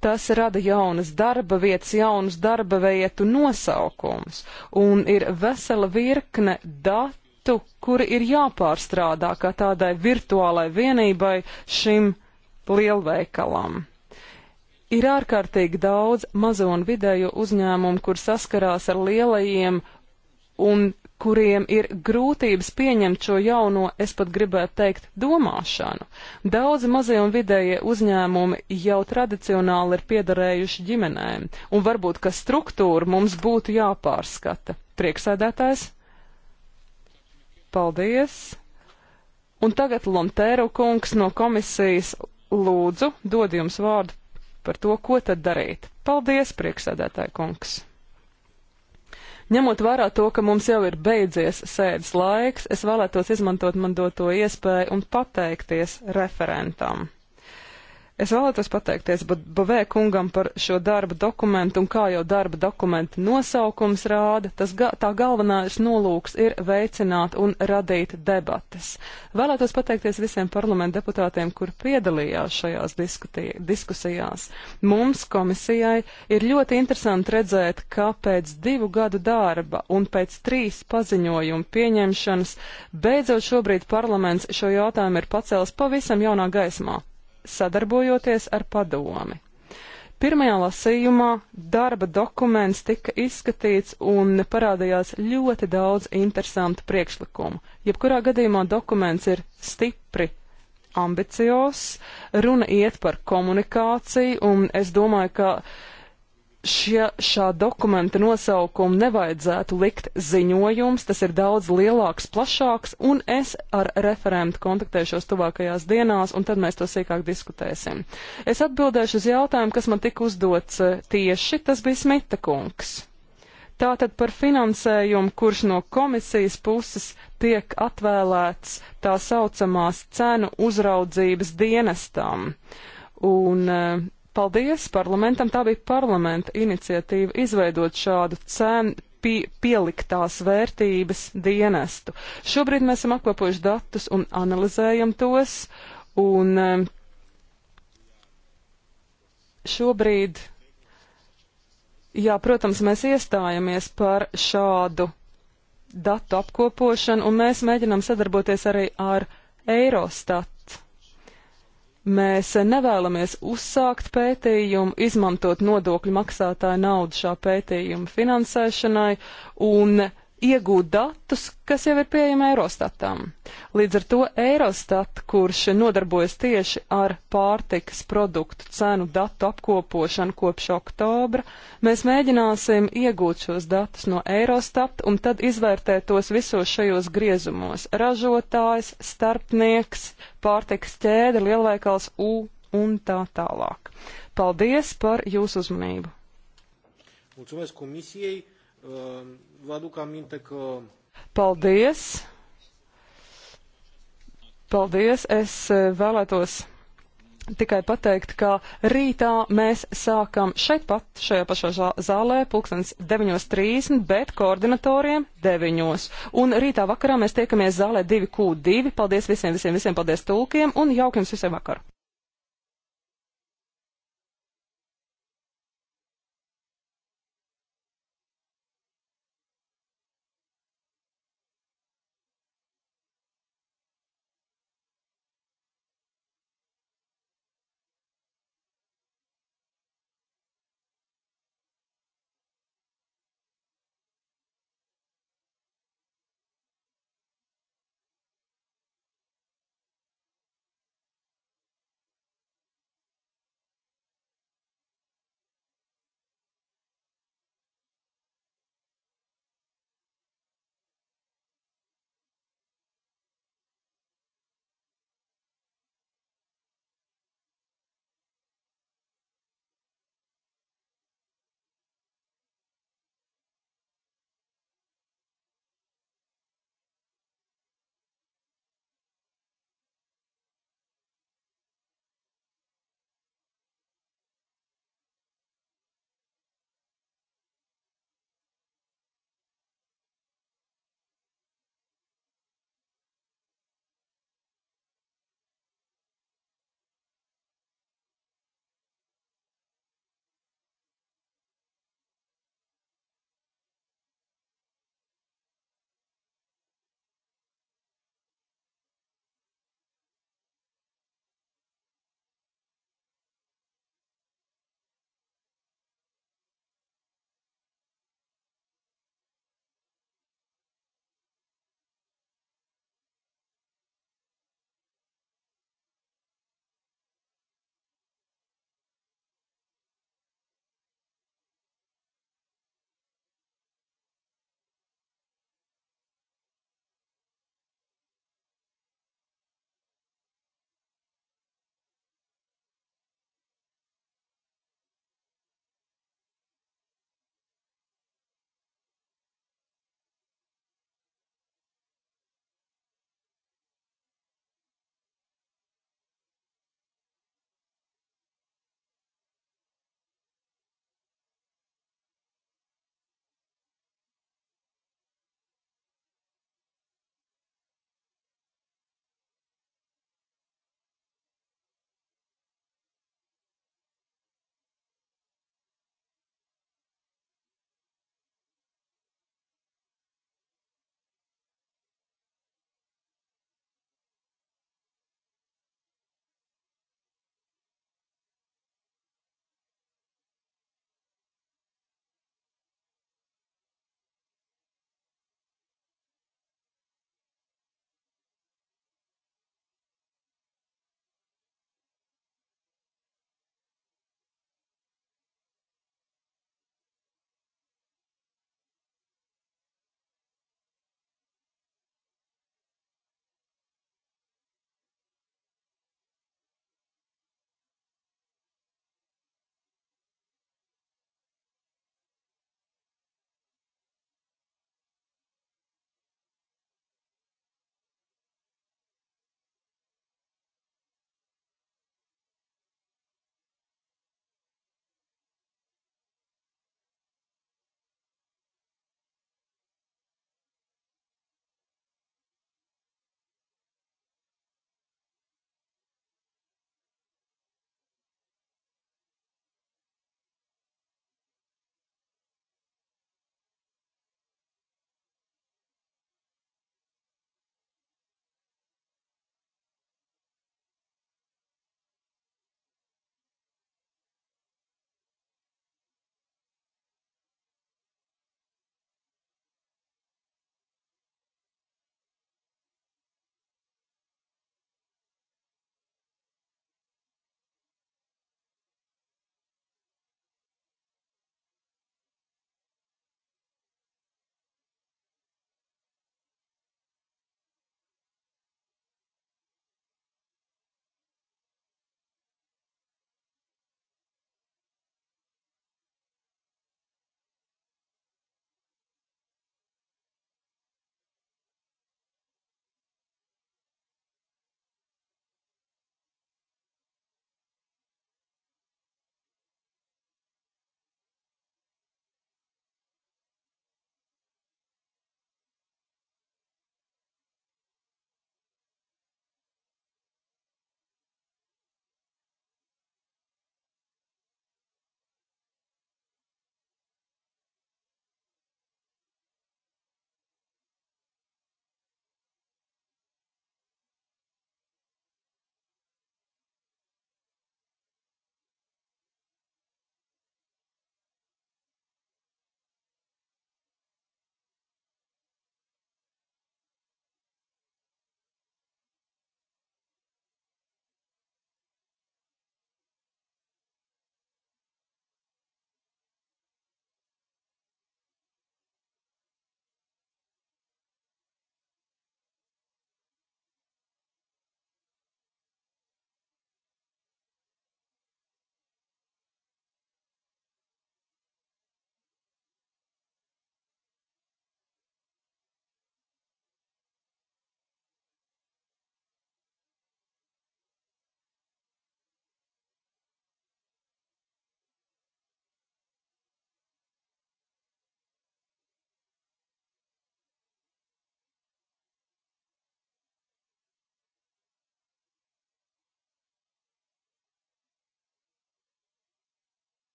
Tas rada jaunas darba vietas, jaunus darba vietu nosaukumus, un ir vesela virkne datu, kuri ir jāpārstrādā kā tādai virtuālai vienībai šim lielveikalam. Ir ārkārtīgi daudz mazo un vidējo uzņēmumu, kur saskarās ar lielajiem un kuriem ir grūtības pieņemt šo jauno, es pat gribētu teikt, domāšanu. Daudzi mazie un vidējie uzņēmumi jau tradicionāli ir piederējuši ģimenēm, un varbūt, ka struktūra mums būtu jāpārskata. Prieksēdētājs? Paldies! Un tagad Lontēru kungs no komisijas lūdzu dod jums vārdu par to, ko tad darīt. Paldies, prieksēdētāja kungs! Ņemot vērā to, ka mums jau ir beidzies sēdes laiks, es vēlētos izmantot man doto iespēju un pateikties referentam. Es vēlētos pateikties Bavē kungam par šo darba dokumentu, un kā jau darba dokumenta nosaukums rāda, tas ga tā galvenais nolūks ir veicināt un radīt debates. Vēlētos pateikties visiem parlamenta deputātiem, kur piedalījās šajās diskusijās. Mums komisijai ir ļoti interesanti redzēt, ka pēc divu gadu darba un pēc trīs paziņojumu pieņemšanas beidzot šobrīd parlaments šo jautājumu ir pacēlis pavisam jaunā gaismā sadarbojoties ar padomi. Pirmajā lasījumā darba dokuments tika izskatīts un parādījās ļoti daudz interesantu priekšlikumu. Jebkurā gadījumā dokuments ir stipri ambiciozs, runa iet par komunikāciju, un es domāju, ka šie, šā dokumenta nosaukumu nevajadzētu likt ziņojums, tas ir daudz lielāks, plašāks, un es ar referentu kontaktēšos tuvākajās dienās, un tad mēs to sīkāk diskutēsim. Es atbildēšu uz jautājumu, kas man tika uzdots eh, tieši, tas bija Smita kungs. Tātad par finansējumu, kurš no komisijas puses tiek atvēlēts tā saucamās cenu uzraudzības dienestam. Un, uh, Paldies parlamentam, tā bija parlamenta iniciatīva izveidot šādu cenu pie, pieliktās vērtības dienestu. Šobrīd mēs esam apkopojuši datus un analizējam tos, un šobrīd, jā, protams, mēs iestājamies par šādu datu apkopošanu, un mēs mēģinām sadarboties arī ar Eirostatu Mēs nevēlamies uzsākt pētījumu, izmantot nodokļu maksātāju naudu šā pētījuma finansēšanai un iegūt datus, kas jau ir pieejami Eurostatam. Līdz ar to Eurostat, kurš nodarbojas tieši ar pārtikas produktu cenu datu apkopošanu kopš oktobra, mēs mēģināsim iegūt šos datus no Eurostat un tad izvērtēt tos visos šajos griezumos - ražotājs, starpnieks, pārtikas ķēde, lielveikals U un tā tālāk. Paldies par jūsu uzmanību! Mulțumesc comisiei. Uh vă aduc aminte că... Paldies! Paldies! Es e, vēlētos tikai pateikt, ka rītā mēs sākam šeit pat, šajā pašā zālē, pulkstens 9.30, bet koordinatoriem 9. Un rītā vakarā mēs tiekamies zālē 2Q2. Paldies visiem, visiem, visiem, paldies tulkiem un jaukiem visiem vakaru!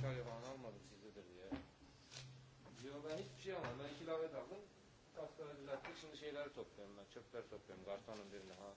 şalya falan almadım sizdedir diye. Yo ben hiçbir şey almadım. Ben kilavet aldım. Tahtaları düzelttik. Şimdi şeyleri topluyorum ben. Çöpleri topluyorum. Kartonun birini ha.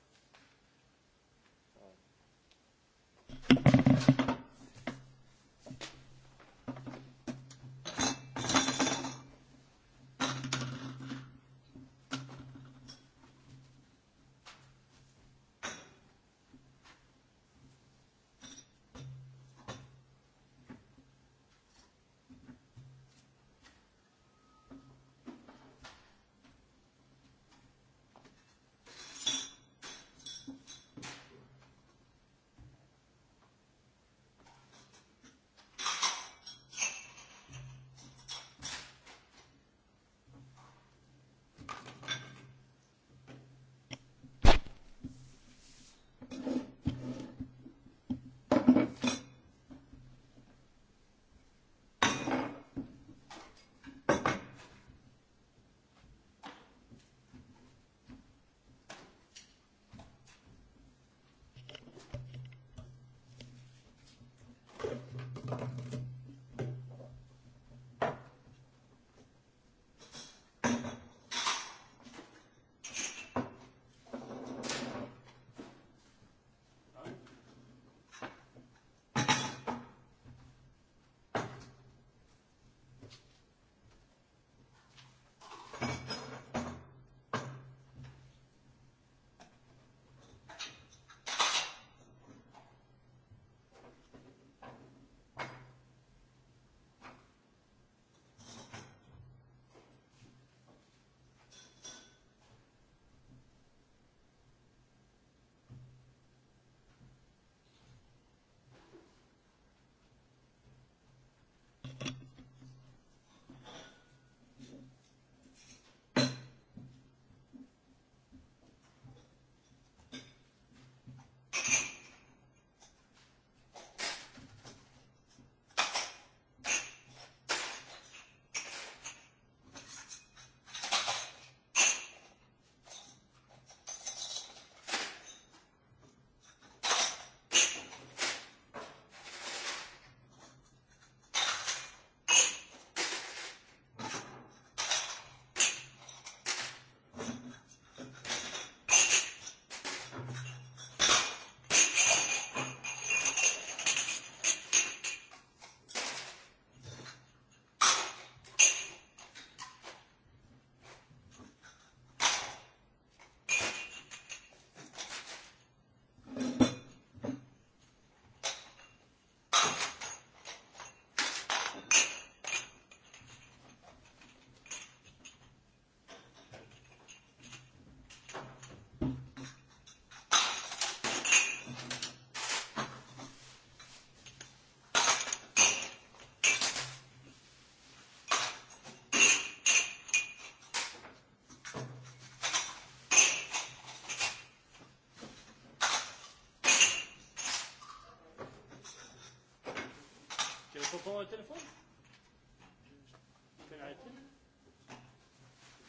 Pourquoi le téléphone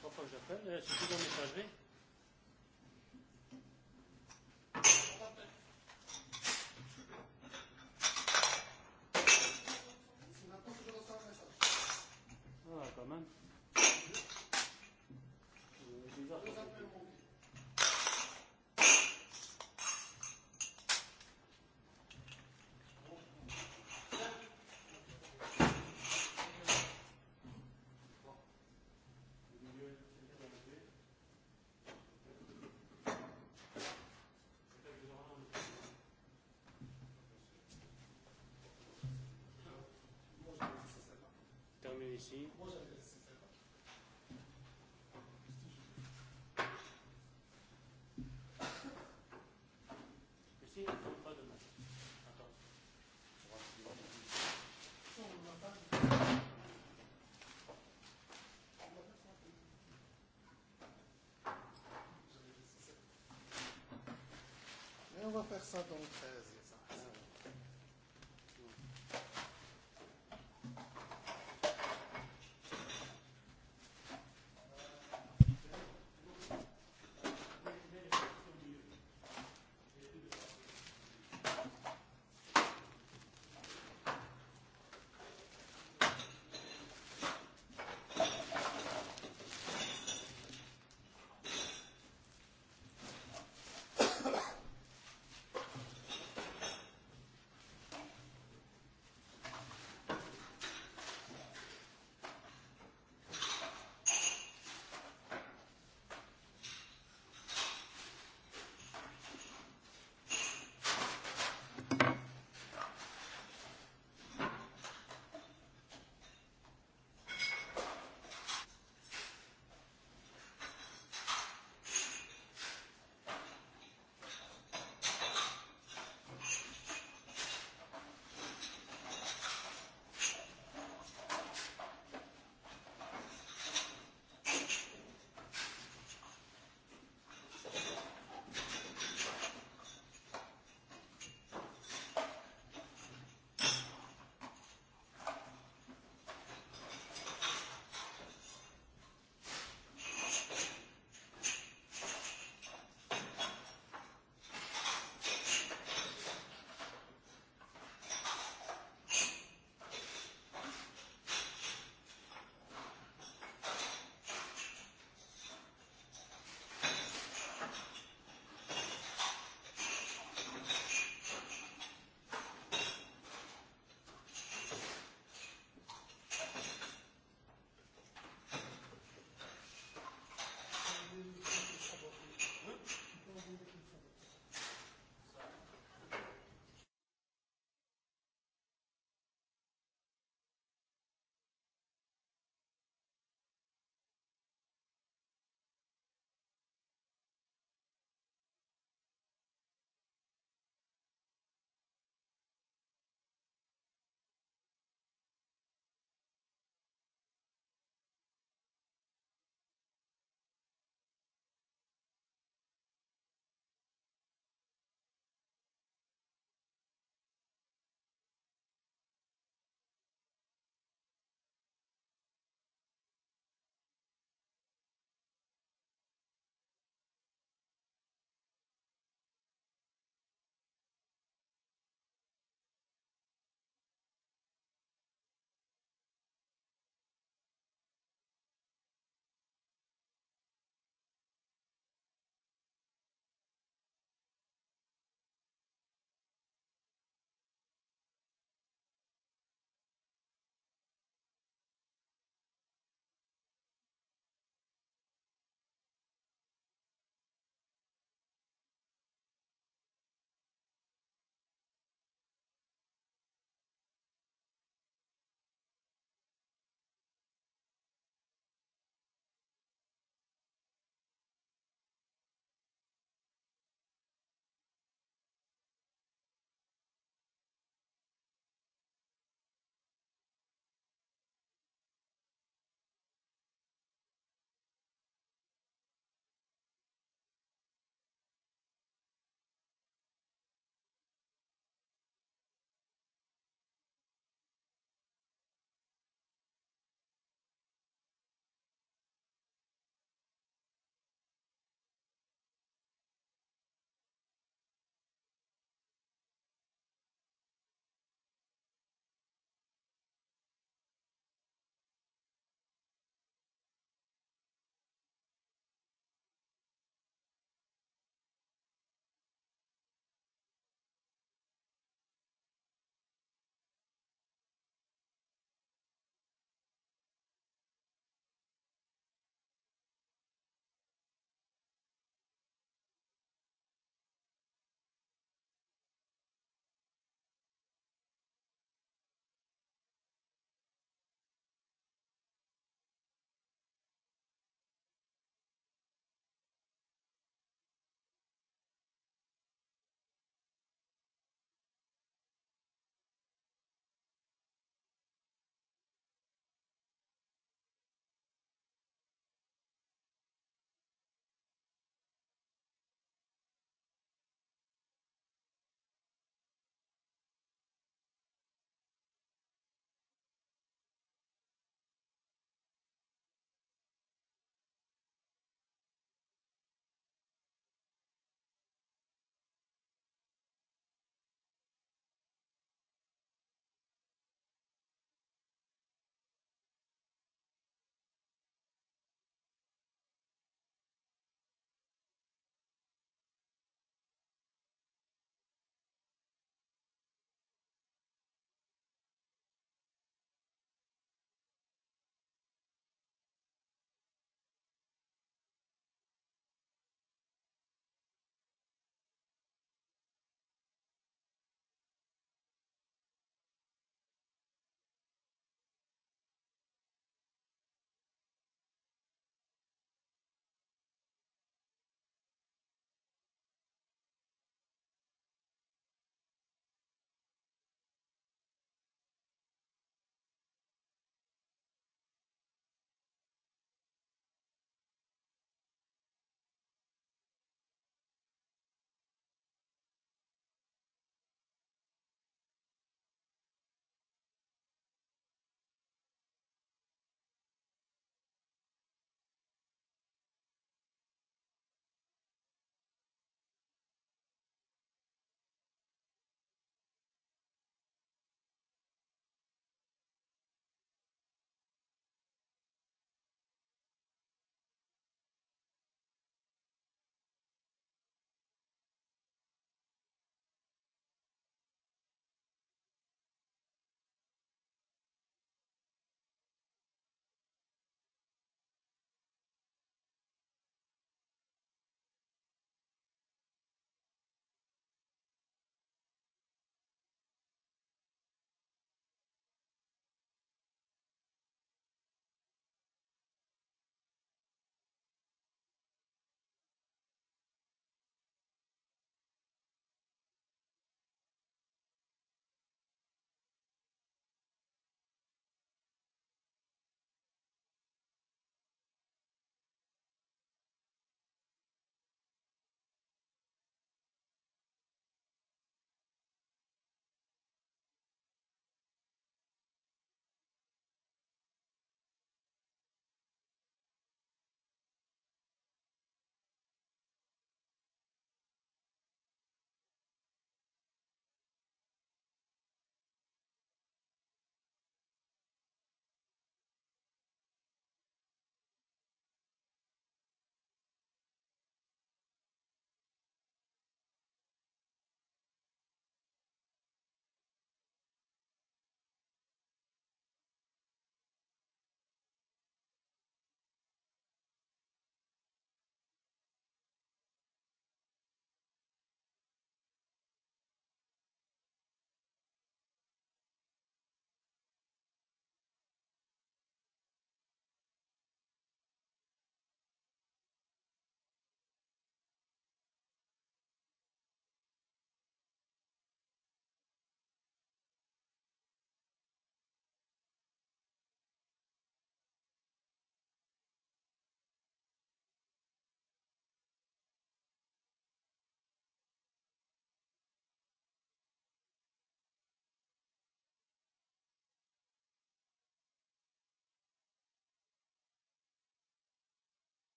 Pourquoi j'appelle C'est toujours messagerie. sí. Cristina, non pas demain. Attends. Non, on n'a pas. Et on va faire ça dans le 13.